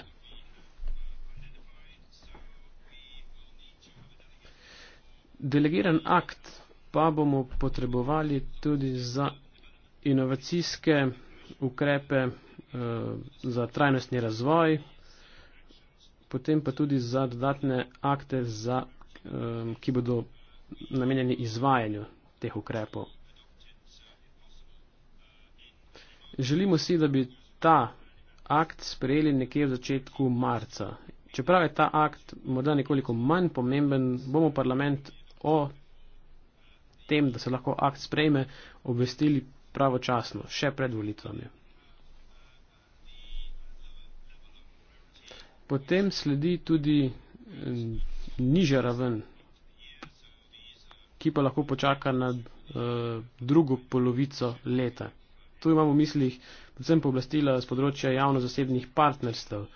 Delegiran akt pa bomo potrebovali tudi za inovacijske ukrepe, eh, za trajnostni razvoj, potem pa tudi za dodatne akte, za, um, ki bodo namenjeni izvajanju teh ukrepov. Želimo si, da bi ta akt sprejeli nekje v začetku marca. Čeprav je ta akt morda nekoliko manj pomemben, bomo parlament o tem, da se lahko akt sprejme, obvestili pravočasno, še pred volitvami. Potem sledi tudi eh, nižja raven, ki pa lahko počaka na uh, drugo polovico leta. Tu imamo v mislih predvsem pooblastila z področja javno-zasebnih partnerstv. E,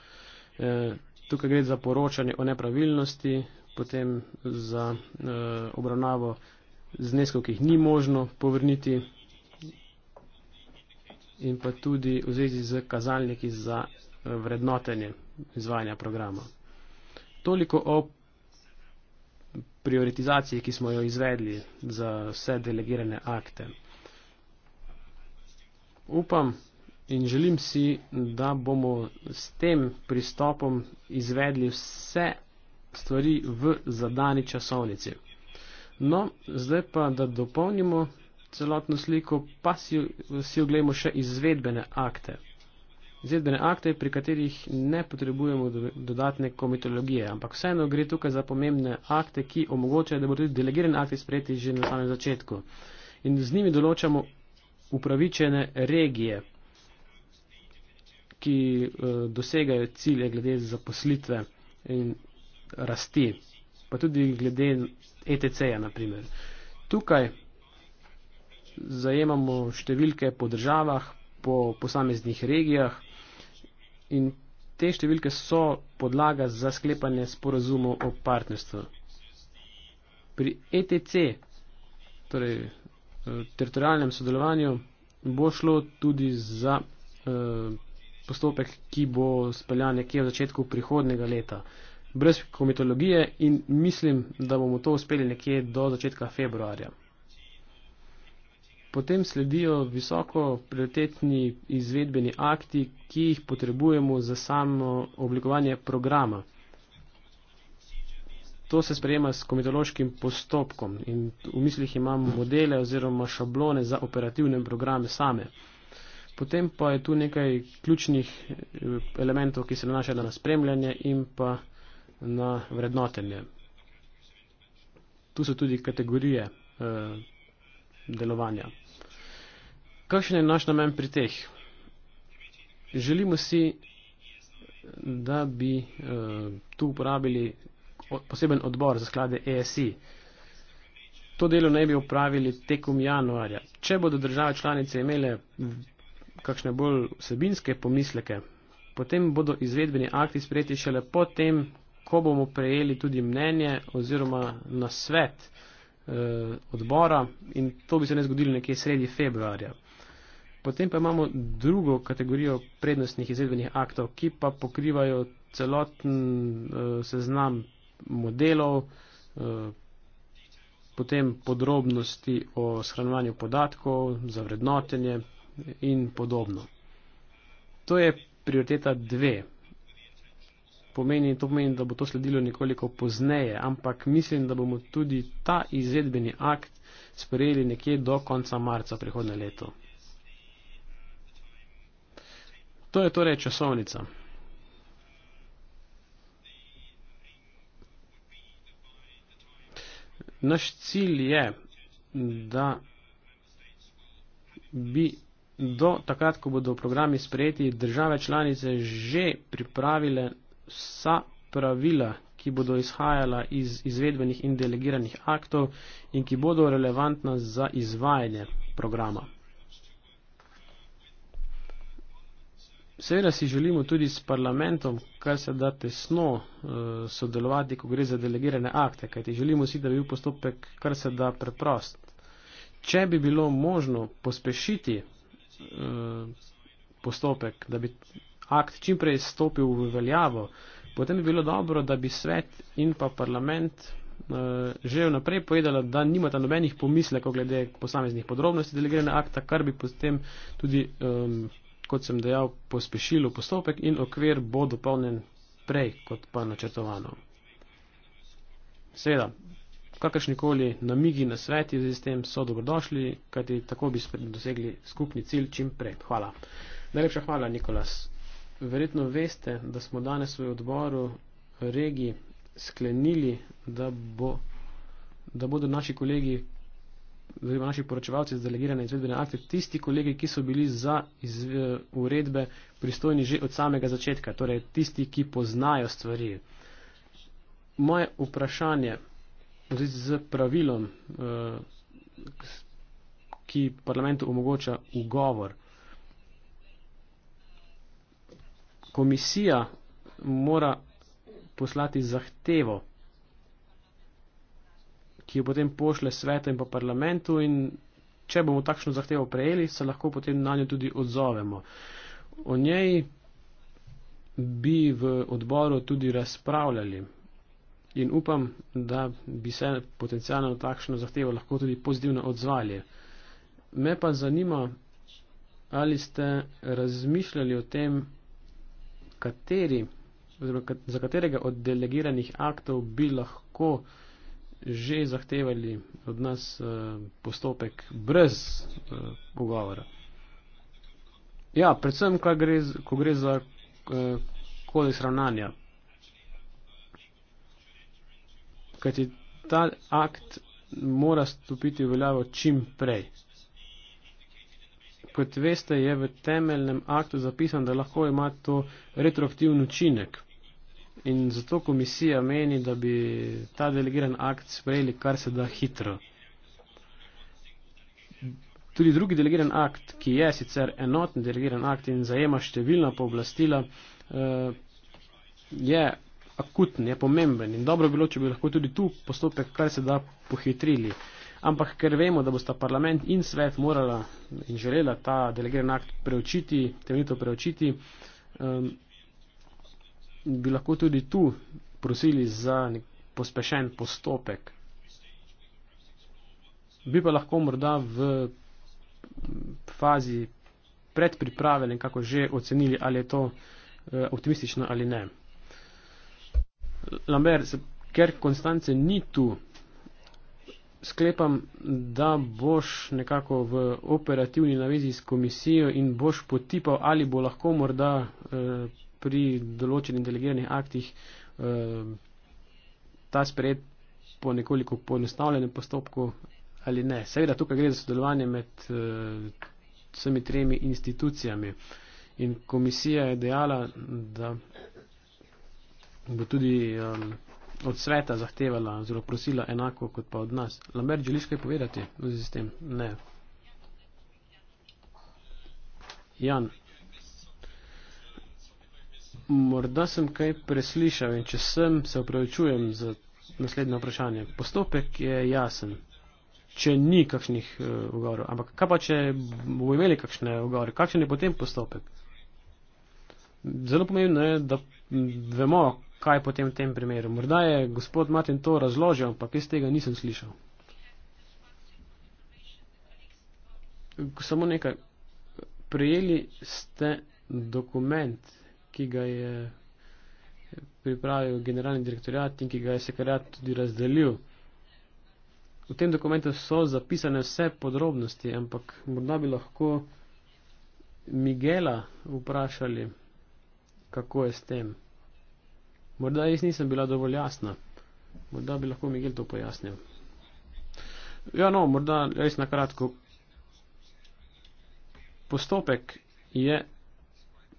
eh, tukaj gre za poročanje o nepravilnosti, potem za e, obravnavo zneskov, ki jih ni možno povrniti in pa tudi v zvezi z kazalniki za vrednotenje izvajanja programa. Toliko o prioritizaciji, ki smo jo izvedli za vse delegirane akte. Upam in želim si, da bomo s tem pristopom izvedli vse stvari v zadani časovnici. No, zdaj pa, da dopolnimo celotno sliko, pa si, si oglejmo še izvedbene akte izvedbene akte, pri katerih ne potrebujemo dodatne komitologije, ampak vseeno gre tukaj za pomembne akte, ki omogočajo, da bodo tudi delegirani akti sprejeti že na samem začetku. In z njimi določamo upravičene regije, ki uh, dosegajo cilje glede zaposlitve in rasti, pa tudi glede ETC-ja, naprimer. Tukaj zajemamo številke po državah, po posameznih regijah. In te številke so podlaga za sklepanje sporazumov o partnerstvu. Pri ETC, torej eh, teritorijalnem sodelovanju, bo šlo tudi za eh, postopek, ki bo speljan nekje v začetku prihodnega leta. Brez komitologije in mislim, da bomo to uspeli nekje do začetka februarja. Potem sledijo visoko prioritetni izvedbeni akti, ki jih potrebujemo za samo oblikovanje programa. To se sprejema s komitološkim postopkom in v mislih imam modele oziroma šablone za operativne programe same. Potem pa je tu nekaj ključnih eh, elementov, ki se nanašajo na spremljanje in pa na vrednotenje. Tu so tudi kategorije eh, delovanja. Kakšen je naš namen pri teh? Želimo si, da bi uh, tu uporabili poseben odbor za sklade ESI. To delo naj bi upravili tekom januarja. Če bodo države članice imele kakšne bolj vsebinske pomisleke, potem bodo izvedbeni akti sprejeti šele potem, ko bomo prejeli tudi mnenje oziroma nasvet eh, odbora in to bi se ne zgodilo nekje sredi februarja. Potem pa imamo drugo kategorijo prednostnih izvedbenih aktov, ki pa pokrivajo celoten uh, seznam modelov, uh, potem podrobnosti o shranjevanju podatkov, za vrednotenje in podobno. To je prioriteta dve. Pomeni, to pomeni, da bo to sledilo nekoliko pozneje, ampak mislim, da bomo tudi ta izvedbeni akt sprejeli nekje do konca marca prihodne leto. To je torej časovnica. Naš cilj je, da bi do takrat, ko bodo programi sprejeti, države članice že pripravile vsa pravila, ki bodo izhajala iz izvedbenih in delegiranih aktov in ki bodo relevantna za izvajanje programa. Seveda si želimo tudi s parlamentom, kar se da tesno eh, sodelovati, ko gre za delegirane akte, kajti želimo si, da bi bil postopek kar se da preprost. Če bi bilo možno pospešiti eh, postopek, da bi akt čimprej stopil v veljavo, potem bi bilo dobro, da bi svet in pa parlament eh, že vnaprej povedala, da nimata nobenih pomislekov glede posameznih podrobnosti delegirane akta, kar bi potem tudi. Um, kot sem dejal, pospešilo postopek in okvir bo dopolnjen prej, kot pa načrtovano. Seveda, kakršnikoli namigi na sveti z tem so dobrodošli, kajti tako bi dosegli skupni cilj čim prej. Hvala. Najlepša hvala, Nikolas. Verjetno veste, da smo danes v odboru regi sklenili, da, bo, da bodo naši kolegi oziroma naši poročevalci za delegirane izvedbene akte, tisti kolegi, ki so bili za izv, uredbe pristojni že od samega začetka, torej tisti, ki poznajo stvari. Moje vprašanje z pravilom, eh, ki parlamentu omogoča ugovor. Komisija mora poslati zahtevo ki jo potem pošle svetu in pa parlamentu in če bomo takšno zahtevo prejeli, se lahko potem na njo tudi odzovemo. O njej bi v odboru tudi razpravljali in upam, da bi se potencijalno takšno zahtevo lahko tudi pozitivno odzvali. Me pa zanima, ali ste razmišljali o tem, kateri, za katerega od delegiranih aktov bi lahko že zahtevali od nas eh, postopek brez pogovora. Eh, ja, predvsem, gre, ko gre za eh, kodeks ravnanja. Kajti ta akt mora stopiti v veljavo čim prej. Kot veste, je v temeljnem aktu zapisan, da lahko ima to retroaktivni učinek. In zato komisija meni, da bi ta delegiran akt sprejeli kar se da hitro. Tudi drugi delegiran akt, ki je sicer enotni delegiran akt in zajema številna pooblastila, eh, je akuten, je pomemben in dobro bilo, če bi lahko tudi tu postopek kar se da pohitrili. Ampak ker vemo, da bosta parlament in svet morala in želela ta delegiran akt preučiti, temeljito preučiti, ehm, bi lahko tudi tu prosili za nek pospešen postopek. Bi pa lahko morda v fazi predpriprave nekako že ocenili, ali je to eh, optimistično ali ne. Lambert, ker Konstance ni tu, sklepam, da boš nekako v operativni navezi s komisijo in boš potipal, ali bo lahko morda eh, pri določenih delegiranih aktih eh, ta spred po nekoliko poenostavljenem postopku ali ne. Seveda tukaj gre za sodelovanje med eh, vsemi tremi institucijami in komisija je dejala, da bo tudi eh, od sveta zahtevala oziroma prosila enako kot pa od nas. Lambert, želiš kaj povedati v zvezi s tem? Ne. Jan morda sem kaj preslišal in če sem, se upravičujem za naslednje vprašanje. Postopek je jasen, če ni kakšnih eh, ugovorov. Ampak kaj pa, če bomo imeli kakšne ugovore? Kakšen je potem postopek? Zelo pomembno je, da vemo, kaj je potem v tem primeru. Morda je gospod Martin to razložil, ampak jaz tega nisem slišal. Samo nekaj. Prijeli ste dokument ki ga je pripravil generalni direktorat in ki ga je sekretariat tudi razdelil. V tem dokumentu so zapisane vse podrobnosti, ampak morda bi lahko Migela vprašali, kako je s tem. Morda jaz nisem bila dovolj jasna. Morda bi lahko Migel to pojasnil. Ja, no, morda res na kratko. Postopek je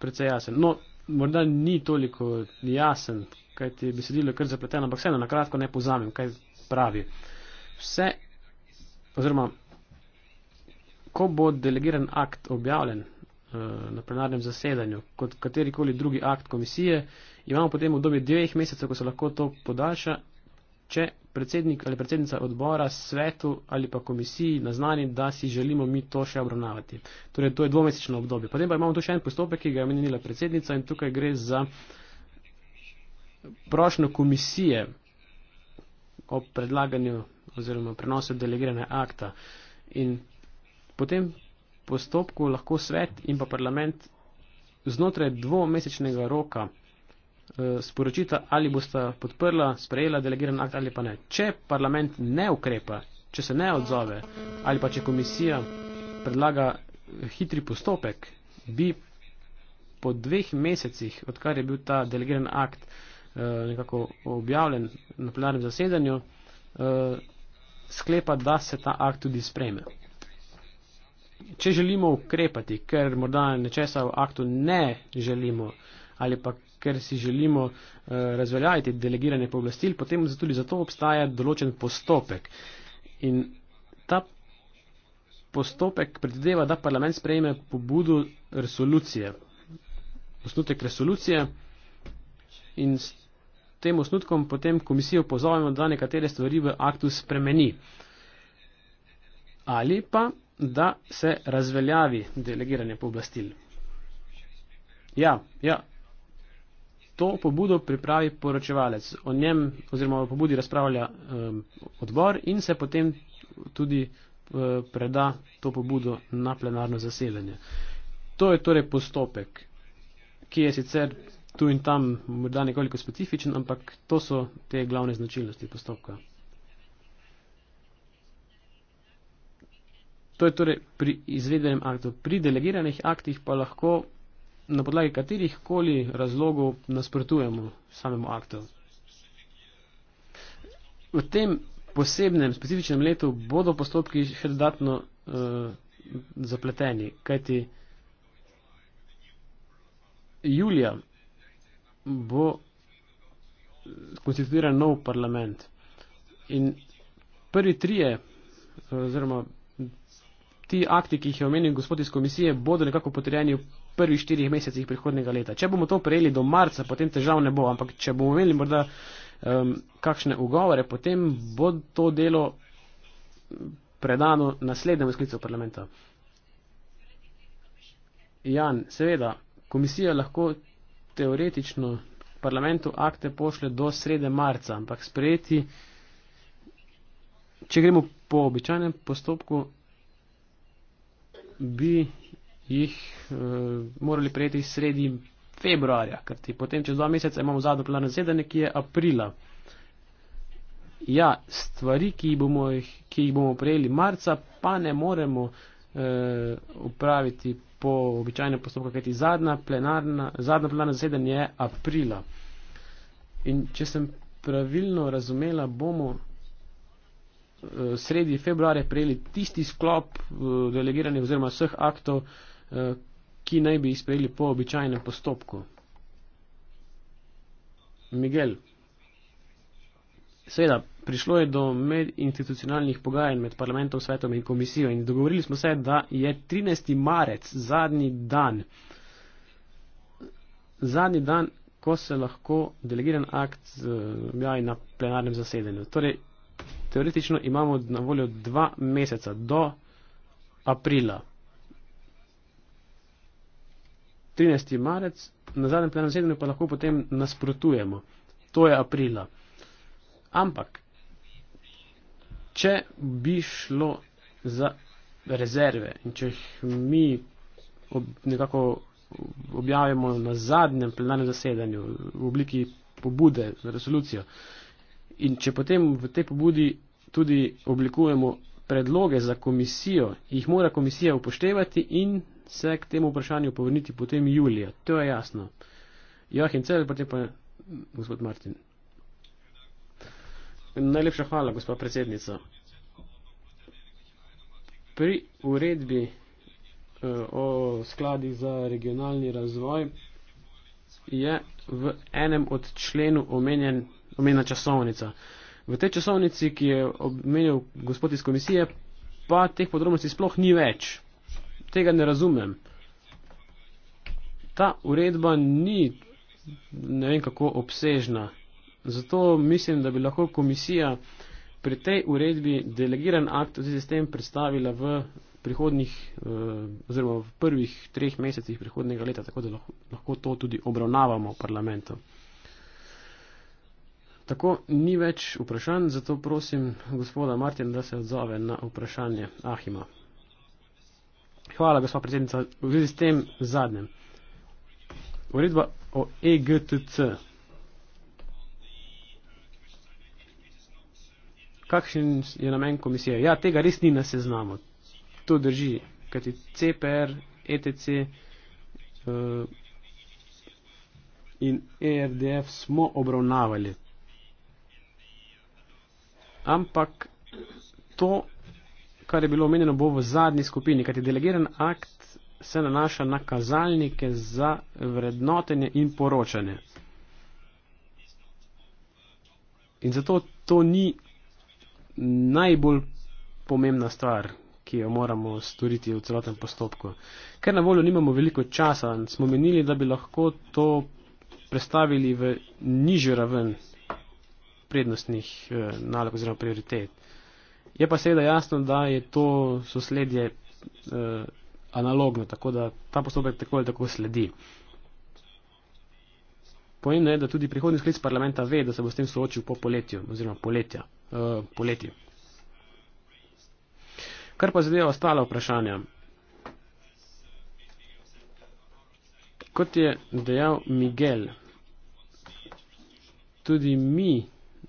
precej jasen. No, morda ni toliko jasen, kaj ti besedilo je kar zapleteno, ampak vseeno na kratko ne pozamem, kaj pravi. Vse, oziroma, ko bo delegiran akt objavljen eh, na plenarnem zasedanju, kot katerikoli drugi akt komisije, imamo potem v dobi dveh mesecev, ko se lahko to podaljša Če predsednik ali predsednica odbora, svetu ali pa komisiji naznani, da si želimo mi to še obravnavati. Torej, to je dvomesečno obdobje. Potem pa imamo tu še en postopek, ki ga je menila predsednica in tukaj gre za prošnjo komisije o predlaganju oziroma prenosu delegirane akta. In potem postopku lahko svet in pa parlament znotraj dvomesečnega roka Eh, sporočita, ali bosta podprla, sprejela delegiran akt ali pa ne. Če parlament ne ukrepa, če se ne odzove ali pa če komisija predlaga hitri postopek, bi po dveh mesecih, odkar je bil ta delegiran akt eh, nekako objavljen na plenarnem zasedanju, eh, sklepa, da se ta akt tudi spreme. Če želimo ukrepati, ker morda nečesa v aktu ne želimo ali pa ker si želimo eh, razveljaviti delegiranje pooblastil, potem tudi zato obstaja določen postopek. In ta postopek predvideva, da parlament sprejme pobudo resolucije, osnutek resolucije in s tem osnutkom potem komisijo pozovemo, da nekatere stvari v aktu spremeni. Ali pa, da se razveljavi delegiranje pooblastil. Ja, ja, to pobudo pripravi poročevalec. O njem oziroma o pobudi razpravlja um, odbor in se potem tudi uh, preda to pobudo na plenarno zasedanje. To je torej postopek, ki je sicer tu in tam morda nekoliko specifičen, ampak to so te glavne značilnosti postopka. To je torej pri izvedenem aktu. Pri delegiranih aktih pa lahko na podlagi katerih koli razlogov nasprotujemo samemu aktu. V tem posebnem, specifičnem letu bodo postopki še dodatno uh, zapleteni, kajti julija bo konstituiran nov parlament in prvi trije eh, oziroma ti akti, ki jih je omenil gospod iz komisije, bodo nekako potrjeni prvih štirih mesecih prihodnega leta. Če bomo to prejeli do marca, potem težav ne bo, ampak če bomo imeli morda um, kakšne ugovore, potem bo to delo predano naslednjemu sklicu parlamenta. Jan, seveda, komisija lahko teoretično parlamentu akte pošle do srede marca, ampak sprejeti, če gremo po običajnem postopku, bi jih uh, morali prejeti sredi februarja, ker ti potem čez dva meseca imamo zadnjo plano zedanje, ki je aprila. Ja, stvari, ki jih bomo, ki jih bomo prejeli marca, pa ne moremo uh, eh, upraviti po običajnem postopku, kajti zadnja plenarna, zadnja plana zedanje je aprila. In če sem pravilno razumela, bomo eh, sredi februarja prejeli tisti sklop delegiranih oziroma vseh aktov, Eh, ki naj bi jih sprejeli po običajnem postopku. Miguel. Seveda, prišlo je do medinstitucionalnih pogajanj med parlamentom, svetom in komisijo in dogovorili smo se, da je 13. marec zadnji dan, zadnji dan, ko se lahko delegiran akt objavi na plenarnem zasedanju. Torej, teoretično imamo na voljo dva meseca do aprila. 13. marec, na zadnjem plenarnem zasedanju pa lahko potem nasprotujemo. To je aprila. Ampak, če bi šlo za rezerve in če jih mi ob, nekako objavimo na zadnjem plenarnem zasedanju v obliki pobude za resolucijo in če potem v tej pobudi tudi oblikujemo predloge za komisijo, jih mora komisija upoštevati in se k temu vprašanju povrniti potem julija. To je jasno. Joachim Cel, potem pa gospod Martin. Najlepša hvala, gospa predsednica. Pri uredbi eh, o skladi za regionalni razvoj je v enem od členu omenjena časovnica. V tej časovnici, ki je omenil gospod iz komisije, pa teh podrobnosti sploh ni več. Tega ne razumem. Ta uredba ni ne vem kako obsežna. Zato mislim, da bi lahko komisija pri tej uredbi delegiran akt oziroma sistem predstavila v prihodnih eh, oziroma v prvih treh mesecih prihodnega leta, tako da lahko, lahko to tudi obravnavamo v parlamentu. Tako ni več vprašanj, zato prosim gospoda Martin, da se odzove na vprašanje Ahima. Hvala, gospod predsednica, v zvezi s tem zadnjem. Uredba o EGTC. Kakšen je namen komisije? Ja, tega res ni na seznamu. To drži, kajti CPR, ETC uh, eh, in ERDF smo obravnavali ampak to, kar je bilo omenjeno, bo v zadnji skupini, kajti delegiran akt se nanaša na kazalnike za vrednotenje in poročanje. In zato to ni najbolj pomembna stvar, ki jo moramo storiti v celotnem postopku. Ker na voljo nimamo veliko časa, smo menili, da bi lahko to prestavili v nižjo raven prednostnih eh, nalog oziroma prioritet. Je pa seveda jasno, da je to sosledje eh, analogno, tako da ta postopek tako ali tako sledi. Pomembno je, da tudi prihodnji sklic parlamenta ve, da se bo s tem soočil po poletju oziroma poletja, eh, poleti. Kar pa zadeva ostala vprašanja. Kot je dejal Miguel, tudi mi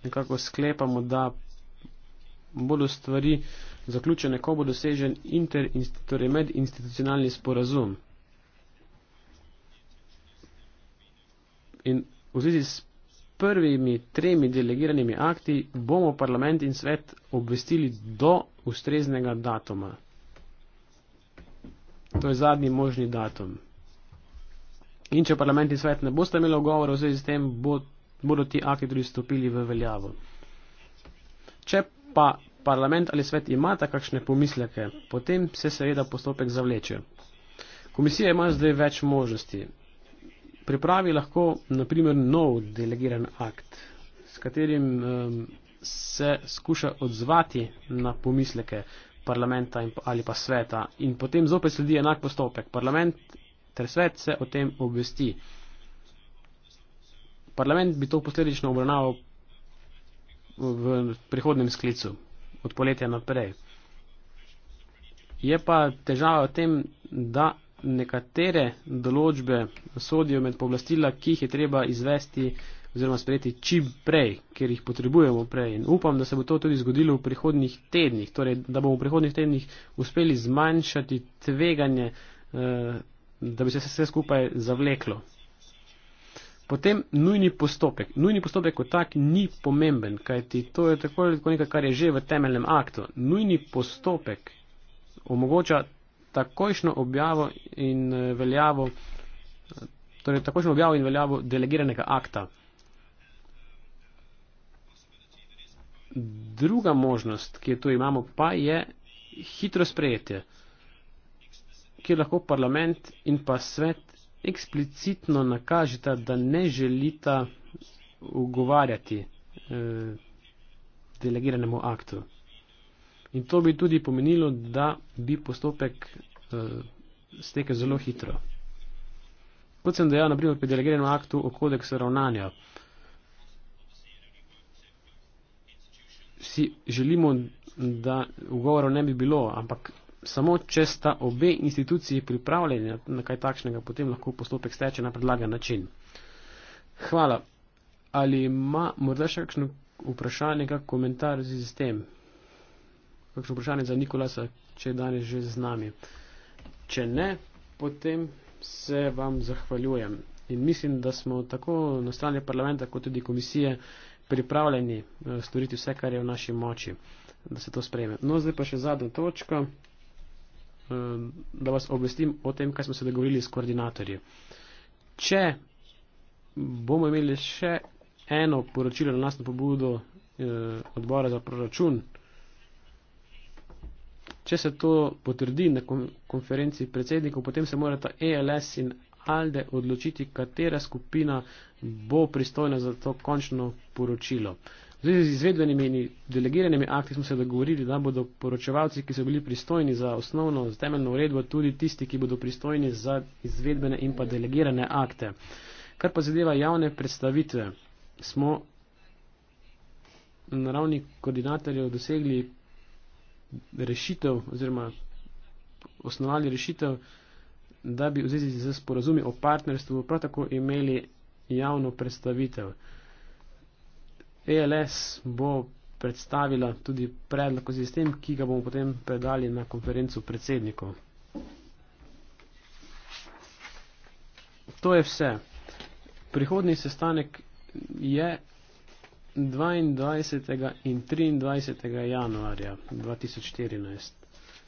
nekako sklepamo, da bodo stvari zaključene, ko bo dosežen torej medinstitucionalni sporazum. In v zvezi s prvimi tremi delegiranimi akti bomo parlament in svet obvestili do ustreznega datuma. To je zadnji možni datum. In če parlament in svet ne boste imeli ogovora v zvezi s tem, bo bodo ti akti tudi stopili v veljavo. Če pa parlament ali svet imata kakšne pomisleke, potem se seveda postopek zavleče. Komisija ima zdaj več možnosti. Pripravi lahko naprimer nov delegiran akt, s katerim um, se skuša odzvati na pomisleke parlamenta ali pa sveta in potem zopet sledi enak postopek. Parlament ter svet se o tem obvesti. Parlament bi to posledično obravnaval v prihodnem sklicu, od poletja naprej. Je pa težava v tem, da nekatere določbe sodijo med povlastila, ki jih je treba izvesti oziroma sprejeti čim prej, ker jih potrebujemo prej. In upam, da se bo to tudi zgodilo v prihodnih tednih, torej da bomo v prihodnih tednih uspeli zmanjšati tveganje, eh, da bi se vse skupaj zavleklo. Potem nujni postopek. Nujni postopek kot tak ni pomemben, kajti to je tako ali tako nekaj, kar je že v temeljnem aktu. Nujni postopek omogoča takojšno objavo in eh, veljavo, torej takojšno objavo in veljavo delegiranega akta. Druga možnost, ki jo tu imamo, pa je hitro sprejetje, kjer lahko parlament in pa svet eksplicitno nakažeta, da ne želita ugovarjati eh, delegiranemu aktu. In to bi tudi pomenilo, da bi postopek eh, stekel zelo hitro. Kot sem dejal, naprimer, pri delegiranem aktu o kodeksu ravnanja. Si želimo, da ugovorov ne bi bilo, ampak samo če sta obe instituciji pripravljeni na kaj takšnega, potem lahko postopek steče na predlagan način. Hvala. Ali ima morda še kakšno vprašanje, kak komentar z tem? Kakšno vprašanje za Nikolasa, če je danes že z nami? Če ne, potem se vam zahvaljujem. In mislim, da smo tako na strani parlamenta, kot tudi komisije pripravljeni eh, storiti vse, kar je v naši moči, da se to sprejme. No, zdaj pa še zadnja točka. Ehm, da vas obvestim o tem, kaj smo se dogovorili s koordinatorji. Če bomo imeli še eno poročilo na nasno pobudo eh, odbora za proračun, če se to potrdi na konferenci predsednikov, potem se morata ELS in ALDE odločiti, katera skupina bo pristojna za to končno poročilo. Eh, V zvezi z izvedbenimi in delegiranimi akti smo se dogovorili, da bodo poročevalci, ki so bili pristojni za osnovno temeljno uredbo, tudi tisti, ki bodo pristojni za izvedbene in pa delegirane akte. Kar pa zadeva javne predstavitve, smo na ravni koordinatorjev dosegli rešitev oziroma osnovali rešitev, da bi v zvezi z sporozumi o partnerstvu prav tako imeli javno predstavitev. ELS bo predstavila tudi predlog o sistem, ki ga bomo potem predali na konferencu predsednikov. To je vse. Prihodni sestanek je 22. in 23. januarja 2014.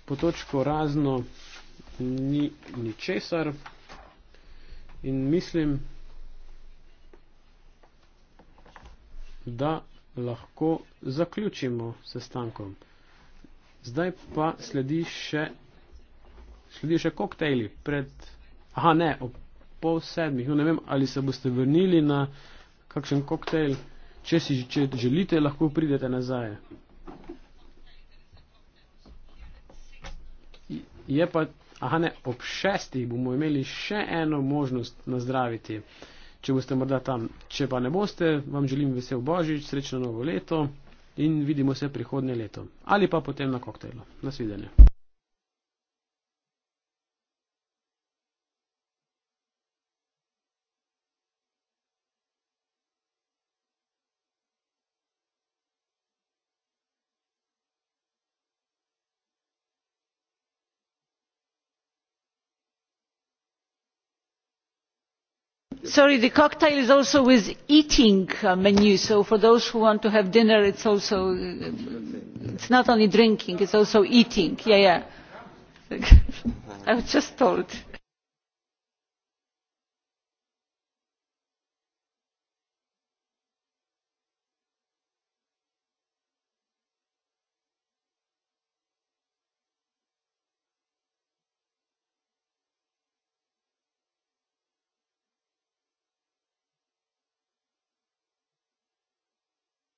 Po točko razno ni ničesar in mislim, da lahko zaključimo sestankom. Zdaj pa sledi še, sledi še koktejli pred, aha ne, ob pol sedmih, no, ne vem, ali se boste vrnili na kakšen koktejl, če si če želite, lahko pridete nazaj. Je pa, aha ne, ob šestih bomo imeli še eno možnost nazdraviti če boste morda tam. Če pa ne boste, vam želim vesel božič, srečno novo leto in vidimo se prihodnje leto ali pa potem na koktejlu. Nasvidenje. sorry the cocktail is also with eating uh, menu so for those who want to have dinner it is also uh, it is not only drinking it is also eating yeah yeah (laughs) i was just told.